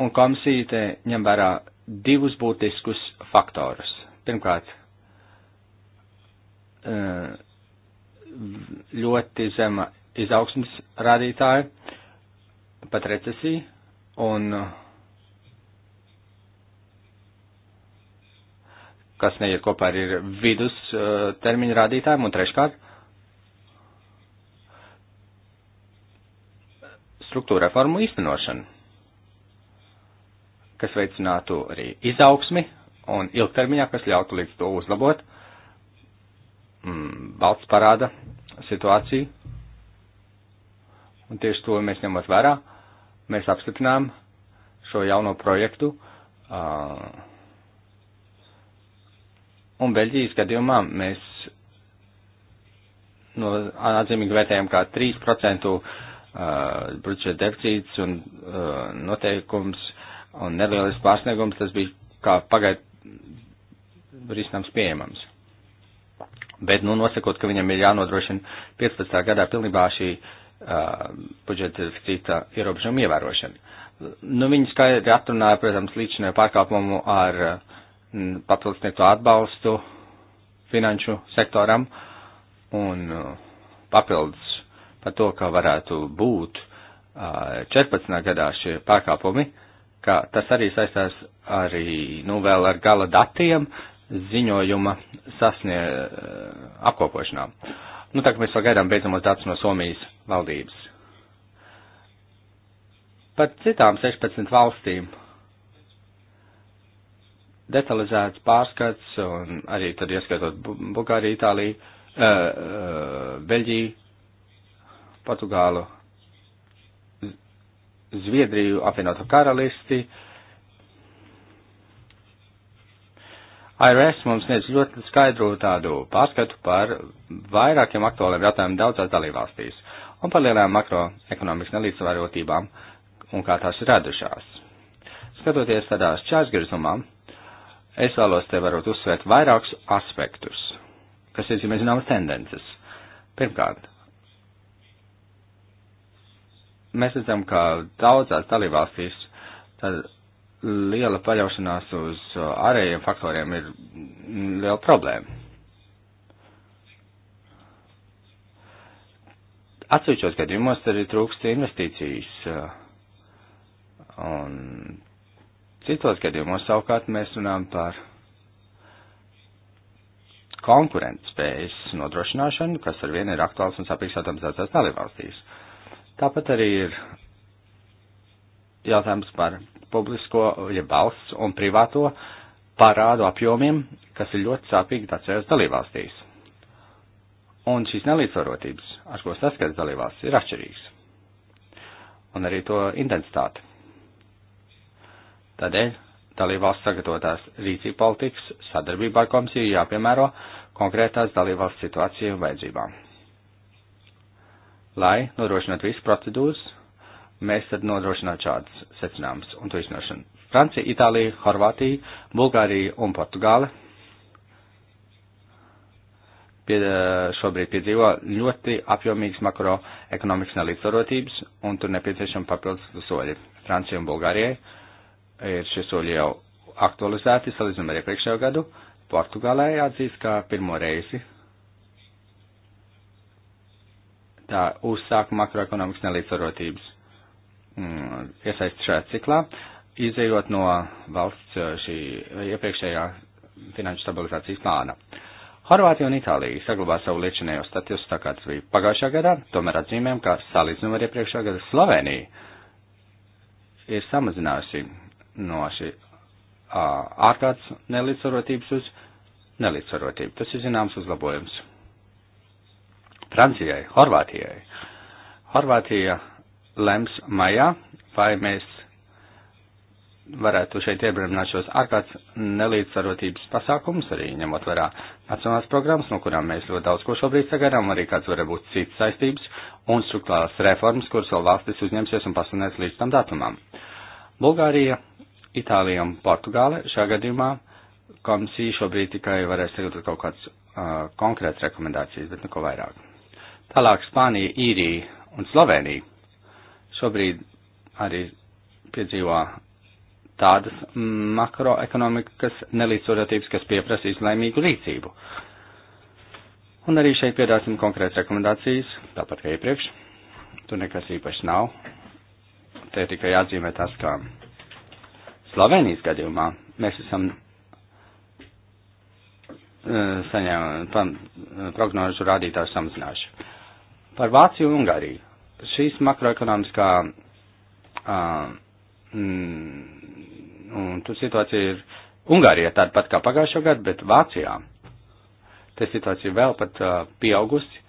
un komisija te ņem vērā divus būtiskus faktorus. Pirmkārt, uh, ļoti zema izaugsmas rādītāja, pat recesija, un uh, kas neiet kopā ar vidus uh, termiņu rādītājiem, un treškārt struktūra reformu īstenošanu, kas veicinātu arī izaugsmi un ilgtermiņā, kas ļautu līdz to uzlabot. Mm, valsts parāda situāciju, un tieši to mēs ņemot vērā, mēs apstiprinām šo jauno projektu. Uh, Un Beļģijas gadījumā mēs no atzīmīgi vērtējam kā 3% uh, budžeta deficīts un uh, noteikums un nelielis pārsniegums, tas bija kā pagaid risinājums pieejamams. Bet, nu, nosakot, ka viņam ir jānodrošina 15. gadā pilnībā šī uh, budžeta deficīta ierobežojuma ievērošana. Nu, viņi skaidri atrunāja, protams, līdzinēju pārkāpumu ar uh, papildus sniegto atbalstu finanšu sektoram un uh, papildus par to, ka varētu būt 14. Uh, gadā šie pārkāpumi, ka tas arī saistās arī, nu, vēl ar gala datiem ziņojuma sasnie uh, apkopošanā. Nu, tā kā mēs pagaidām beidzamos datus no Somijas valdības. Par citām 16 valstīm detalizēts pārskats, un arī tad ieskatot Bulgāriju, Itāliju, eh, eh, Beļģiju, Portugālu, Zviedriju, apvienoto karalisti. IRS mums sniedz ļoti skaidru tādu pārskatu par vairākiem aktuāliem jautājumiem daudzās dalībvalstīs un par lielām makroekonomikas nelīdzsvarotībām un kā tās ir radušās. Skatoties tādās čārsgriezumā, es vēlos te varot uzsvērt vairākus aspektus, kas iezīmē zināmas tendences. Pirmkārt, mēs redzam, ka daudzās dalībvalstīs liela paļaušanās uz ārējiem faktoriem ir liela problēma. Atsevišķos gadījumos arī trūkst investīcijas. Un Citos gadījumos savukārt mēs runājam par konkurētspējas nodrošināšanu, kas ar vienu ir aktuāls un sapīgs atomizācijas dalībvalstīs. Tāpat arī ir jautājums par publisko, ja valsts un privāto parādu apjomiem, kas ir ļoti sāpīgi atsevišķās dalībvalstīs. Un šīs nelīdzsvarotības, ar ko saskatās dalībvalsts, ir atšķirīgas. Un arī to intensitāti. Tādēļ dalībvalsts sagatavotās rīcība politikas sadarbībā ar komisiju jāpiemēro konkrētās dalībvalsts situāciju un vajadzībām. Lai nodrošinātu visu procedūras, mēs tad nodrošinātu šādas secinājumus un to iznošanu. Francija, Itālija, Horvātija, Bulgārija un Portugāla pie, šobrīd piedzīvo ļoti apjomīgas makroekonomikas nelīdzsvarotības, un tur nepieciešama papildus soļi Francijai un Bulgārijai ir šie soļi jau aktualizēti, salīdzinām ar iepriekšējo gadu. Portugālē jāatzīst, ka pirmo reizi tā uzsāk makroekonomikas nelīdzsvarotības mm, iesaist šajā ciklā, izējot no valsts eh, šī iepriekšējā finanšu stabilizācijas plāna. Horvātija un Itālija saglabā savu liečinējo status, tā kā tas bija pagājušā gadā, tomēr atzīmēm, ka salīdzinām ar iepriekšā gada Sloveniju ir samazinājusi no šī ārkārtas nelīdzsvarotības uz nelīdzsvarotību. Tas ir zināms uzlabojums. Francijai, Horvātijai. Horvātija lems maijā, vai mēs varētu šeit iebremnāt šos ārkārtas nelīdzsvarotības pasākumus, arī ņemot vērā nacionālās programmas, no kurām mēs ļoti daudz ko šobrīd sagaidām, arī kāds var būt cits saistības un struktūrās reformas, kuras vēl valstis uzņemsies un pasunēs līdz tam datumam. Bulgārija Itālija un Portugāle. Šajā gadījumā komisija šobrīd tikai varēs sagatavot kaut kādas uh, konkrētas rekomendācijas, bet neko vairāk. Tālāk Spānija, Īrija un Slovenija šobrīd arī piedzīvo tādas makroekonomikas nelīdzsvarotības, kas pieprasīs laimīgu rīcību. Un arī šeit piedāsim konkrētas rekomendācijas, tāpat kā iepriekš. Tur nekas īpaši nav. Te tikai jāatzīmē tas, ka Slovenijas gadījumā mēs esam eh, saņēmām prognožu rādītāju samazināšanu. Par Vāciju un Ungāriju. Šīs makroekonomiskā uh, un tur situācija ir Ungārijā tāda pat kā pagājušo gadu, bet Vācijā te situācija ir vēl pat uh, pieaugusi,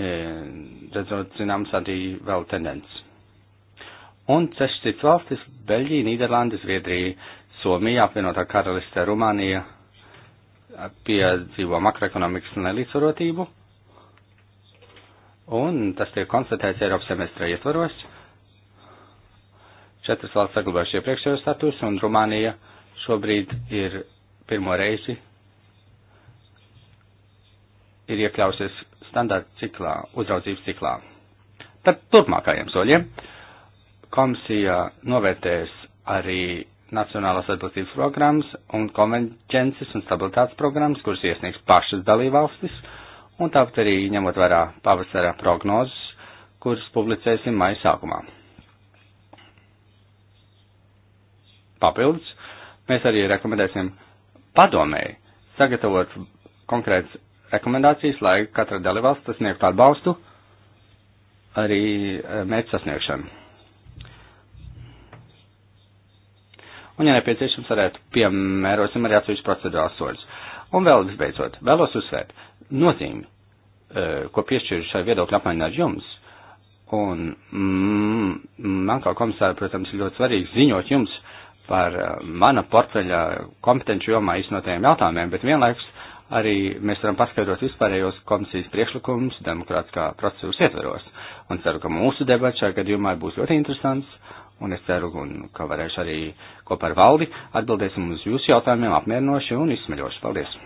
e, redzot, zināms, arī vēl tendences un sešas citas valstis - Beļģija, Nīderlanda, Zviedrija, Somija, apvienotā karaliste, Rumānija piedzīvo makroekonomikas nelīdzsvarotību, un tas tiek konstatēts Eiropas semestra ietvaros. Četras valsts saglabājuši iepriekšējo statusu, un Rumānija šobrīd ir pirmo reizi ir iekļausies standarta ciklā, uzraudzības ciklā. Tad turpmākajiem soļiem. Uh, Komisija novērtēs arī Nacionālās atbalstības programmas un konvenģences un stabilitātes programmas, kuras iesniegs pašas dalībvalstis, un tāpat arī ņemot vērā pavasara prognozes, kuras publicēsim maija sākumā. Papildus, mēs arī rekomendēsim padomēji sagatavot konkrētas rekomendācijas, lai katra dalībvalsts sniegtu atbalstu arī eh, mērķu sasniegšanu. un, ja nepieciešams, varētu piemērosim arī atsevišķu procedurālu soļus. Un vēl visbeidzot, vēlos uzsvērt nozīmi, e, ko piešķiru šai viedokļu apmaiņā ar jums. Un mm, man kā komisāri, protams, ir ļoti svarīgi ziņot jums par e, mana portfeļa kompetenci jomā iznotajiem jautājumiem, bet vienlaikus arī mēs varam paskaidrot vispārējos komisijas priekšlikumus demokrātiskā procesūras ietveros. Un ceru, ka mūsu debats šajā gadījumā būs ļoti interesants un es ceru, un, ka varēšu arī kopā ar valdi atbildēsim uz jūsu jautājumiem apmierinoši un izsmeļoši. Paldies!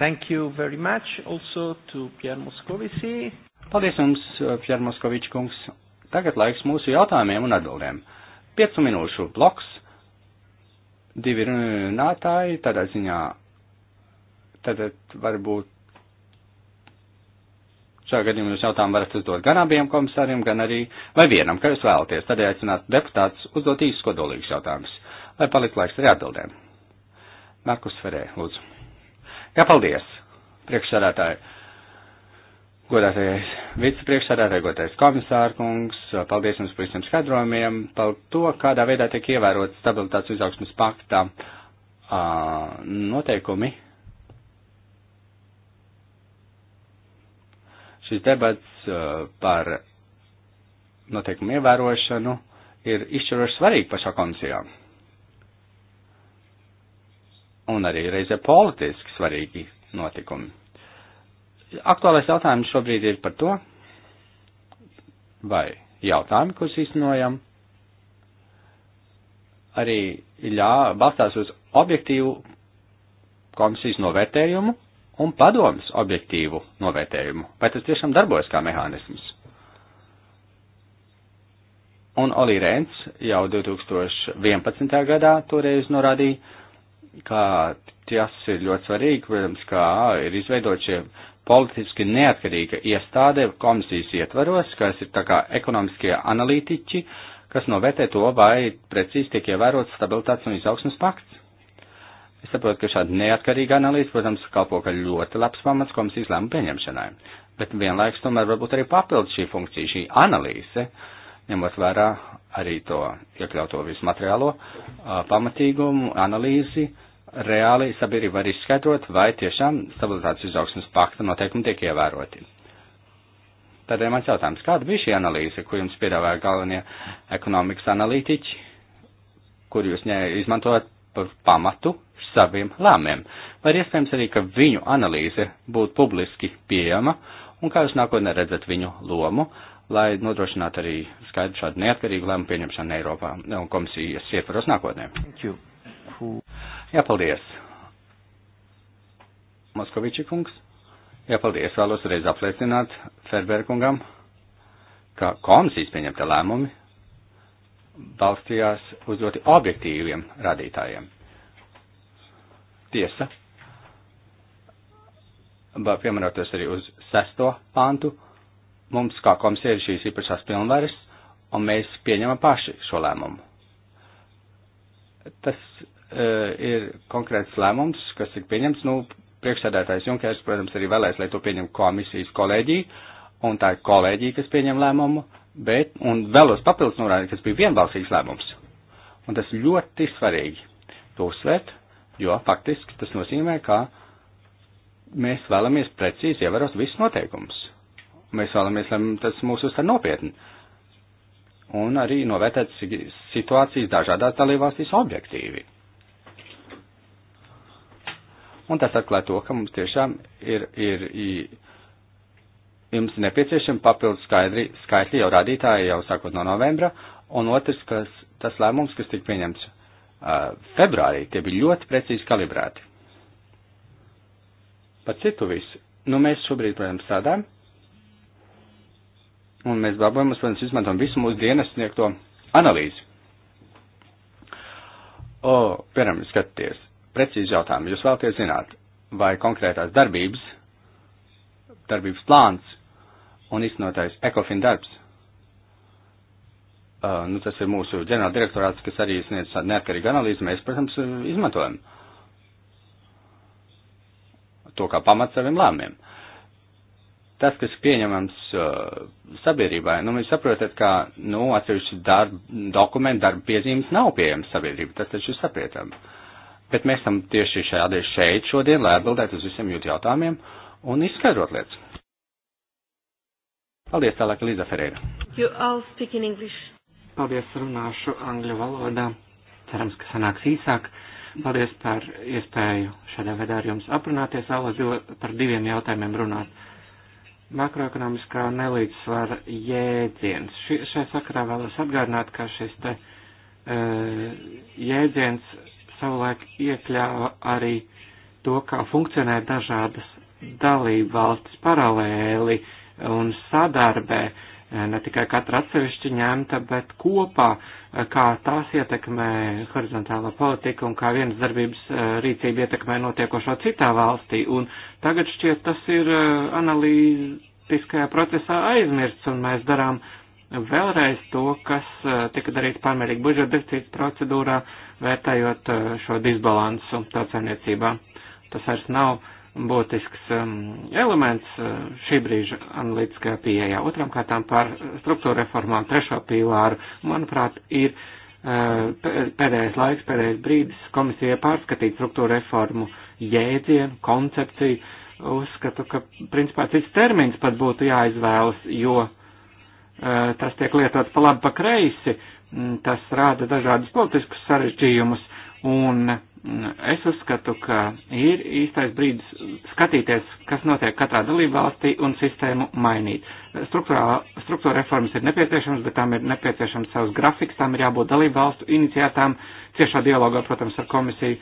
Thank you very much also to Pierre Moscovici. Paldies jums, Pierre Moskoviči kungs. Tagad laiks mūsu jautājumiem un atbildēm. Piecu minūšu bloks, divi runātāji, tādā ziņā, tad varbūt Šā gadījumā jūs jautājumu varat uzdot gan abiem komisāriem, gan arī vai vienam, kā jūs vēlaties. Tad aicinātu deputātus uzdot īsus kodolīgus jautājumus, lai palikt laiks arī atbildēm. Markus Ferē, lūdzu. Jā, paldies, priekšsādātāji. Godātais vicepriekšsādātāji, godātais komisārkungs, paldies jums par visiem skatrojumiem, par to, kādā veidā tiek ievērot stabilitātes izaugsmas paktā noteikumi Šis debats uh, par noteikumu ievērošanu ir izšķiroši svarīgi pašā komisijā. Un arī reizē politiski svarīgi notikumi. Aktuālais jautājums šobrīd ir par to, vai jautājumi, kurus iznojam, arī jā, balstās uz objektīvu komisijas novērtējumu un padomas objektīvu novērtējumu, vai tas tiešām darbojas kā mehānisms. Un Olī Rēns jau 2011. gadā toreiz norādīja, ka tas ir ļoti svarīgi, protams, kā ir izveidot šie politiski neatkarīga iestāde komisijas ietvaros, kas ir tā kā ekonomiskie analītiķi, kas novērtē to, vai precīzi tiek ievērots stabilitātes un izaugsmas pakts. Es saprotu, ka šāda neatkarīga analīze, protams, kalpo kā ļoti labs pamats komisijas lēmu pieņemšanai, bet vienlaiks tomēr varbūt arī papildus šī funkcija, šī analīze, ņemot vērā arī to iekļauto visu materiālo pamatīgumu, analīzi, reāli sabiedrība var izskaidrot, vai tiešām stabilitātes izaugsmas pakta noteikumi tiek ievēroti. Tad ir mans jautājums, kāda bija šī analīze, ko jums piedāvāja galvenie ekonomikas analītiķi, kur jūs izmantojat par pamatu saviem lēmiem. Vai iespējams arī, ka viņu analīze būtu publiski pieejama un kā jūs nākotnē redzat viņu lomu, lai nodrošinātu arī skaidru šādu neatkarīgu lēmu pieņemšanu Eiropā un komisijas ietvaros nākotnē? Jā, paldies. Moskoviči kungs. Jā, paldies. Vēlos reiz apliecināt Ferberkungam, ka komisijas pieņemta lēmumi balstījās uz ļoti objektīviem radītājiem. Tiesa, piemēroties arī uz sesto pantu, mums kā komisija ir šīs īpašās pilnvaras, un mēs pieņemam paši šo lēmumu. Tas uh, e, ir konkrēts lēmums, kas ir pieņemts, nu, priekšsēdētājs Junkers, protams, arī vēlēs, lai to pieņem komisijas kolēģija, un tā ir kolēģija, kas pieņem lēmumu, bet, un vēlos papildus norādīt, kas bija vienbalsīgs lēmums. Un tas ļoti svarīgi to uzsvērt, jo faktiski tas nozīmē, ka mēs vēlamies precīzi ievērot visus noteikumus. Mēs vēlamies, lai tas mūs uztver nopietni. Un arī novērtēt situācijas dažādās dalībvalstīs objektīvi. Un tas atklāja to, ka mums tiešām ir, ir, ir jums nepieciešami papildus skaidri, skaitļi jau rādītāji jau sākot no novembra, un otrs, kas tas lēmums, kas tika pieņemts uh, februārī, tie bija ļoti precīzi kalibrēti. Par citu visu, nu mēs šobrīd, protams, strādājam, un mēs labojumus, protams, izmantojam visu mūsu dienas sniegto analīzi. O, piemēram, skatieties, precīzi jautājumu, jūs vēlaties zināt, vai konkrētās darbības, darbības plāns un iznotais ekofin darbs. Uh, nu, tas ir mūsu ģenerāla direktorāts, kas arī sniedz neatkarīgu analīzi, mēs, protams, izmantojam to kā pamats saviem lēmumiem. Tas, kas pieņemams uh, sabiedrībai, nu, mēs saprotat, ka, nu, atsevišķi darba, dokumenti, darba piezīmes nav pieejams sabiedrībai, tas taču ir saprietam. Bet mēs esam tieši šādi šeit šodien, lai atbildētu uz visiem jūtu jautājumiem un izskaidrot lietas. Paldies, tālāk Līza Ferēra. Paldies, runāšu angļu valodā. Cerams, ka sanāks īsāk. Paldies par iespēju šādā veidā ar jums aprunāties, Alaz, par diviem jautājumiem runāt. Makroekonomiskā nelīdzsvara jēdziens. Ši, šai sakarā vēlos atgādināt, ka šis te uh, jēdziens savulaik iekļāva arī to, kā funkcionē dažādas dalību valstis paralēli. Uh, un sadarbē, eh, ne tikai katra atsevišķi ņemta, bet kopā, eh, kā tās ietekmē horizontāla politika un kā vienas darbības eh, rīcība ietekmē notiekošo citā valstī. Un tagad šķiet tas ir analītiskajā procesā aizmirsts, un mēs darām vēlreiz to, kas tika darīts pārmērīgi budžeta deficīta procedūrā, vērtējot šo disbalansu tautsēmniecībā. Tas vairs nav būtisks um, elements uh, šī brīža analītiskajā pieejā. Otram kārtām par struktūra reformām trešā pīlāra, manuprāt, ir uh, pēdējais laiks, pēdējais brīdis komisijai pārskatīt struktūra reformu jēdzienu, koncepciju. Uzskatu, ka principā cits termins pat būtu jāizvēlas, jo uh, tas tiek lietots pa labi, pa kreisi, mm, tas rāda dažādus politiskus sarežģījumus un Es uzskatu, ka ir īstais brīdis skatīties, kas notiek katrā dalībvalstī un sistēmu mainīt. Struktūra, struktūra reformas ir nepieciešams, bet tām ir nepieciešams savs grafiks, tām ir jābūt dalībvalstu iniciētām, ciešā dialogā, protams, ar komisiju,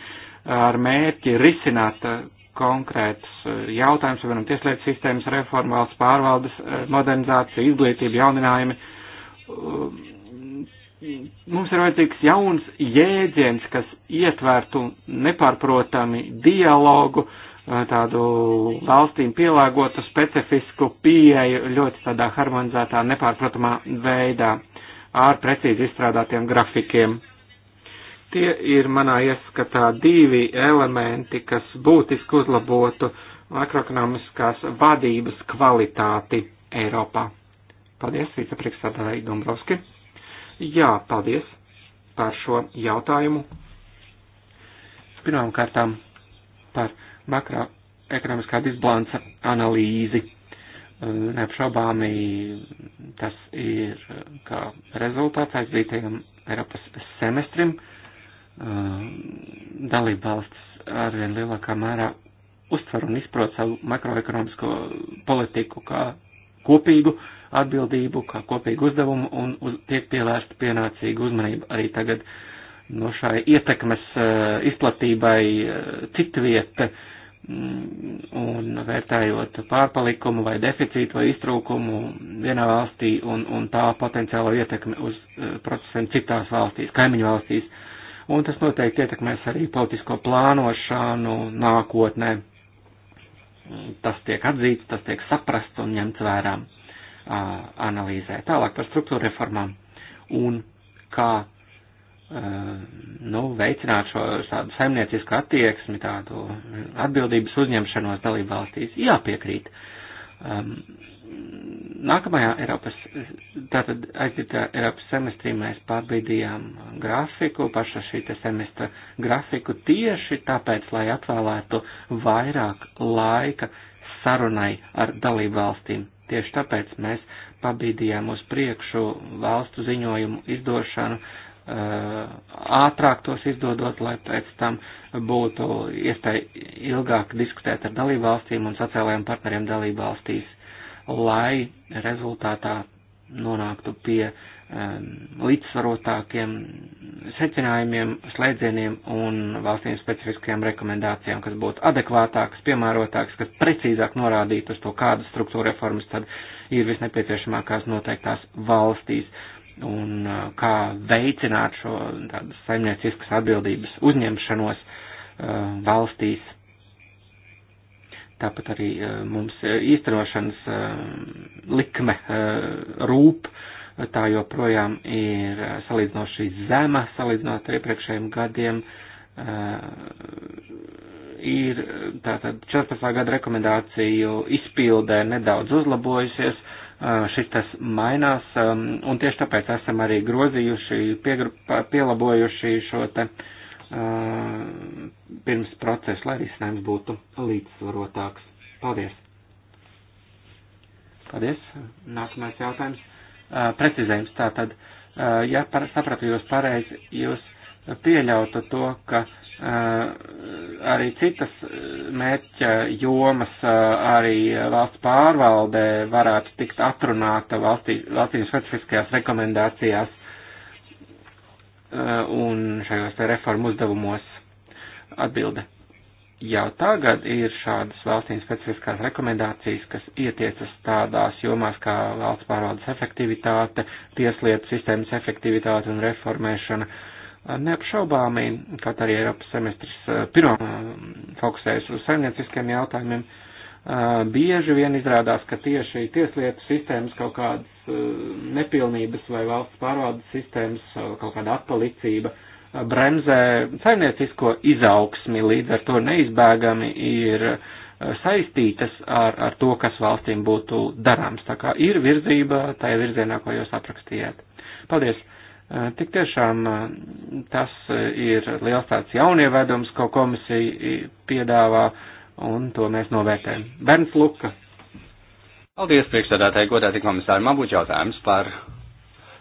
ar mērķi risināt uh, konkrētus uh, jautājumus, piemēram, tieslietu sistēmas reformu, valsts pārvaldes uh, modernizāciju, izglītību, jauninājumi um, mums ir vajadzīgs jauns jēdziens, kas ietvertu nepārprotami dialogu, eh, tādu valstīm pielāgotu specifisku pieeju ļoti tādā harmonizētā, nepārprotamā veidā ar precīzi izstrādātiem grafikiem. Tie ir manā ieskatā divi elementi, kas būtiski uzlabotu makroekonomiskās vadības kvalitāti Eiropā. Paldies, vicepriekšsādātāji Dombrovski. Jā, paldies par šo jautājumu. Pirmām kārtām par makroekonomiskā disbalansa analīzi. Neapšaubāmi tas ir kā rezultāts aizdītajam Eiropas semestrim. Dalība valsts arvien lielākā mērā uztver un izprot savu makroekonomisko politiku kā kopīgu uh, atbildību kā kopīgu uzdevumu un uz, tiek pievērsta pienācīga uzmanība arī tagad no šai ietekmes uh, izplatībai uh, eh, citvieta mm, un vērtējot pārpalikumu vai deficītu vai iztrūkumu vienā valstī un, un tā potenciālo ietekmi uz eh, procesiem citās valstīs, kaimiņu valstīs. Un tas noteikti ietekmēs arī politisko plānošanu nākotnē. Tas tiek atzīts, tas tiek saprasts un ņemts vērām analīzē. Tālāk par struktūra reformām un kā e, nu, veicināt šo tādu saimniecisku attieksmi, tādu atbildības uzņemšanos dalību valstīs. Jāpiekrīt. Um, nākamajā Eiropas, tātad aizvitā Eiropas semestrī mēs pārbīdījām grafiku, paša šī te semestra grafiku tieši tāpēc, lai atvēlētu vairāk laika sarunai ar dalību valstīm Tieši tāpēc mēs pabīdījām uz priekšu valstu ziņojumu izdošanu, eh, ātrāk tos izdodot, lai pēc tam būtu iespēja ilgāk diskutēt ar dalībvalstīm un sociālajiem partneriem dalībvalstīs, lai rezultātā nonāktu pie uh, Um, līdzsvarotākiem secinājumiem, slēdzieniem un valstīm specifiskajām rekomendācijām, kas būtu adekvātākas, piemērotākas, kas precīzāk norādītu uz to, kādas struktūra reformas tad ir visnepieciešamākās noteiktās valstīs un uh, kā veicināt šo tādas saimnieciskas atbildības uzņemšanos uh, valstīs. Tāpat arī uh, mums īstenošanas likme rūp, uh, tā joprojām ir salīdzinoši zema, salīdzinot ar iepriekšējiem gadiem. Uh, ir tātad 14. gada rekomendāciju izpildē nedaudz uzlabojusies, uh, šis tas mainās, um, un tieši tāpēc esam arī grozījuši, piegrupa, pielabojuši šo te uh, pirms procesu, lai risinājums būtu līdzsvarotāks. Paldies! Paldies! Nākamais jautājums precizējums. Tātad, ja par, sapratu jūs pareizi, jūs pieļautu to, ka arī citas mērķa jomas, arī valsts pārvaldē varētu tikt atrunāta valstī, valstīm specifiskajās rekomendācijās un šajos reformu uzdevumos atbilde jau tagad ir šādas valstīm specifiskās rekomendācijas, kas ietiecas tādās jomās kā valsts pārvaldes efektivitāte, tieslietu sistēmas efektivitāte un reformēšana. Neapšaubāmi, kaut arī Eiropas semestris eh, pirmā mm, fokusējas uz saimnieciskiem jautājumiem, eh, bieži vien izrādās, ka tieši tieslietu sistēmas kaut kādas eh, nepilnības vai valsts pārvaldes sistēmas kaut kāda atpalicība uh, bremzē saimniecisko izaugsmi, līdz ar to neizbēgami ir eh, saistītas ar, ar to, kas valstīm būtu darāms. Tā kā ir virzība tajā virzienā, ko jūs aprakstījāt. Paldies! Eh, tik tiešām eh, tas ir liels tāds jaunievedums, ko komisija piedāvā, un to mēs novērtējam. Bērns Luka. Paldies, priekšstādātāji, godāti komisāri. Man būtu jautājums par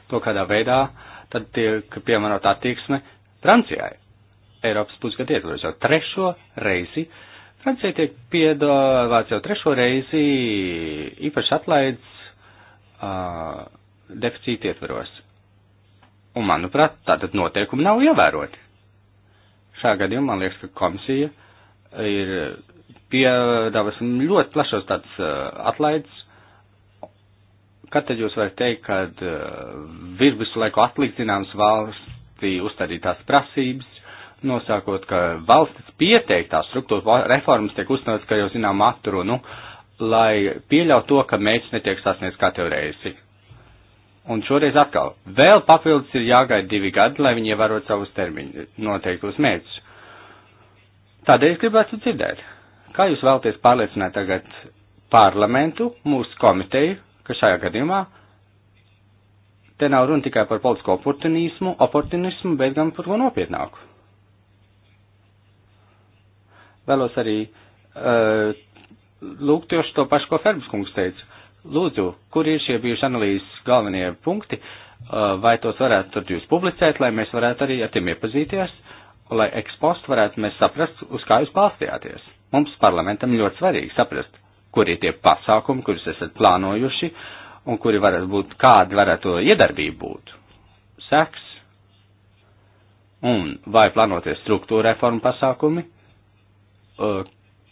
to, kādā veidā tad tiek piemērot attieksme Francijai Eiropas pusgada ietvaros jau trešo reizi. Francijai tiek piedāvāts jau trešo reizi īpaši atlaids uh, deficīta ietvaros. Un, manuprāt, tātad noteikumi nav ievēroti. Šā gadījumā man liekas, ka komisija ir piedāvās ļoti plašos tāds uh, atlaids. Kad tad jūs varat teikt, ka uh, ir visu laiku atlikt zināms valsts bija uzstādītās prasības, nosākot, ka valsts pieteiktās struktūra reformas tiek uzstāts, ka jau zinām atrunu, lai pieļautu to, ka mērķis netiek sasniegts katru reizi. Un šoreiz atkal, vēl papildus ir jāgaida divi gadi, lai viņi ievērot savus termiņus, noteiktos mērķus. Tādēļ es gribētu dzirdēt, kā jūs vēlties pārliecināt tagad parlamentu, mūsu komiteju, ka šajā gadījumā Te nav runa tikai par politisko oportunismu, oportunismu, bet gan par ko nopietnāku. Vēlos arī uh, lūgt tieši to pašu, ko Ferbs kungs teica. Lūdzu, kur ir šie bijuši analīzes galvenie punkti, uh, vai tos varētu tad jūs publicēt, lai mēs varētu arī ar tiem iepazīties, lai ekspost varētu mēs saprast, uz kā jūs balstījāties. Mums parlamentam ļoti svarīgi saprast, kur ir tie pasākumi, kurus esat plānojuši, uh, un kuri varētu būt, kādi varētu to iedarbību būt. Seks un vai plānoties struktūra reformu pasākumi,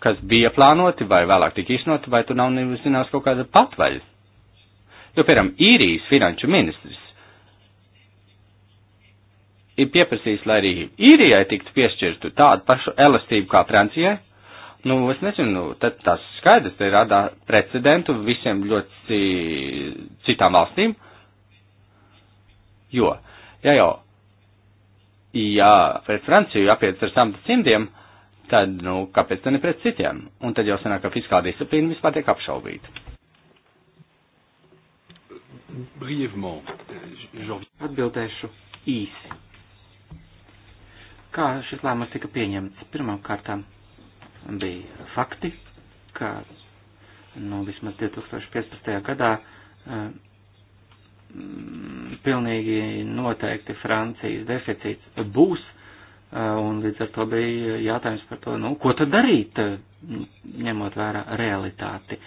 kas bija plānoti vai vēlāk tika iznoti, vai tur nav nezinās kaut kāda patvaļa. Jo, piemēram, īrijas finanšu ministrs ir pieprasījis, lai arī īrijai tiktu piešķirtu tādu pašu elastību kā Francijai, Nu, es nezinu, tad tas skaidrs, te rada precedentu visiem ļoti citām valstīm, jo, ja jau, ja pret Franciju apiet ar simtiem, tad, nu, kāpēc tad ne pret citiem? Un tad jau sanāk, ka fiskāla disciplīna vispār tiek apšaubīta. Atbildēšu īsi. Kā šis lēmums tika pieņemts? Pirmām kārtām bija fakti, ka nu, vismaz 2015. gadā eh, pilnīgi noteikti Francijas deficīts būs, eh, un līdz ar to bija jātājums par to, nu, ko tad darīt, eh, ņemot vērā realitāti.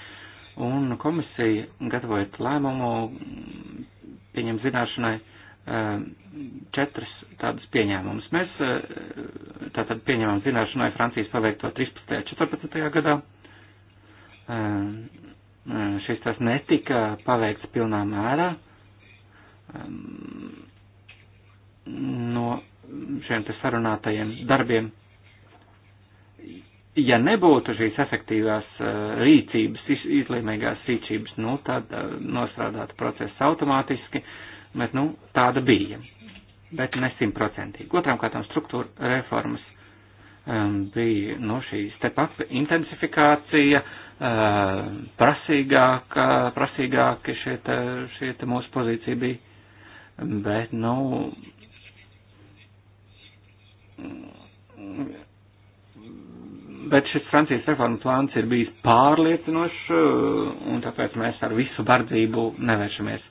Un komisija, gatavojot lēmumu, pieņem zināšanai, uh, Um, četras tādas pieņēmumus. Mēs uh, tātad pieņemam zināšanai Francijas paveikto 13. 14. gadā. Um, uh, šis tas netika paveikts pilnā mērā. Um, no šiem te sarunātajiem darbiem. Ja nebūtu šīs efektīvās uh, rīcības, izlīmīgās rīcības, nu tad nostrādātu procesu automātiski, uh, bet, nu, tāda bija, bet ne simtprocentīgi. Otram kārtām struktūra reformas um, bija, nu, šī step-up intensifikācija, um, uh, prasīgāka, prasīgāka šie, te, šie te mūsu pozīcija bija, bet, nu, bet šis Francijas reformu plāns ir bijis pārliecinošs, un tāpēc mēs ar visu bardzību nevēršamies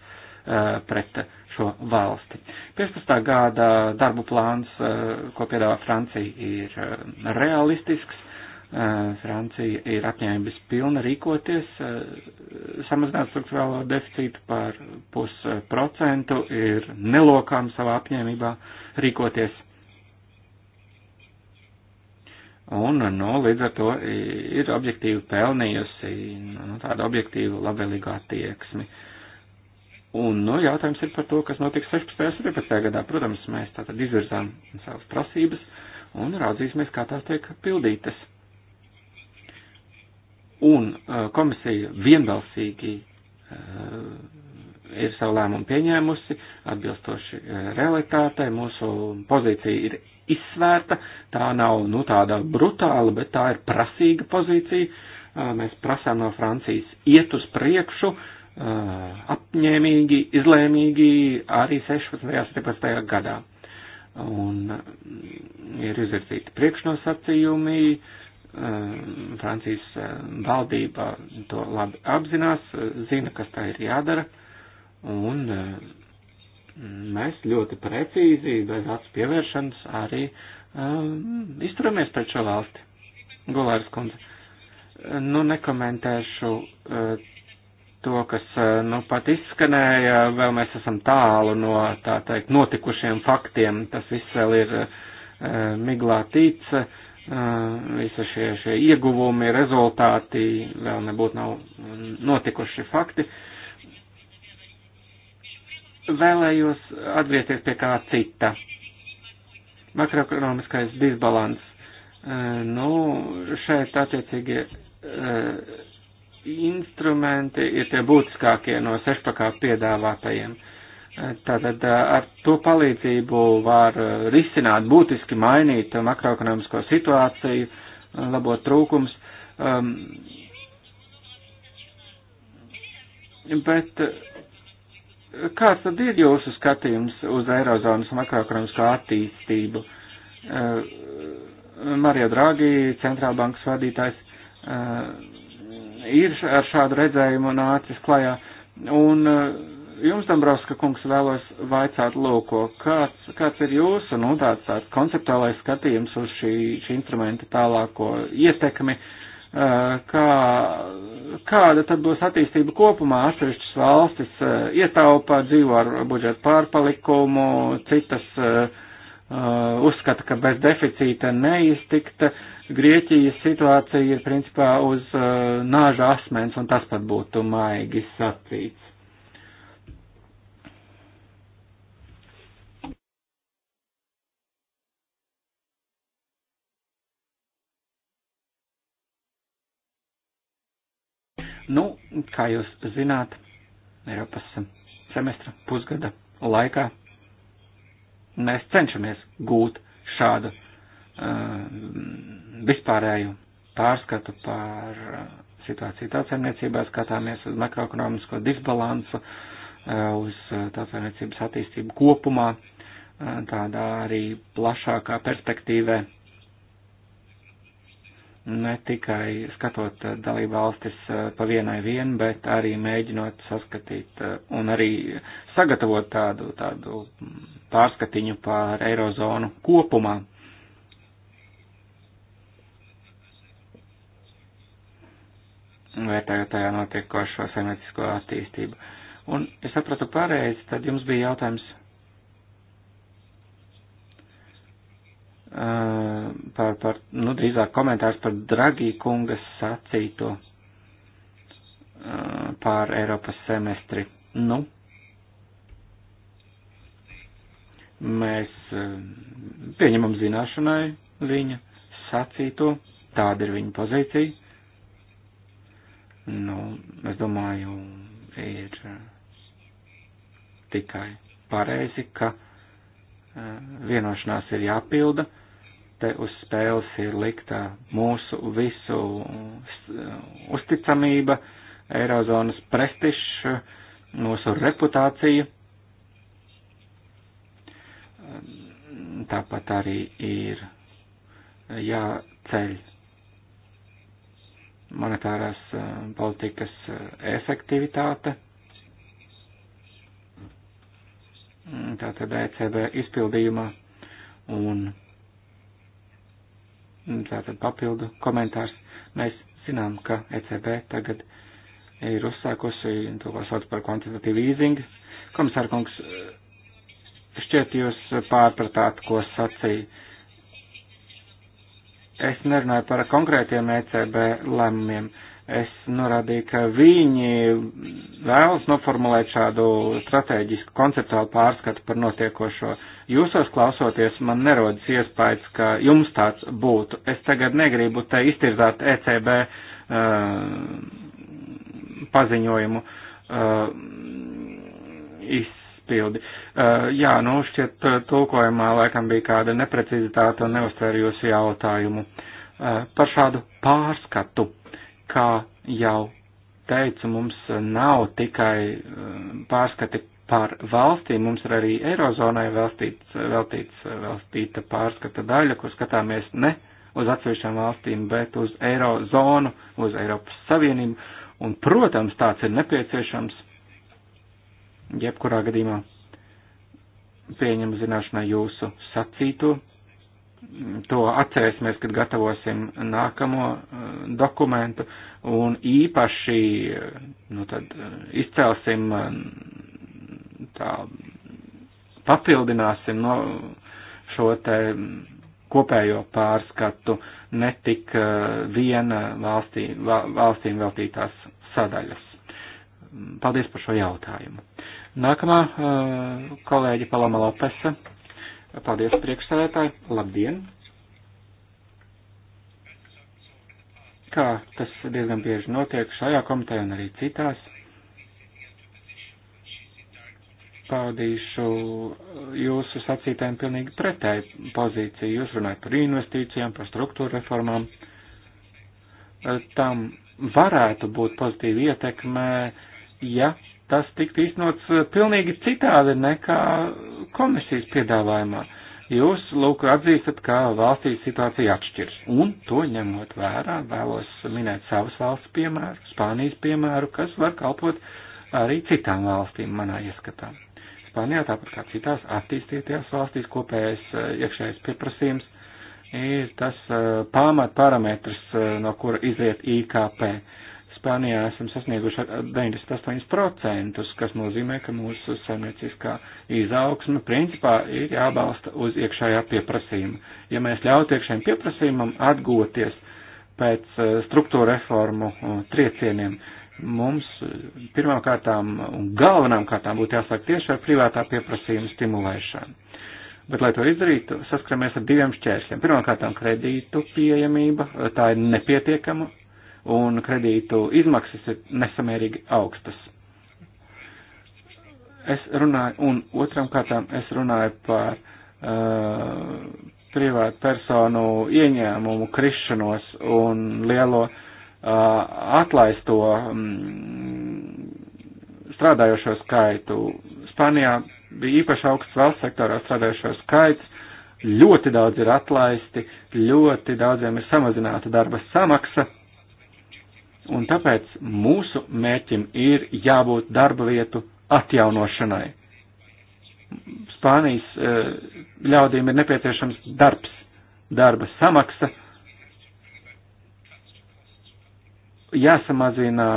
Eh, pret šo valsti. 15. gada darbu plāns, eh, ko piedāvā Francija, ir eh, realistisks. Francija ir apņēmības pilna rīkoties, samazināt struktūrālo deficītu par pusprocentu, ir nelokām savā apņēmībā rīkoties. Un, nu, līdz ar to ir objektīvi pelnījusi nu, tādu objektīvu labvēlīgu attieksmi. Uh, Un nu, jautājums ir par to, kas notiks 16. un 17. gadā. Protams, mēs tātad izvirzām savas prasības un raudzīsimies, kā tās tiek pildītas. Un uh, komisija vienbalsīgi uh, ir savu lēmumu pieņēmusi, atbilstoši uh, realitātei. Mūsu pozīcija ir izsvērta, tā nav nu, tāda brutāla, bet tā ir prasīga pozīcija. Uh, mēs prasām no Francijas iet uz priekšu, uh, apņēmīgi, izlēmīgi arī 16. un 17. gadā. Un ir izvirzīti priekšnosacījumi, Francijas valdība to labi apzinās, zina, kas tā ir jādara, un mēs ļoti precīzi, bez acu pievēršanas, arī um, izturamies pret šo valsti. Gulārs kundze, nu nekomentēšu uh, to, kas eh, nu pat izskanēja, vēl mēs esam tālu no tā teikt notikušiem faktiem. Tas viss vēl ir uh, miglā tīts, uh, eh, visa šie, šie ieguvumi, rezultāti vēl nebūtu nav notikuši fakti. Vēlējos atgriezties pie kā cita. Makroekonomiskais disbalans. Uh, nu, šeit attiecīgi instrumenti ir tie būtiskākie no sešpakā piedāvātajiem. Tātad eh, ar to palīdzību var eh, risināt, būtiski mainīt makroekonomisko situāciju, eh, labot trūkums. Um, bet kāds tad ir jūsu skatījums uz Eirozonas makroekonomisko attīstību? Uh, Mario Draghi, centrālbankas vadītājs, uh, ir ar šādu redzējumu nācis klajā. Un eh, jums, Dombrovska kungs, vēlos vaicāt lūko, kāds, kāds ir jūsu, nu, tāds, tāds konceptuālais skatījums uz šī, šī instrumenta tālāko ietekmi, eh, kā, kāda tad būs attīstība kopumā, atsevišķas valstis eh, ietaupā, dzīvo ar budžetu pārpalikumu, citas uzskata, ka bez deficīta neiztikta. Uh, Grieķijas situācija ir principā uz uh, nāža asmens, un tas pat būtu maigi sacīts. Nu, kā jūs zināt, Eiropas semestra pusgada laikā mēs cenšamies gūt šādu uh, vispārēju pārskatu par uh, situāciju tautsēmniecībā, skatāmies uz makroekonomisko disbalansu, uh, uz uh, tautsēmniecības attīstību kopumā, tādā arī plašākā perspektīvē, ne tikai skatot dalību valstis pa vienai vien, bet arī mēģinot saskatīt un arī sagatavot tādu, tādu mm, pārskatiņu par eirozonu kopumā vērtējot tajā notiekošo saimniecisko attīstību. Un, ja sapratu pareizi, tad jums bija jautājums uh, par, par, nu, drīzāk komentārs par Dragī kungas sacīto uh, pār Eiropas semestri. Nu, mēs uh, pieņemam zināšanai viņa sacīto, tāda ir viņa pozīcija nu, es domāju, ir eh, tikai pareizi, ka eh, vienošanās ir jāpilda, te uz spēles ir likta mūsu visu eh, uzticamība, Eirozonas prestižs, mūsu reputācija. Tāpat arī ir jāceļ monetārās eh, politikas eh, efektivitāte. Mm, tātad ECB izpildījuma un mm, tātad papildu komentārs. Mēs zinām, ka ECB tagad ir uzsākusi to, ko sauc par kvantitatīvu īzingu. Komisārkungs, eh, šķiet jūs pārpratāt, ko sacīja Es nerunāju par konkrētiem ECB lēmumiem. Es norādīju, ka viņi vēlas noformulēt šādu strateģisku konceptuālu pārskatu par notiekošo. Jūsos klausoties, man nerodas iespējas, ka jums tāds būtu. Es tagad negribu te iztirzāt ECB uh, paziņojumu. Uh, iz, izpildi. Uh, jā, nu, šķiet, eh, tulkojumā laikam bija kāda neprecizitāte un neuztvēru jūsu jautājumu. Uh, par šādu pārskatu, kā jau teicu, mums nav tikai pārskati par valstīm, mums ir arī Eirozonai veltīts, veltīts, veltīta pārskata daļa, kur skatāmies ne uz atsevišķām valstīm, bet uz Eirozonu, uz Eiropas Savienību. Un, protams, tāds ir nepieciešams, jebkurā gadījumā pieņem zināšanā jūsu sacīto. To atcerēsimies, kad gatavosim nākamo eh, dokumentu un īpaši eh, nu, tad, eh, izcelsim tā, papildināsim no šo te mm, kopējo pārskatu netik viena valstī, valstīm veltītās sadaļas. Mm, paldies par šo jautājumu. Nākamā eh, kolēģi Paloma Lopesa. Paldies priekšsēdētāji. Labdien! Kā tas diezgan bieži notiek šajā komitejā un arī citās, paudīšu jūsu sacītājiem pilnīgi pretēju pozīciju. Jūs runājat par investīcijām, par struktūra reformām. Tam varētu būt pozitīva ietekme, ja tas tiktu īstenots eh, pilnīgi citādi nekā komisijas piedāvājumā. Jūs, lūk, atzīstat, ka valstīs situācija atšķirs. Un to ņemot vērā, vēlos minēt savas valsts piemēru, Spānijas piemēru, kas var kalpot arī citām valstīm manā ieskatā. Spānijā, tāpat kā citās attīstītajās valstīs, kopējais eh, iekšējais pieprasījums ir tas eh, pamat parametrs, no kura izriet IKP. Uh, Spānijā esam sasnieguši 98%, kas nozīmē, ka mūsu saimnieciskā izaugsme principā ir jābalsta uz iekšējā pieprasījuma. Ja mēs ļautu iekšējiem pieprasījumam atgūties pēc eh, struktūra reformu eh, triecieniem, mums eh, pirmām kārtām un galvenām kārtām būtu jāsāk tieši ar privātā pieprasījuma stimulēšanu. Bet, lai to izdarītu, saskaramies ar diviem šķēršļiem. Pirmkārt, kredītu pieejamība, tā ir nepietiekama un kredītu izmaksas ir nesamērīgi augstas. Es runāju, un otram kārtām es runāju par uh, privātu personu ieņēmumu krišanos un lielo uh, atlaisto um, strādājošo skaitu. Spānijā bija īpaši augsts valsts sektorā strādājošo skaits, ļoti daudz ir atlaisti, ļoti daudziem ir samazināta darba samaksa, Un tāpēc mūsu mērķim ir jābūt darba vietu atjaunošanai. Spānijas e, ļaudīm ir nepieciešams darbs, darba samaksa, jāsamazina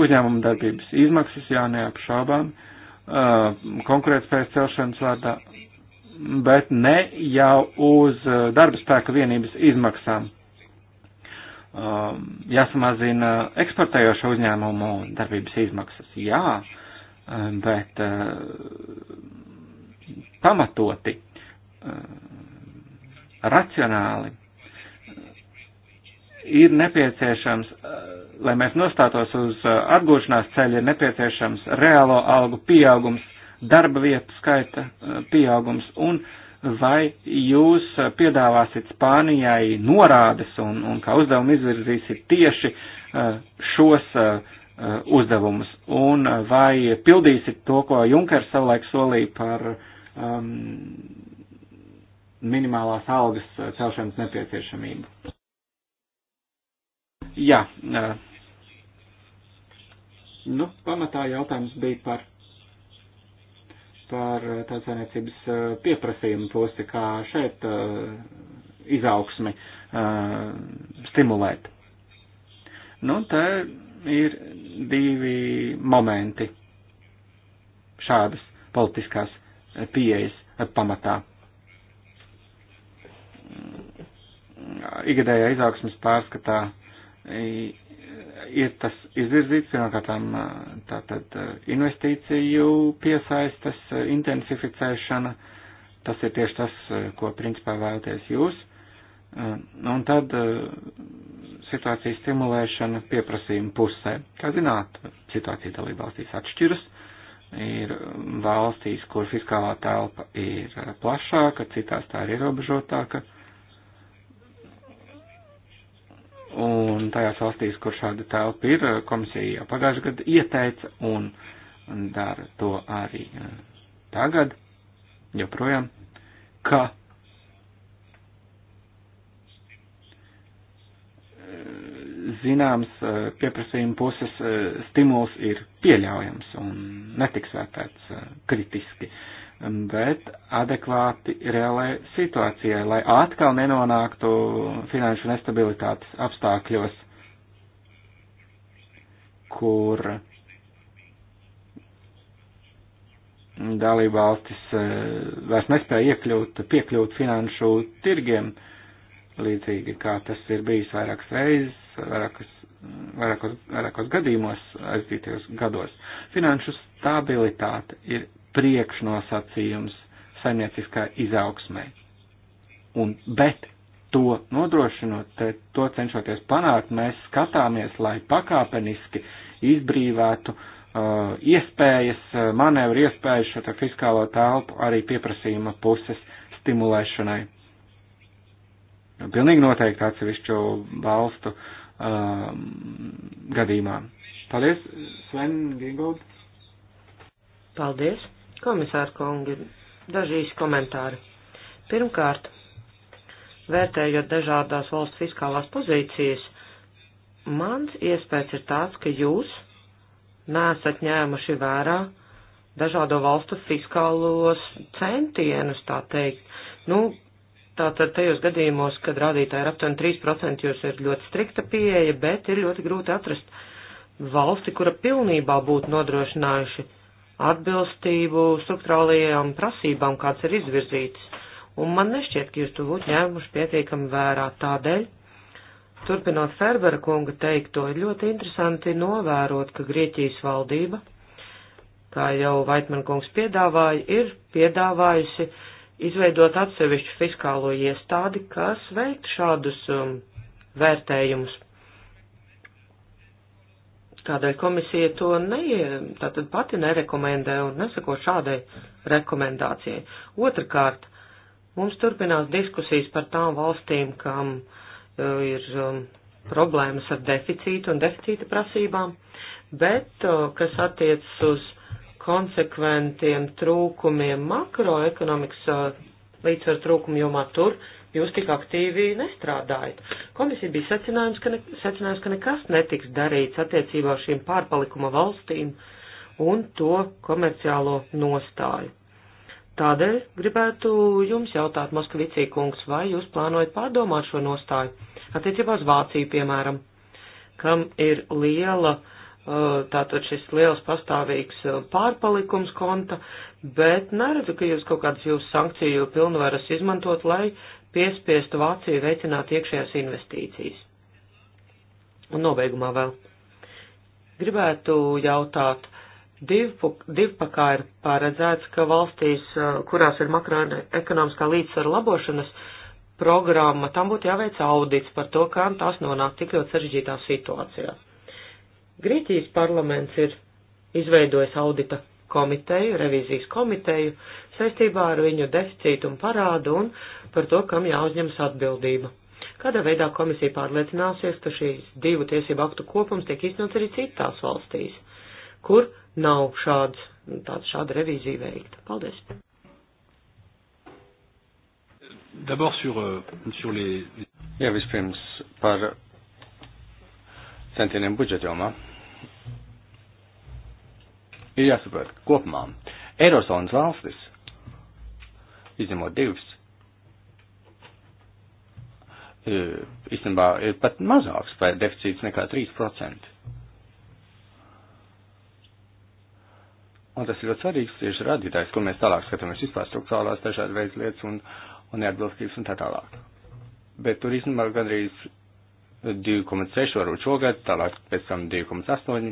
uzņēmuma darbības izmaksas, jā, neapšaubām, e, konkurētspējas celšanas vārdā, bet ne jau uz e, darba spēka vienības izmaksām. Um, jāsamazina eksportējošo uzņēmumu darbības izmaksas. Jā, um, bet uh, pamatoti, uh, racionāli uh, ir nepieciešams, lai mēs nostātos uz atgūšanās ceļa, ir nepieciešams reālo algu pieaugums, darba vietu skaita pieaugums un uh, vai jūs piedāvāsit Spānijai norādes un, un kā uzdevumu izvirzīsit tieši eh, šos eh, uzdevumus, un eh, vai pildīsit to, ko Junkers savulaik solīja par um, minimālās algas celšanas nepieciešamību. Jā, nu, pamatā jautājums bija par par eh, tautsēmniecības eh, pieprasījumu pusi, kā šeit eh, izaugsmi stimulēt. Nu, te ir divi momenti šādas politiskās pieejas pamatā. Igadējā izaugsmas pārskatā ir tas izvirzīts pirmkārtām tātad investīciju piesaistes intensificēšana, tas ir tieši tas, ko principā vēlaties jūs, un tad situācijas stimulēšana pieprasījuma pusē. Kā zināt, situācija dalībvalstīs atšķiras, ir valstīs, kur fiskālā telpa ir plašāka, citās tā ir ierobežotāka. tajās valstīs, kur šāda telpa ir, komisija jau pagājušajā gadā ieteica un dara to arī e, tagad, joprojām, ka e, zināms e, pieprasījuma puses stimuls ir pieļaujams un netiks vērtēts kritiski. Uh, bet adekvāti reālai situācijai, lai atkal nenonāktu finanšu nestabilitātes apstākļos, kur dalībvalstis eh, vairs nespēja iekļūt, piekļūt finanšu tirgiem, līdzīgi kā tas ir bijis vairākas reizes, vairākas, vairākos, vairākos gadījumos aizdītajos gados. Finanšu stabilitāte ir priekšnosacījums saimnieciskā izaugsmē. Un, bet to nodrošinot, to cenšoties panākt, mēs skatāmies, lai pakāpeniski izbrīvētu uh, iespējas, uh, manevru iespējas šo te fiskālo telpu arī pieprasījuma puses stimulēšanai. Pilnīgi noteikti atsevišķu valstu uh, gadījumā. Paldies, Sven Gingold. Paldies. Komisāra kungi, dažīs komentāri. Pirmkārt, vērtējot dažādās valsts fiskālās pozīcijas, mans iespējas ir tāds, ka jūs nesat ņēmuši vērā dažādo valstu fiskālos centienus, tā teikt. Nu, tātad tajos gadījumos, kad rādītāji ir aptuveni 3%, jūs ir ļoti strikta pieeja, bet ir ļoti grūti atrast valsti, kura pilnībā būtu nodrošinājuši atbilstību struktūrālajām prasībām, kāds ir izvirzīts. Un man nešķiet, ka jūs to būtu ņēmuši pietiekami vērā tādēļ. Turpinot Ferbera kunga teikto, ir ļoti interesanti novērot, ka Grieķijas valdība, kā jau Vaitmankungs piedāvāja, ir piedāvājusi izveidot atsevišķu fiskālo iestādi, kas veikt šādus um, vērtējumus Kādēļ komisija to neie, tātad pati nerekomendē un nesako šādai rekomendācijai? Otrakārt, mums turpinās diskusijas par tām valstīm, kam uh, ir um, problēmas ar deficītu un deficīta prasībām, bet uh, kas attiecas uz konsekventiem trūkumiem makroekonomikas uh, līdzsvaru trūkumu jomā tur, uh, jūs tik aktīvi nestrādājat. Komisija bija secinājums, ka, ne, secinājums, ka nekas netiks darīts attiecībā uz šīm pārpalikuma valstīm un to komerciālo nostāju. Tādēļ gribētu jums jautāt, Moskvicī kungs, vai jūs plānojat pārdomāt šo nostāju attiecībā uz Vāciju, piemēram, kam ir liela, uh, tātad šis liels pastāvīgs uh, pārpalikums konta, bet neredzu, ka jūs kaut kādas jūsu sankciju pilnvaras izmantot, lai piespiest Vāciju veicināt iekšējās investīcijas. Un nobeigumā vēl. Gribētu jautāt, divpakā ir paredzēts, ka valstīs, uh, kurās ir makroekonomiskā līdzsvara labošanas programma, tam būtu jāveic audits par to, kā tās nonāk tik ļoti sarežģītā situācijā. Grieķijas parlaments ir izveidojis audita komiteju, revīzijas komiteju, saistībā ar viņu deficītu un parādu, un par to, kam jāuzņemas atbildība. Kādā veidā komisija pārliecināsies, ka šīs divu tiesību aktu kopums tiek iznots arī citās valstīs, kur nav šāds, tāds, šāda revīzija veikta? Paldies! D'abord sur, euh, sur les... Jā, vispirms par centieniem budžeta jomā. Ir jāsaprot, kopumā Eirozonas valstis, izņemot divas, E, īstenībā ir pat mazāks vai deficīts nekā 3%. Un tas ir ļoti svarīgs tieši radītājs, kur mēs tālāk skatāmies vispār struktūrālās dažādi veids lietas un, un neatbilstības un tā tālāk. Bet tur īstenībā gandrīz 2,6 varbūt šogad, tālāk pēc tam 2,8.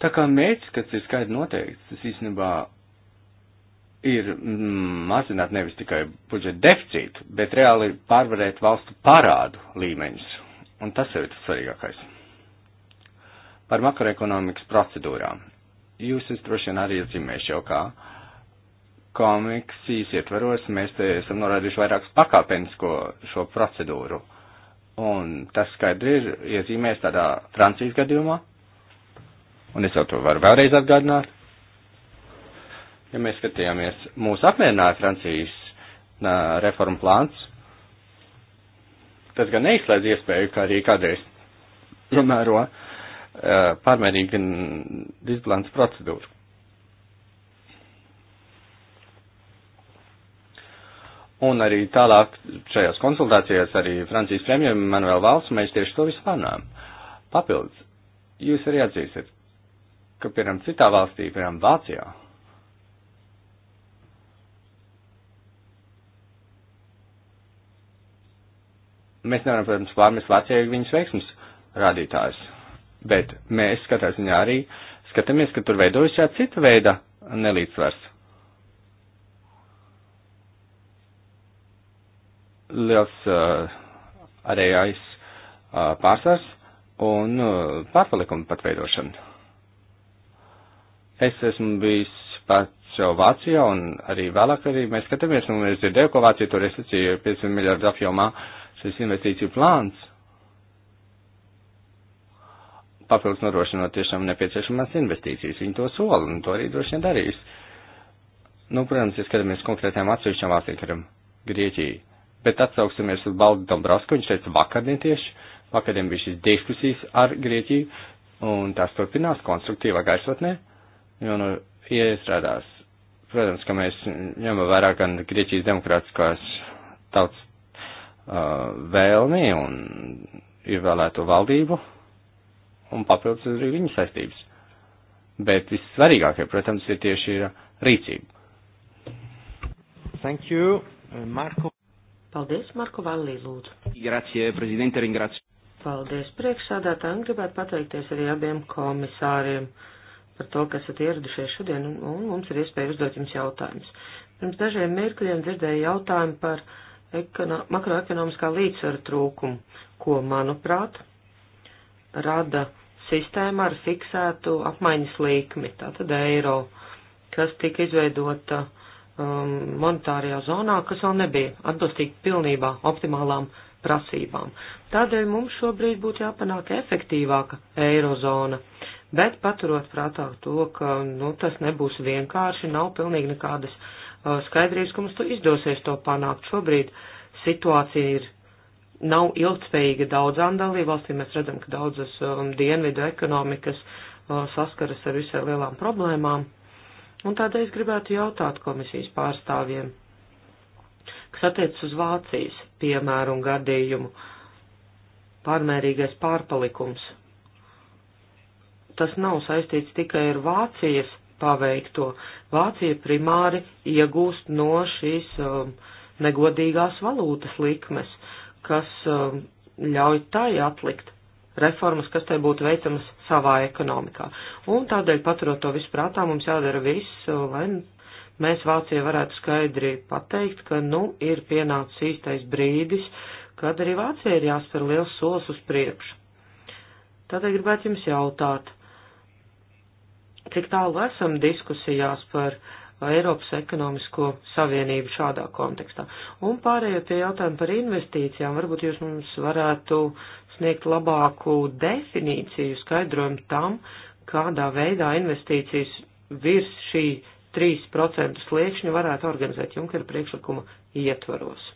Tā kā mērķis, kas ir skaidri noteikts, tas īstenībā ir mm, mazināt nevis tikai budžeta deficītu, bet reāli pārvarēt valstu parādu līmeņus. Un tas ir tas svarīgākais. Par makroekonomikas procedūrām. Jūs esat droši vien arī atzīmējuši jau kā komiksijas ietveros, mēs te esam norādījuši vairākus pakāpenisko šo procedūru. Un tas skaidri ir iezīmēs tādā Francijas gadījumā. Un es jau to varu vēlreiz atgādināt Ja mēs skatījāmies, mūs apmierināja Francijas nā, reforma plāns, tas gan neizslēdz iespēju, ka arī kādreiz piemēro uh, pārmērīgi disbalans procedūru. Un arī tālāk šajās konsultācijās arī Francijas premjeram Manuel Valsu mēs tieši to visu panām. Papildus, jūs arī atzīsiet, ka, piemēram, citā valstī, piemēram, Vācijā, Mēs nevaram, protams, pārmest Vācijai viņas veiksmus rādītājus, bet mēs katrā ziņā arī skatāmies, ka tur veidojas šāda cita veida nelīdzsvars. Liels uh, arējais uh, pārsvars un uh, pārpalikuma pat veidošana. Es esmu bijis pats jau Vācijā un arī vēlāk arī mēs skatāmies un es dzirdēju, ko Vācija tur izsacīja 500 miljardu apjomā. Uh, šis investīciju plāns papildus nodrošinot tiešām nepieciešamās investīcijas. Viņi to sola un to arī droši vien darīs. Nu, protams, ja skatāmies konkrētām atsevišķām valstīm, piemēram, Grieķiju, bet atsauksimies uz Baldu Dombrovsku, viņš teica vakardien tieši, vakardien bija šīs diskusijas ar Grieķiju, un tās turpinās konstruktīvā gaisotnē, jo, nu, iestrādās. Protams, ka mēs ņemam vērā gan Grieķijas demokrātiskās tautas vēlmi un ievēlēto valdību un papildus arī viņu saistības. Bet vissvarīgākie, protams, ir tieši ir rīcība. Thank you, uh, Marko. Paldies, Marko Vallī, lūdzu. Grazie, prezidente, ringrācija. Paldies, priekšsādātājiem. Gribētu pateikties arī abiem komisāriem par to, kas esat ieradušies šodien, un, un mums ir iespēja uzdot jums jautājumus. Pirms dažiem mirkļiem dzirdēju jautājumu par uh, ekono, makroekonomiskā līdzsvara trūkumu, ko, manuprāt, rada sistēma ar fiksētu apmaiņas līkmi, tātad eiro, kas tika izveidota um, monetārajā zonā, kas vēl nebija atbilstīgi pilnībā optimālām prasībām. Tādēļ mums šobrīd būtu jāpanāk efektīvāka eirozona, bet paturot prātā to, ka nu, tas nebūs vienkārši, nav pilnīgi nekādas uh, skaidrības, ka mums to izdosies to panākt. Šobrīd situācija ir nav ilgspējīga daudzām dalībvalstīm. Mēs redzam, ka daudzas um, dienvidu ekonomikas uh, saskaras ar visai lielām problēmām. Un tādēļ es gribētu jautāt komisijas pārstāvjiem, kas attiec uz Vācijas piemēru un gadījumu. Pārmērīgais pārpalikums. Tas nav saistīts tikai ar Vācijas paveikto. Vācija primāri iegūst no šīs um, negodīgās valūtas likmes, kas um, ļauj tai atlikt reformas, kas tai būtu veicamas savā ekonomikā. Un tādēļ paturot to visprātā, mums jādara viss, uh, lai mēs Vācija varētu skaidri pateikt, ka nu ir pienācis īstais brīdis, kad arī Vācija ir jāspēr liels solis uz priekšu. Tādēļ gribētu jums jautāt, cik tālu esam diskusijās par Eiropas ekonomisko savienību šādā kontekstā. Un pārējot pie jautājuma par investīcijām, varbūt jūs mums varētu sniegt labāku definīciju, skaidrojumu tam, kādā veidā investīcijas virs šī 3% sliekšņa varētu organizēt Junkera priekšlikuma ietvaros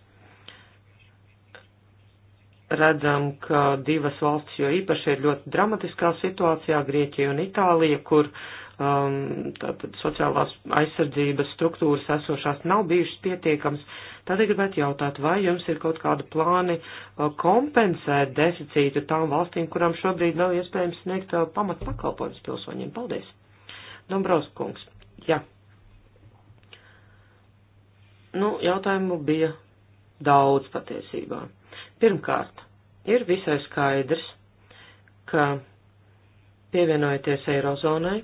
redzam, ka divas valstis, jo īpaši ir ļoti dramatiskā situācijā, Grieķija un Itālija, kur um, tātad sociālās aizsardzības struktūras esošās nav bijušas pietiekams. Tad ir gribētu jautāt, vai jums ir kaut kādi plāni uh, kompensēt deficītu tām valstīm, kurām šobrīd nav iespējams sniegt uh, pamat pakalpojums pilsoņiem? Paldies! Dombrovskungs. Jā. Nu, jautājumu bija daudz patiesībā. Pirmkārt, ir visai skaidrs, ka pievienojoties Eirozonai,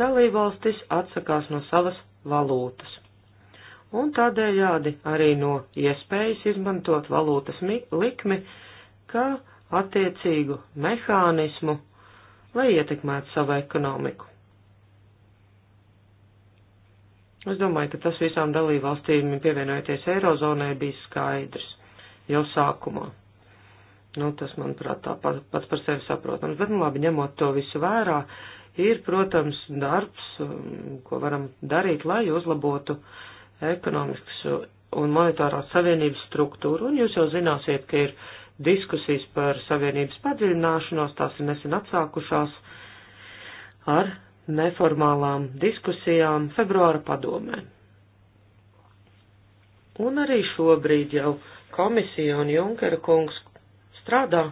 dalībvalstis atsakās no savas valūtas. Un tādējādi arī no iespējas izmantot valūtas likmi, kā attiecīgu mehānismu, lai ietekmētu savu ekonomiku. Es domāju, ka tas visām dalībvalstīm pievienojoties Eirozonai bija skaidrs jau sākumā. Nu, tas, manuprāt, tā pats par sevi saprotams, bet, nu, labi, ņemot to visu vērā, ir, protams, darbs, um, ko varam darīt, lai uzlabotu ekonomikas un monetārās savienības struktūru, un jūs jau zināsiet, ka ir diskusijas par savienības padziļināšanos, tās ir nesen atsākušās ar neformālām diskusijām februāra padomē. Un arī šobrīd jau komisija un Junkera kungs strādā,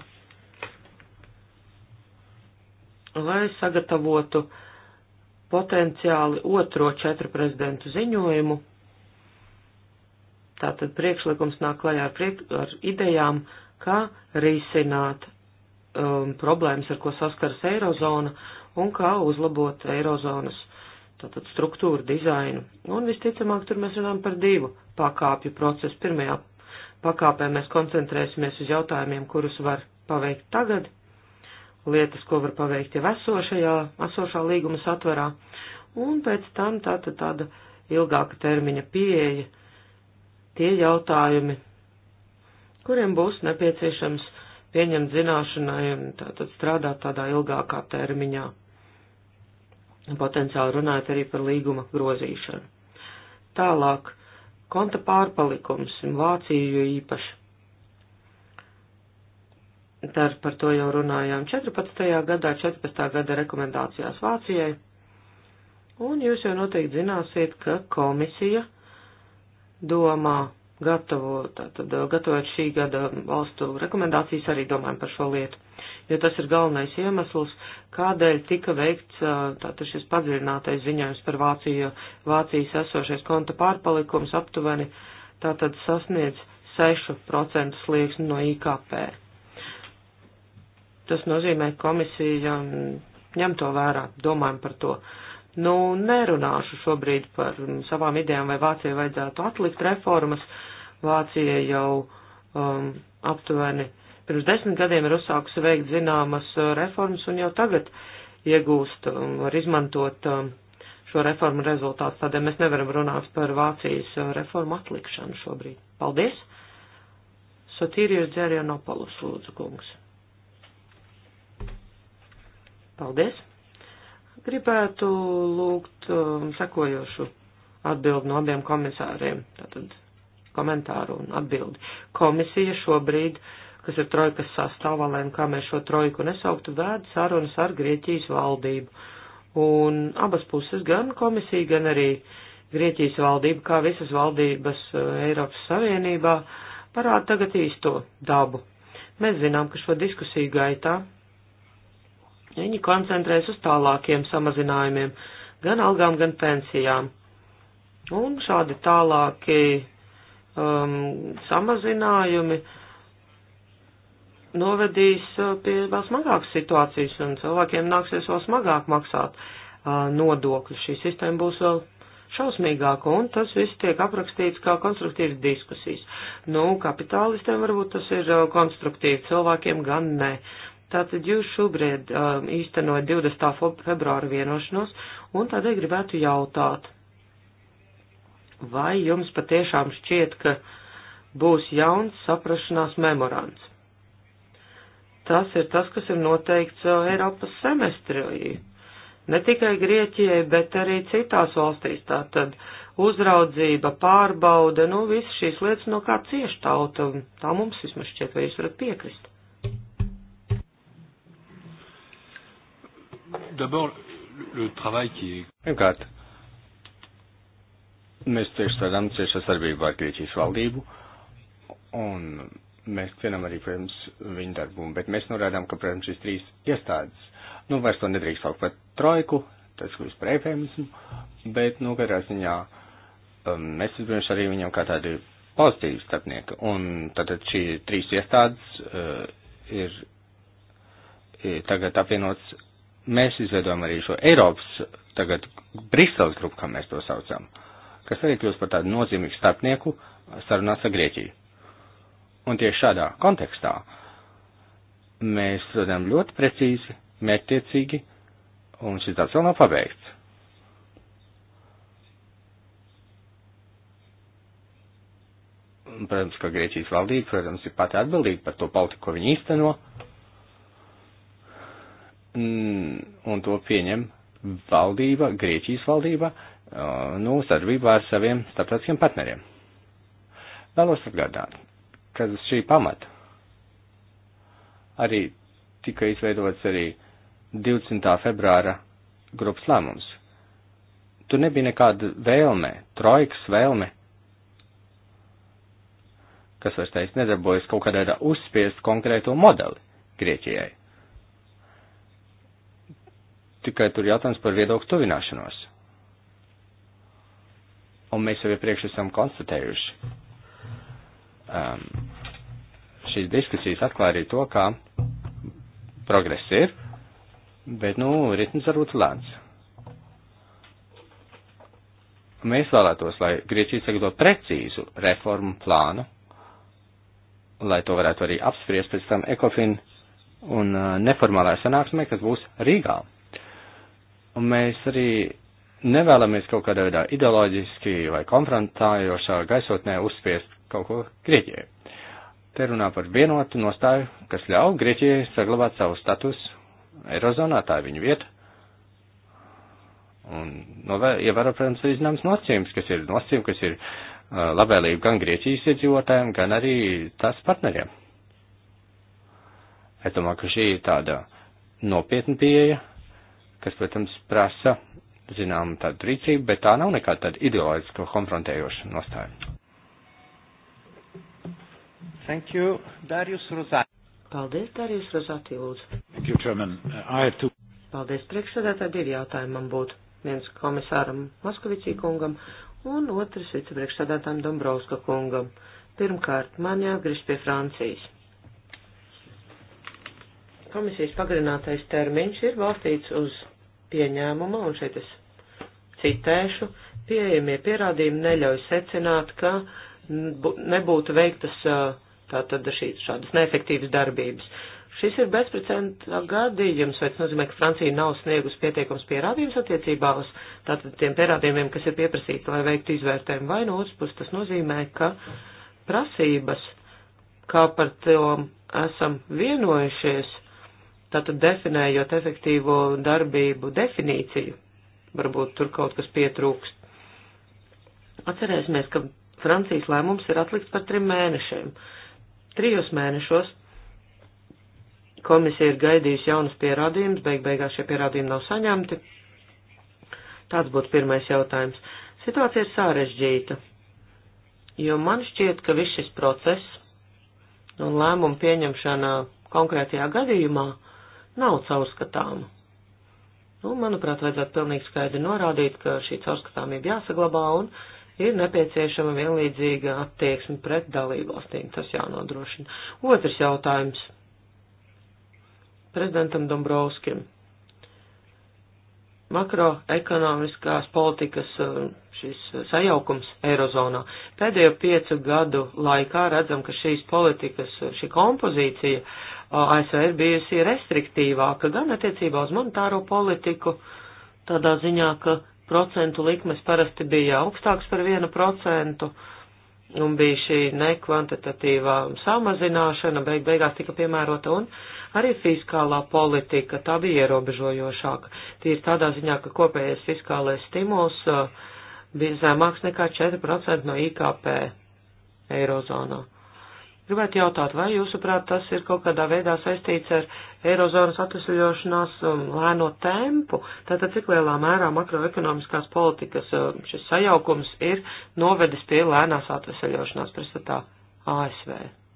lai sagatavotu potenciāli otro četru prezidentu ziņojumu. Tātad priekšlikums nāk klajā ar, priek ar idejām, kā risināt um, problēmas, ar ko saskaras Eirozona un kā uzlabot Eirozonas tātad struktūru dizainu. Un visticamāk, tur mēs runājam par divu pakāpju procesu. Pirmajā pakāpē mēs koncentrēsimies uz jautājumiem, kurus var paveikt tagad, lietas, ko var paveikt jau esošajā, esošā līguma satverā, un pēc tam tāda, tāda ilgāka termiņa pieeja, tie jautājumi, kuriem būs nepieciešams pieņemt zināšanai un tātad strādāt tādā ilgākā termiņā, potenciāli runājot arī par līguma grozīšanu. Tālāk konta pārpalikums, Vācija jo īpaši. Dar par to jau runājām 14. gadā, 14. gada rekomendācijās Vācijai. Un jūs jau noteikti zināsiet, ka komisija domā gatavo, tātad gatavot šī gada valstu rekomendācijas arī domājam par šo lietu jo tas ir galvenais iemesls, kādēļ tika veikts tātad šis padziļinātais ziņojums par Vāciju, Vācijas esošais konta pārpalikums aptuveni tātad sasniedz 6% slieksni no IKP. Tas nozīmē, ka komisija ņem to vērā, domājam par to. Nu, nerunāšu šobrīd par savām idejām, vai Vācijai vajadzētu atlikt reformas. Vācija jau um, aptuveni uh, pirms desmit gadiem ir uzsākusi veikt zināmas uh, reformas un jau tagad iegūst, um, var izmantot um, šo reformu rezultātu. Tādēļ mēs nevaram runāt par Vācijas uh, reformu atlikšanu šobrīd. Paldies! Satīrijas Dzērionopolus lūdzu kungs. Paldies! Gribētu lūgt um, sekojošu atbildi no abiem komisāriem, tātad komentāru un atbildi. Komisija šobrīd uh, kas ir trojkas sastāvā, lai kā mēs šo trojku nesauktu, vēd sarunas ar Grieķijas valdību. Un abas puses, gan komisija, gan arī Grieķijas valdība, kā visas valdības eh, Eiropas Savienībā, parāda tagad īsto dabu. Mēs zinām, ka šo diskusiju gaitā viņi koncentrēs uz tālākiem samazinājumiem, gan algām, gan pensijām. Un šādi tālāki um, samazinājumi uh, novedīs uh, pie vēl smagākas situācijas un cilvēkiem nāksies vēl smagāk maksāt uh, nodokļu. Šī sistēma būs vēl šausmīgāka un tas viss tiek aprakstīts kā konstruktīvas diskusijas. Nu, kapitālistiem varbūt tas ir uh, konstruktīvi, cilvēkiem gan nē. Tātad jūs šobrīd um, īstenojat 20. februāra vienošanos un tādēļ gribētu jautāt, vai jums patiešām šķiet, ka būs jauns saprašanās memorands? Tas ir tas, kas ir noteikts uh, Eiropas semestrī. Ne tikai Grieķijai, bet arī citās valstīs. Tātad uzraudzība, pārbauda, nu visas šīs lietas no kā cieši tauta. Tā mums vismaz šķiet, vai jūs varat piekrist. D'abord, le travail qui est. Pirmkārt, mēs tieši strādājam ciešā sadarbībā ar Grieķijas valdību, un mēs cienām arī, protams, viņu darbu, bet mēs norādām, ka, protams, šīs trīs iestādes, nu, vairs to nedrīkst saukt par trojku, tas kļūst par eifemismu, bet, nu, katrā ziņā um, mēs izbrīnšu arī viņam kā tādi pozitīvi starpnieki, un tātad šī trīs iestādes uh, ir, ir tagad apvienots, mēs izveidojam arī šo Eiropas, tagad Briseles grupu, kā mēs to saucam, kas arī kļūst par tādu nozīmīgu starpnieku sarunās ar Grieķiju Un tieši šādā kontekstā mēs strādājam ļoti precīzi, mērķtiecīgi, un šis darbs vēl nav pabeigts. Protams, ka Grieķijas valdība, protams, ir pati atbildīga par to politiku, ko viņi īsteno, mm, un to pieņem valdība, Grieķijas valdība, uh, nu, sadarbībā ar saviem starptautiskiem partneriem. Vēlos atgādāt, kad uz šī pamata arī tika izveidots arī 20. februāra grupas lēmums. Tur nebija nekāda vēlme, trojkas vēlme, kas, var teikt, nedarbojas kaut kādā veidā uzspiest konkrēto modeli Grieķijai. Tikai tur jautājums par viedokļu tuvināšanos. Un mēs jau iepriekš esam konstatējuši, um, šīs diskusijas atklāja arī to, ka progress ir, bet, nu, ritms varbūt lēns. Mēs vēlētos, lai Grieķija sagatavo precīzu reformu plānu, lai to varētu arī apspriest pēc tam ekofin un uh, neformālā sanāksmē, kas būs Rīgā. Un mēs arī nevēlamies kaut kādā veidā ideoloģiski vai konfrontājošā gaisotnē uzspiest kaut ko Grieķijai. Te runā par vienotu nostāju, kas ļauj Grieķijai saglabāt savu statusu Eirozonā, tā ir viņa vieta. Un novē, ievēro, protams, arī zināms nosacījums, kas ir nosacījums, kas ir uh, labēlība gan Grieķijas iedzīvotājiem, gan arī tās partneriem. Es domāju, ka šī ir tāda nopietna pieeja, kas, protams, prasa, zinām, tādu rīcību, bet tā nav nekāda tāda ideoloģiska konfrontējoša nostāja. Thank you, Darius Rozati. Paldies, Darius Rozati, lūdzu. Thank you, Chairman. Uh, I have two. Paldies, priekšsēdētāji, divi jautājumi man būtu. Viens komisāram Moskavicī kungam un otrs vicepriekšsēdētājiem Dombrovska kungam. Pirmkārt, man jāatgriež pie Francijas. Komisijas pagarinātais termiņš ir balstīts uz pieņēmuma, un šeit es citēšu, pieejamie pierādījumi neļauj secināt, ka nebūtu veiktas uh, tātad šīs šādas neefektīvas darbības. Šis ir bezprecenta gadījums, vai tas nozīmē, ka Francija nav sniegus pietiekams pierādījums attiecībā uz tātad tiem pierādījumiem, kas ir pieprasīti, lai veiktu izvērtējumu, vai no otras puses tas nozīmē, ka prasības, kā par to esam vienojušies, tātad definējot efektīvo darbību definīciju, varbūt tur kaut kas pietrūkst. Atcerēsimies, ka Francijas lēmums ir atlikts par trim mēnešiem. Uh, Trijos mēnešos komisija ir gaidījusi jaunas pierādījumus, beig beigās šie pierādījumi nav saņemti. Tāds būtu pirmais jautājums. Situācija ir sarežģīta, jo man šķiet, ka viss šis process un lēmumu pieņemšana konkrētajā gadījumā nav caurskatāma. Nu, manuprāt, vajadzētu pilnīgi skaidri norādīt, ka šī caurskatāmība jāsaglabā un uh, ir nepieciešama vienlīdzīga attieksme pret dalībvalstīm. Tas jānodrošina. Otrs jautājums prezidentam Dombrovskim. Makroekonomiskās politikas eh, šis sajaukums Eirozonā. Pēdējo piecu gadu laikā redzam, ka šīs politikas, šī kompozīcija eh, ASV ir bijusi restriktīvāka gan attiecībā uz monetāro politiku, tādā ziņā, ka procentu likmes parasti bija augstāks par vienu procentu, un bija šī nekvantitatīvā samazināšana, beig beigās tika piemērota, un arī fiskālā politika, tā bija ierobežojošāka. Tīri tādā ziņā, ka kopējais fiskālais stimuls uh, bija zemāks nekā 4% no IKP Eirozonā. Gribētu jautāt, vai jūsuprāt tas ir kaut kādā veidā saistīts ar Eirozonas atvesļošanās um, lēno tempu? Tātad cik lielā mērā makroekonomiskās politikas um, šis sajaukums ir novedis pie lēnās atvesļošanās pretstatā ASV?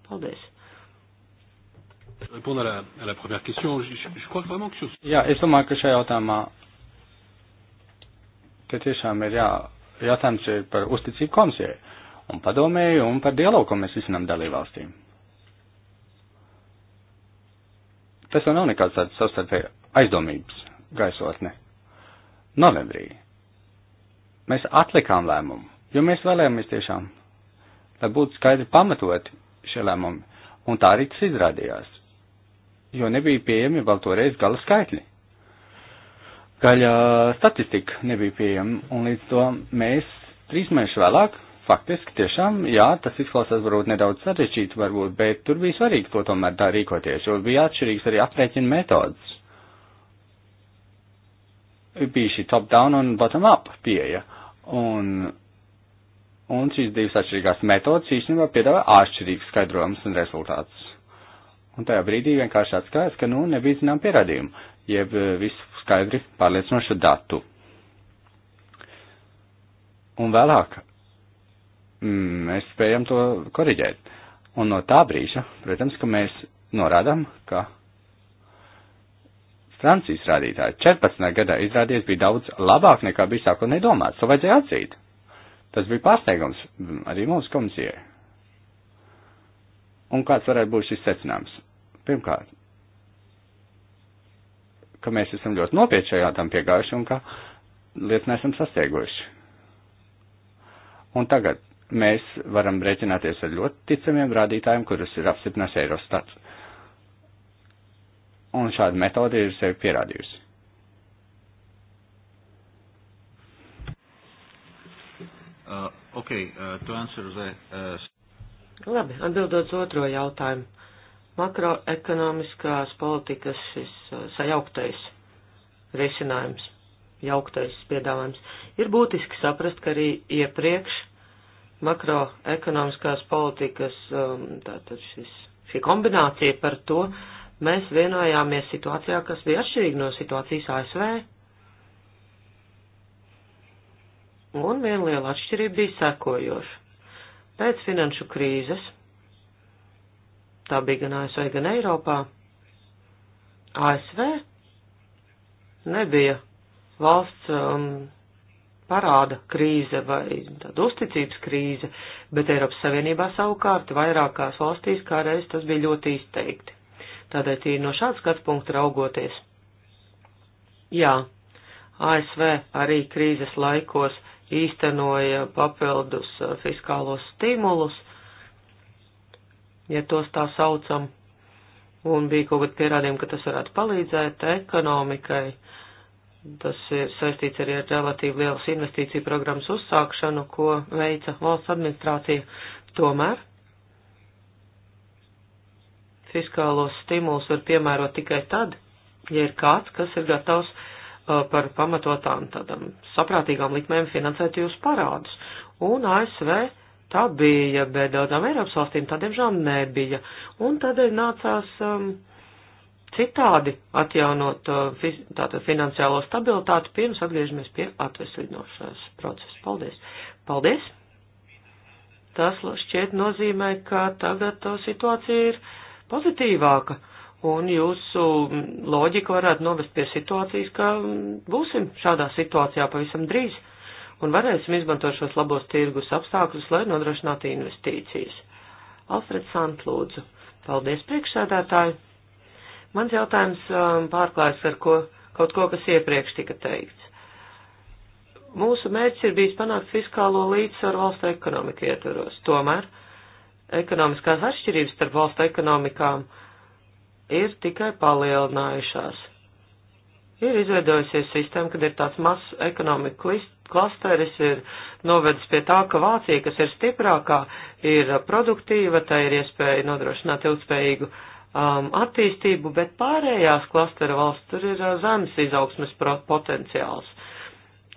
Paldies! Jā, es domāju, ka šajā jautājumā te tiešām ir jā, jautājums ir par uzticību komisijai un padomēju un par dialogu, ko mēs risinām dalībvalstīm. Tas jau nav nekāds tāds savstarpēji aizdomības gaisotne. Novembrī mēs atlikām lēmumu, jo mēs vēlējāmies tiešām, lai būtu skaidri pamatoti šie lēmumi, un tā arī tas izrādījās, jo nebija pieejami vēl toreiz gala skaitļi gaļa statistika nebija pieejama, un līdz to mēs trīs mēnešus vēlāk faktiski tiešām, jā, tas izklausās varbūt nedaudz sarežģīti, varbūt, bet tur bija svarīgi to tomēr tā rīkoties, jo bija atšķirīgs arī aprēķina metodas. Bija šī top-down un bottom-up pieeja, un, un šīs divas atšķirīgās metodas īstenībā piedāvā atšķirīgs skaidrojums un rezultāts. Un tajā brīdī vienkārši atskaitas, ka, nu, nebija zinām pierādījumu, jeb eh, visu skaidri pārliecinošu datu. Un vēlāk Mm, mēs spējam to koriģēt. Un no tā brīža, protams, ka mēs norādām, ka Francijas rādītāji 14. gadā izrādījās bija daudz labāk nekā bija sākotnēji domāts. To vajadzēja atzīt. Tas bija pārsteigums mm, arī mūsu komisijai. Un kāds varētu būt šis secinājums? Pirmkārt, ka mēs esam ļoti nopietni šajā tam piegājuši un ka lietas nesam sastieguši. Un tagad mēs varam rēķināties ar ļoti ticamiem rādītājiem, kurus ir apstiprinājis Eirostats. Un šāda metode ir sevi pierādījusi. Uh, okay, uh, to answer the, uh... Labi, atbildot uz otro jautājumu. Makroekonomiskās politikas šis uh, sajauktais risinājums, jauktais piedāvājums. Ir būtiski saprast, ka arī iepriekš makroekonomiskās politikas, um, tātad šis, šī kombinācija par to mēs vienojāmies situācijā, kas bija atšķirīga no situācijas ASV. Un viena liela atšķirība bija sekojoša. Pēc finanšu krīzes, tā bija gan ASV, gan Eiropā, ASV nebija valsts um, parāda krīze vai tāda uzticības krīze, bet Eiropas Savienībā savukārt vairākās valstīs kādreiz tas bija ļoti izteikti. Tādēļ tīri no šāda skatu punkta raugoties. Jā, ASV arī krīzes laikos īstenoja papildus uh, fiskālos stimulus, ja tos tā saucam, un bija kaut kad pierādījumi, ka tas varētu palīdzēt ekonomikai. Uh, Tas ir saistīts arī ar relatīvi lielas investīciju programmas uzsākšanu, ko veica valsts administrācija. Tomēr fiskālos stimulus var piemērot tikai tad, ja ir kāds, kas ir gatavs uh, par pamatotām tādām saprātīgām likmēm finansēt jūs parādus. Un ASV tā bija, bet daudzām Eiropas valstīm tā diemžēl nebija. Un tādēļ nācās um, citādi atjaunot uh, tātad, finansiālo stabilitāti, pirms atgriežamies pie atvesļinošās procesa. Paldies! Paldies! Tas šķiet nozīmē, ka tagad uh, situācija ir pozitīvāka, un jūsu mm, loģika varētu novest pie situācijas, ka mm, būsim šādā situācijā pavisam drīz, un varēsim izmantot šos labos tirgus apstākļus, lai nodrošinātu investīcijas. Alfreds Sant, lūdzu. Paldies, priekšsēdētāji! Mans jautājums um, pārklājas ar ko, kaut ko, kas iepriekš tika teikts. Mūsu mērķis ir bijis panākt fiskālo līdzsvaru valstu ekonomika ietvaros. Tomēr ekonomiskās atšķirības starp valstu ekonomikām ir tikai palielinājušās. Ir izveidojusies sistēma, kad ir tāds mazs ekonomika klasteris, ir novedis pie tā, ka Vācija, kas ir stiprākā, ir produktīva, tā ir iespēja nodrošināt ilgspējīgu uh, um, attīstību, bet pārējās klastera valsts tur ir uh, zemes izaugsmes potenciāls.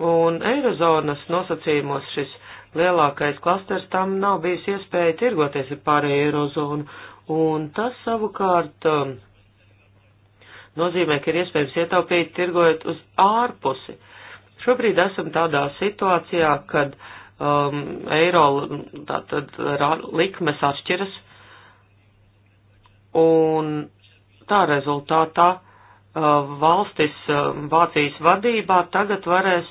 Un Eirozonas nosacījumos šis lielākais klasters tam nav bijis iespēja tirgoties ar pārēju Eirozonu, un tas savukārt um, nozīmē, ka ir iespējams ietaupīt tirgojot uz ārpusi. Šobrīd esam tādā situācijā, kad um, eiro tātad likmes atšķiras Un tā rezultātā uh, valstis uh, Vācijas vadībā tagad varēs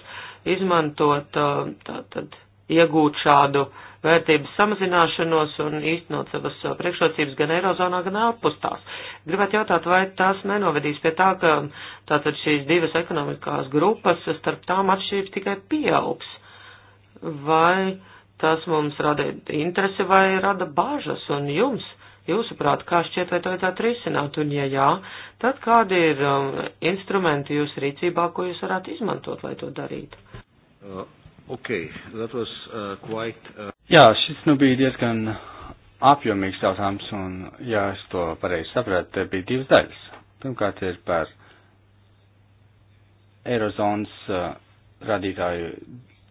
izmantot uh, tātad iegūt šādu vērtības samazināšanos un īstenot savas uh, priekšrocības gan Eirozonā, gan ārpus tās. Gribētu jautāt, vai tās nenovedīs pie tā, ka um, tātad šīs divas ekonomiskās grupas starp tām atšķirības tikai pieaugs? Vai tas mums rada interesi vai rada bāžas un jums? Jūsuprāt, kā šķiet, vai to vajadzētu risināt, un ja jā, tad kādi ir um, instrumenti jūsu rīcībā, ko jūs varētu izmantot, lai to darītu? Uh, okay. That was, uh, quite, uh... Jā, šis nu bija diezgan apjomīgs jautājums, un, ja es to pareizi sapratu, te bija divas daļas. Pirmkārt ir par Eirozonas uh, radītāju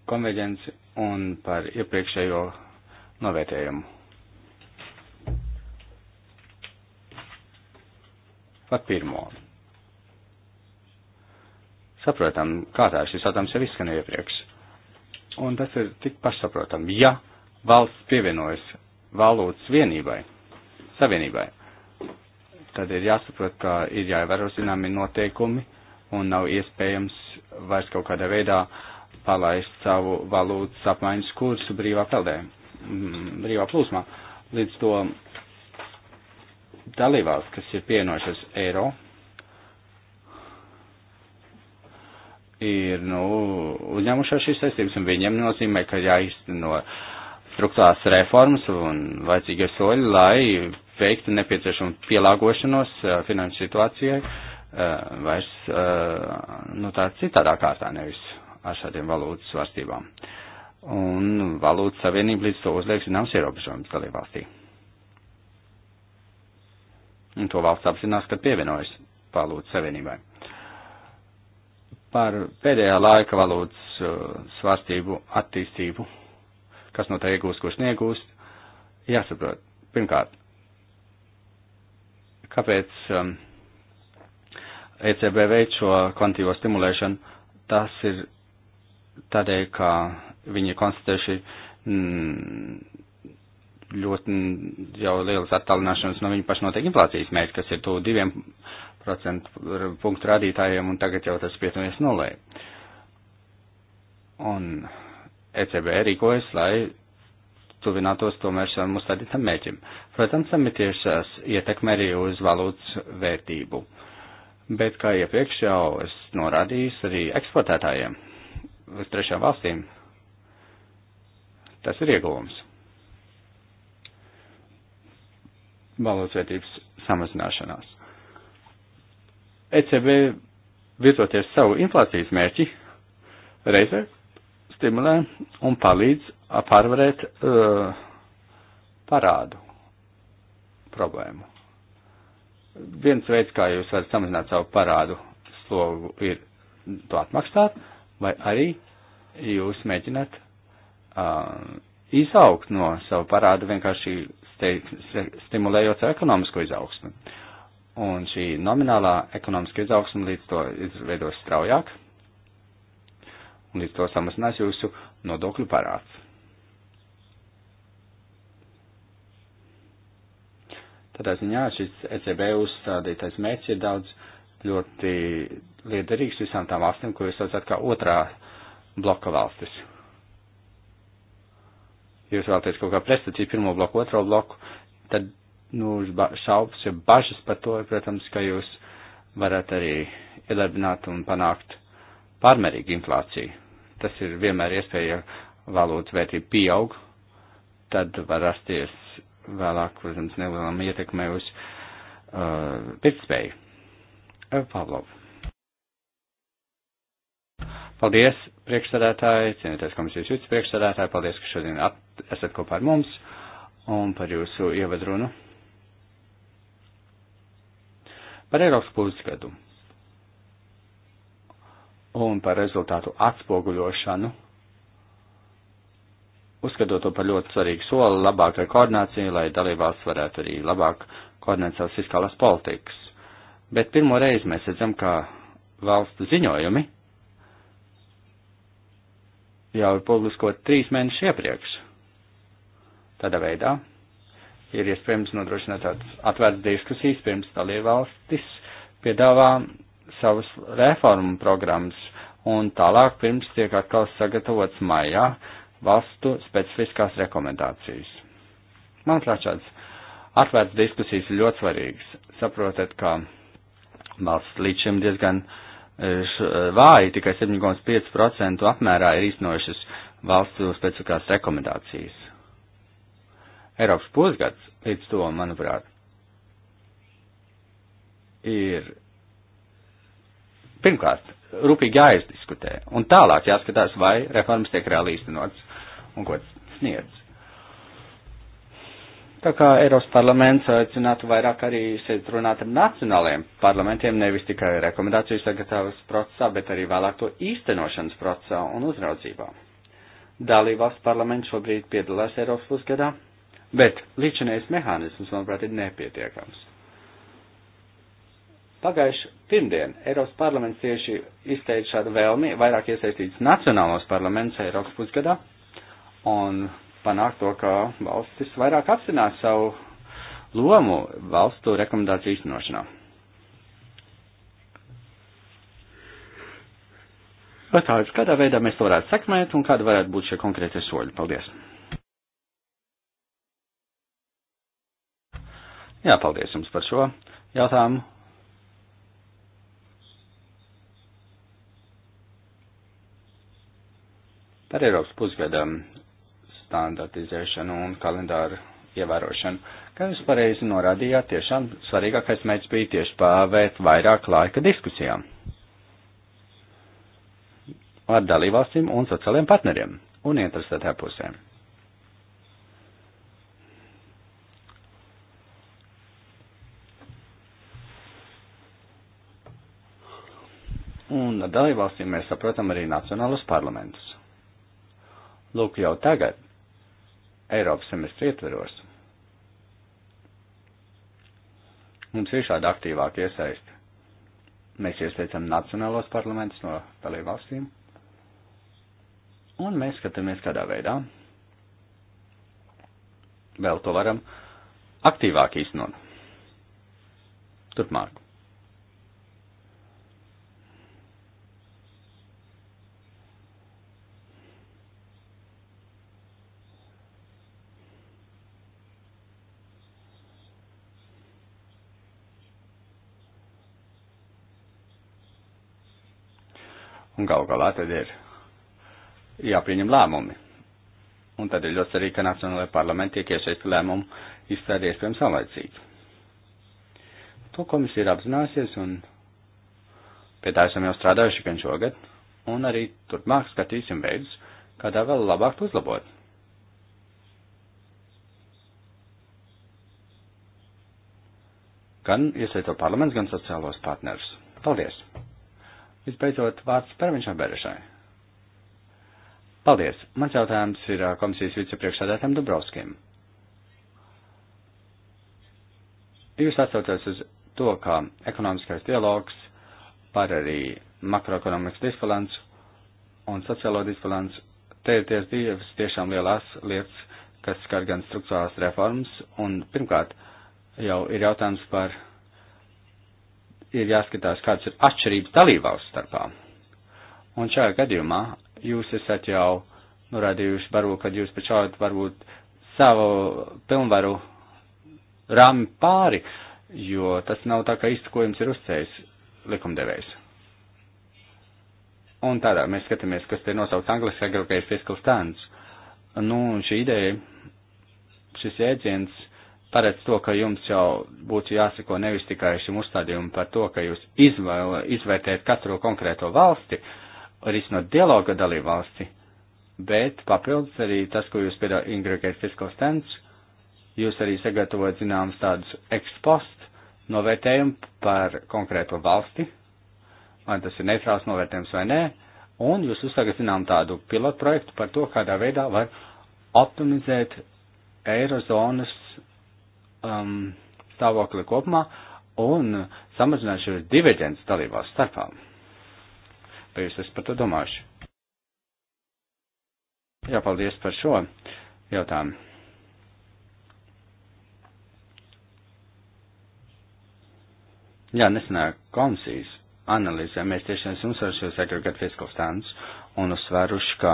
konverģenci un par iepriekšējo novērtējumu. par pirmo. Saprotam, kā tā ir šis jautājums jau izskan iepriekš. Un tas ir tik pašsaprotam. Ja valsts pievienojas valūtas vienībai, savienībai, tad ir jāsaprot, ka ir jāievēro zināmi noteikumi un nav iespējams vairs kaut kādā veidā palaist savu valūtas apmaiņas kursu brīvā peldē, mm, brīvā plūsmā. Līdz to dalībvalsts, kas ir pienošas eiro, ir nu, uzņēmušās šīs saistības, un viņiem nozīmē, ka jāizteno struktūrās reformas un vajadzīgie soļi, lai veiktu nepieciešamu pielāgošanos finanšu situācijai vairs nu, tā citādā kārtā, nevis ar šādiem valūtas svārstībām. Un valūtas savienība līdz to uzliek zināms ierobežojums dalībvalstī. valstī un to valsts apzinās, kad pievienojas valūtas savienībai. Par pēdējā laika valūtas uh, svārstību attīstību, kas no tā iegūst, kurš negūst, jāsaprot. Pirmkārt, kāpēc um, ECB veic šo kvantīvo stimulēšanu, tas ir tādēļ, ka viņi konstatējuši mm, ļoti jau lielas attālināšanas no viņa paša noteikti inflācijas mērķa, kas ir tuvu 2% punktu rādītājiem, un tagad jau tas pietuvies nulē. Un ECB rīkojas, lai tuvinātos tomēr šiem uzstādītam mērķim. Protams, tam ir tiešās ietekme arī uz valūtas vērtību. Bet, kā iepriekš jau es norādīju, arī eksportētājiem uz trešām valstīm tas ir ieguvums. valūtsvērtības samazināšanās. ECB virzoties savu inflācijas mērķi, reizē stimulē un palīdz pārvarēt uh, parādu problēmu. Viens veids, kā jūs varat samazināt savu parādu slogu, ir to atmaksāt, vai arī jūs mēģināt uh, izaugt no savu parādu vienkārši stimulējot ekonomisko izaugsmu. Un šī nominālā ekonomiska izaugsma līdz to izveidos straujāk, un līdz to samazinās jūsu nodokļu parāds. Tādā ziņā šis ECB uzstādītais mērķis ir daudz ļoti liederīgs visām tām valstīm, ko jūs saucat kā otrā bloka valstis jūs vēlaties kaut kā prestacīt pirmo bloku, otro bloku, tad, nu, šaubas, ja bažas par to, protams, ka jūs varat arī iedarbināt un panākt pārmērīgu inflāciju. Tas ir vienmēr iespēja, ja valūtas vērtība pieaug, tad var rasties vēlāk, protams, nelielam ietekmē uz uh, pirktspēju. Uh, Pavlov. Paldies, priekšsādātāji, cienītais komisijas jūtas priekšsādātāji, paldies, ka šodien at esat kopā ar mums un par jūsu ievadrunu. Par Eiropas pusgadu un par rezultātu atspoguļošanu, uzskatot to par ļoti svarīgu soli labākai koordinācijai, lai dalībās varētu arī labāk koordinēt savas fiskālās politikas. Bet pirmo reizi mēs redzam, ka valstu ziņojumi jau ir publiskot trīs mēnešus iepriekš. Tādā veidā ir iespējams nodrošināt tādas atvērtas diskusijas pirms dalībvalstis piedāvā savas reformu programmas un tālāk pirms tiek atkal sagatavots maijā valstu specifiskās rekomendācijas. Manuprāt, šāds atvērts diskusijas ir ļoti svarīgs. Saprotat, ka valsts līdz šim diezgan e, e, vāji, tikai 7,5% apmērā ir iznojušas valstu specifiskās rekomendācijas. Eiropas pusgads līdz to, manuprāt, ir pirmkārt rūpīgi jāizdiskutē, un tālāk jāskatās, vai reformas tiek reāli īstenotas un ko sniedz. Tā kā Eiropas parlaments aicinātu vairāk arī šeit runāt ar nacionālajiem parlamentiem, nevis tikai rekomendāciju sagatavas procesā, bet arī vēlāk to īstenošanas procesā un uzraudzībā. Dalībvalsts parlaments šobrīd piedalās Eiropas pusgadā, Bet līdzinējais mehānisms, manuprāt, ir nepietiekams. Pagājuši pirmdien Eiropas parlaments tieši izteica šādu vēlmi vairāk iesaistīts nacionālos parlaments Eiropas pusgadā un panākt to, ka valstis vairāk apzinās savu lomu valstu rekomendāciju īstenošanā. Tātad, kādā veidā mēs to varētu sekmēt un kāda varētu būt šie konkrētie soļi? Paldies! Jā, paldies jums par šo jautājumu. Par Eiropas pusgadam standartizēšanu un kalendāru ievērošanu. Kā jūs pareizi norādījāt, tiešām svarīgākais mērķis bija tieši pāvēt vairāk laika diskusijām ar dalībvalstīm un sociālajiem partneriem un interesētā pusēm. Un dalībvalstīm mēs saprotam arī nacionālus parlamentus. Lūk, jau tagad Eiropas semestri ietveros. Mums ir šāda aktīvāka iesaiste. Mēs iesaistām nacionālos parlamentus no dalībvalstīm. Un mēs skatāmies, kādā veidā vēl to varam aktīvāk īstenot. Turpmāk. Un gal galā tad ir jāpieņem lēmumi. Un tad ir ļoti svarīgi, ka Nacionālajā parlamentā tiek iesaistīta lēmumu izstrādē iespējams savlaicīgi. To komisija ir apzināsies un pie tā esam jau strādājuši gan šogad, un arī turpmāk skatīsim veidus, kādā vēl labāk uzlabot. Gan iesaistot parlaments, gan sociālos partnerus. Paldies! Visbeidzot, vārds Permiņšam Berešai. Paldies! Mans jautājums ir komisijas vicepriekšsādātājam Dubrovskim. Jūs atsaucaties uz to, ka ekonomiskais dialogs par arī makroekonomikas disbalansu un sociālo disbalansu, te ir ties divas tiešām lielās lietas, kas skar gan struktūrās reformas, un pirmkārt jau ir jautājums par ir jāskatās, kādas ir atšķirības dalībvalsts starpā. Un šajā gadījumā jūs esat jau norādījuši, varbūt, kad jūs pat šādi varbūt savu pilnvaru rāmi pāri, jo tas nav tā, ka īsti, ko jums ir uzcējis likumdevējs. Un tādā mēs skatāmies, kas te nosaukts angliski agrokais fiskal stands. Nu, šī ideja, šis jēdziens paredz to, ka jums jau būtu jāsako nevis tikai šim uzstādījumam par to, ka jūs izvēl, izvērtējat katru konkrēto valsti, risinot dialoga dalību valsti, bet papildus arī tas, ko jūs piedāvājat Ingregēs Fiskal Stents, jūs arī sagatavojat zināms tādus ekspost novērtējumu par konkrēto valsti, vai tas ir neitrāls novērtējums vai nē, un jūs uzsagat zinām tādu pilotprojektu par to, kādā veidā var optimizēt eirozonas um, stāvokli kopumā un samazināt šo diverģences dalībās starpā. Vai jūs esat par to domājuši? Jā, paldies par šo jautājumu. Jā, nesenā komisijas analīzē mēs tiešām esam uzsvēruši uz agregātu fiskal stands un uzsvēruši, ka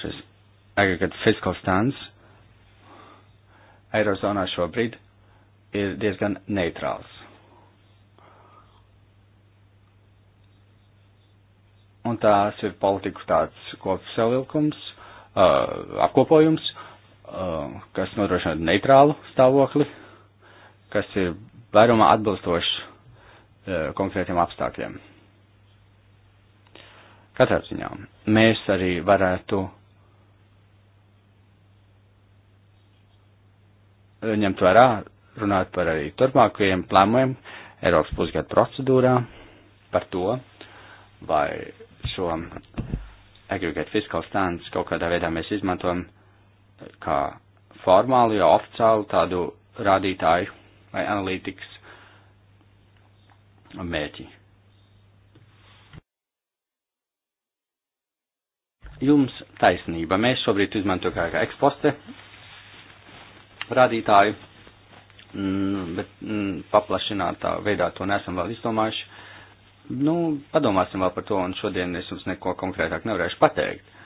šis agregātu fiskal stands Eirozonā šobrīd ir diezgan neitrāls. Un tās ir politiku tāds kopsavilkums, uh, apkopojums, uh, kas nodrošina neitrālu stāvokli, kas ir vairumā atbilstošs uh, konkrētiem apstākļiem. Katrā ziņā mēs arī varētu ņemt vērā, runāt par arī turpmākajiem plēmumiem Eiropas pusgadu procedūrā, par to, vai šo aggregate fiskal stance kaut kādā veidā mēs izmantojam kā formālu, jau oficiālu tādu rādītāju vai analītikas mērķi. Jums taisnība. Mēs šobrīd izmantojam kā eksposte rādītāju, mm, bet mm, paplašinātā veidā to nesam vēl izdomājuši. Nu, padomāsim vēl par to, un šodien es jums neko konkrētāk nevarēšu pateikt.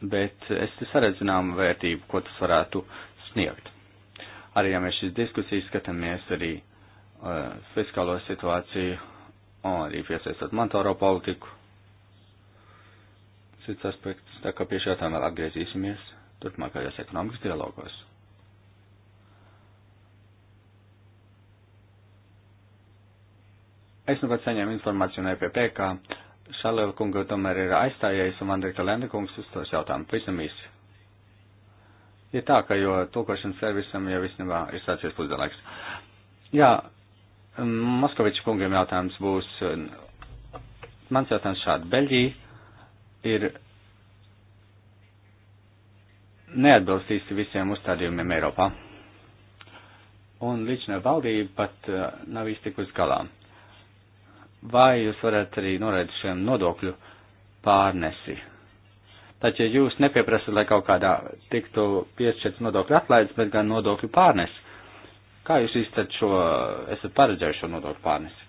Bet es te saredzināmu vērtību, ko tas varētu sniegt. Arī, ja mēs šīs diskusijas skatāmies arī uh, fiskālo situāciju, un arī piesaistot mantāro politiku, cits aspekts, tā kā pie šā tām vēl atgriezīsimies turpmākajos ekonomikas dialogos. Es nu pat saņēmu informāciju no EPP, ka Šalēla kunga tomēr ir aizstājies un Andrika Lenda kungs uzstos jautājumu. Pavisam īsi. Ir tā, ka jo tulkošanas servisam jau visnībā ir sācies pusdienlaiks. Jā, Moskovičs kungiem jautājums būs. Mans jautājums šādi. Beļģija ir neatbilst īsti visiem uzstādījumiem Eiropā. Un līdzinā valdība pat uh, nav īsti tikus galā vai jūs varat arī noraidīt šiem nodokļu pārnesi. Taču, ja jūs nepieprasat, lai kaut kādā tiktu piešķirts nodokļu atlaides, bet gan nodokļu pārnes, kā jūs īstat šo, esat paredzējuši šo nodokļu pārnesi?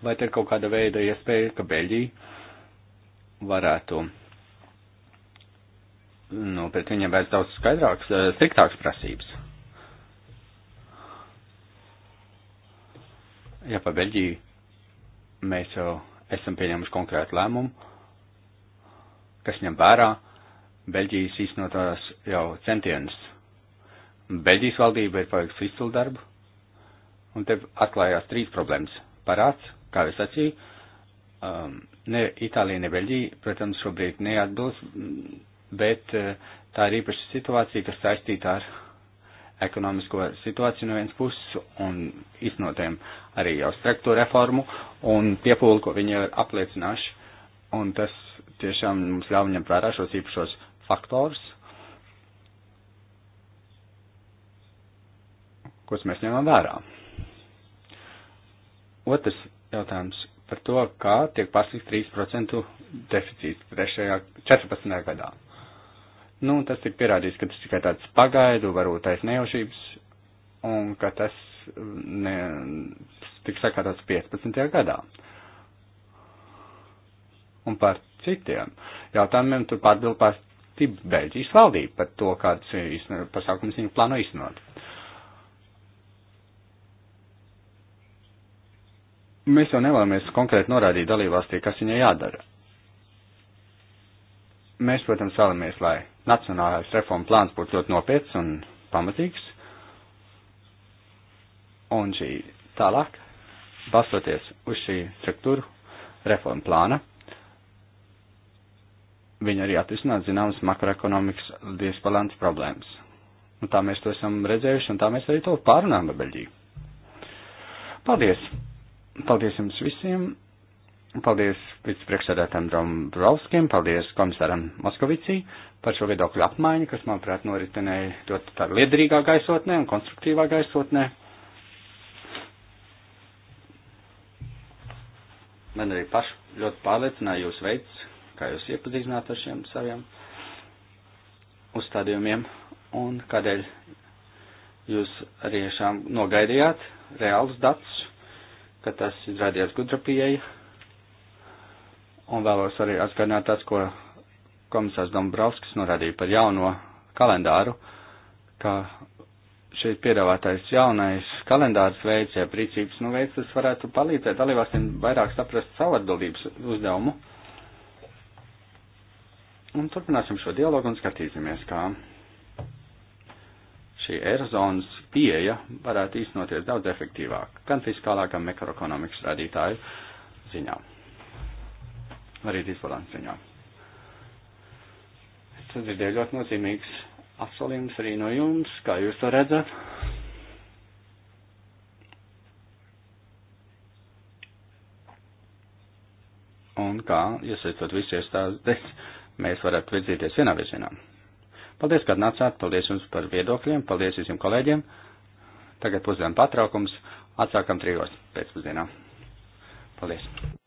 Vai te ir kaut kāda veida iespēja, ka Beļģija varētu, nu, pret viņiem vairs daudz skaidrāks, eh, striktāks prasības? Ja pa Beļģiju mēs jau esam pieņēmuši konkrētu lēmumu, kas ņem vērā Beļģijas īstenotās jau centienus. Beļģijas valdība ir paveikusi izcilu darbu, un te atklājās trīs problēmas. Parāds, kā es sacīju, um, ne Itālija, ne Beļģija, protams, šobrīd neatbilst, mm, bet uh, tā ir īpaša situācija, kas saistīta ar ekonomisko situāciju no vienas puses un iznotēm arī jau strektu reformu un piepūli, ko viņi ir apliecinājuši. Un tas tiešām mums ļauj ņemt vērā šos īpašos faktors, kurus mēs ņemam vērā. Otrs jautājums par to, kā tiek pasniegts 3% deficīts 3. 14. gadā. Nu, tas ir pierādījis, ka tas tikai tāds pagaidu, varbūt aiz nejaušības, un ka tas ne, tik sakārtots 15. gadā. Un par citiem jautājumiem tur pārbild par Beļģijas valdību, par to, kādas pasākumus viņi plāno iznot. Mēs jau nevēlamies konkrēti norādīt dalībvalstī, kas viņai jādara mēs, protams, vēlamies, lai nacionālais reforma plāns būtu ļoti nopietns un pamatīgs. Un šī tālāk, balstoties uz šī struktūru reforma plāna, viņi arī atrisināt zināmas makroekonomikas disbalans problēmas. Un tā mēs to esam redzējuši, un tā mēs arī to pārunājam ar Beļģiju. Paldies! Paldies jums visiem! Paldies vicepriekšsēdētājam Dombrovskim, paldies komisaram Moskovicī par šo viedokļu apmaiņu, kas, manuprāt, noritinēja ļoti tādā liederīgā gaisotnē un konstruktīvā gaisotnē. Man arī paši ļoti pārliecināja jūs veids, kā jūs iepazīstināt ar šiem saviem uzstādījumiem un kādēļ jūs arī šām nogaidījāt reāls dats, ka tas izrādījās gudra pieeja Un vēlos arī atgādināt tas, ko komisārs Dombrovskis norādīja par jauno kalendāru, ka šeit piedāvātais jaunais kalendārs veids, ja rīcības nu, veids, tas varētu palīdzēt dalībvalstīm vairāk saprast savu atbildības uzdevumu. Un turpināsim šo dialogu un skatīsimies, kā šī Eirozonas pieeja varētu īstenoties daudz efektīvāk, gan fiskālā, gan makroekonomikas radītāju ziņām arī disbalansziņā. Tas ir ļoti nozīmīgs apsolījums arī no jums, kā jūs to redzat. Un kā, iesaistot visi iestādes, mēs varētu virzīties vienā virzienā. Paldies, kad nācāt, paldies jums par viedokļiem, paldies visiem kolēģiem. Tagad pusdienu patraukums, atsākam trijos pēcpusdienā. Paldies!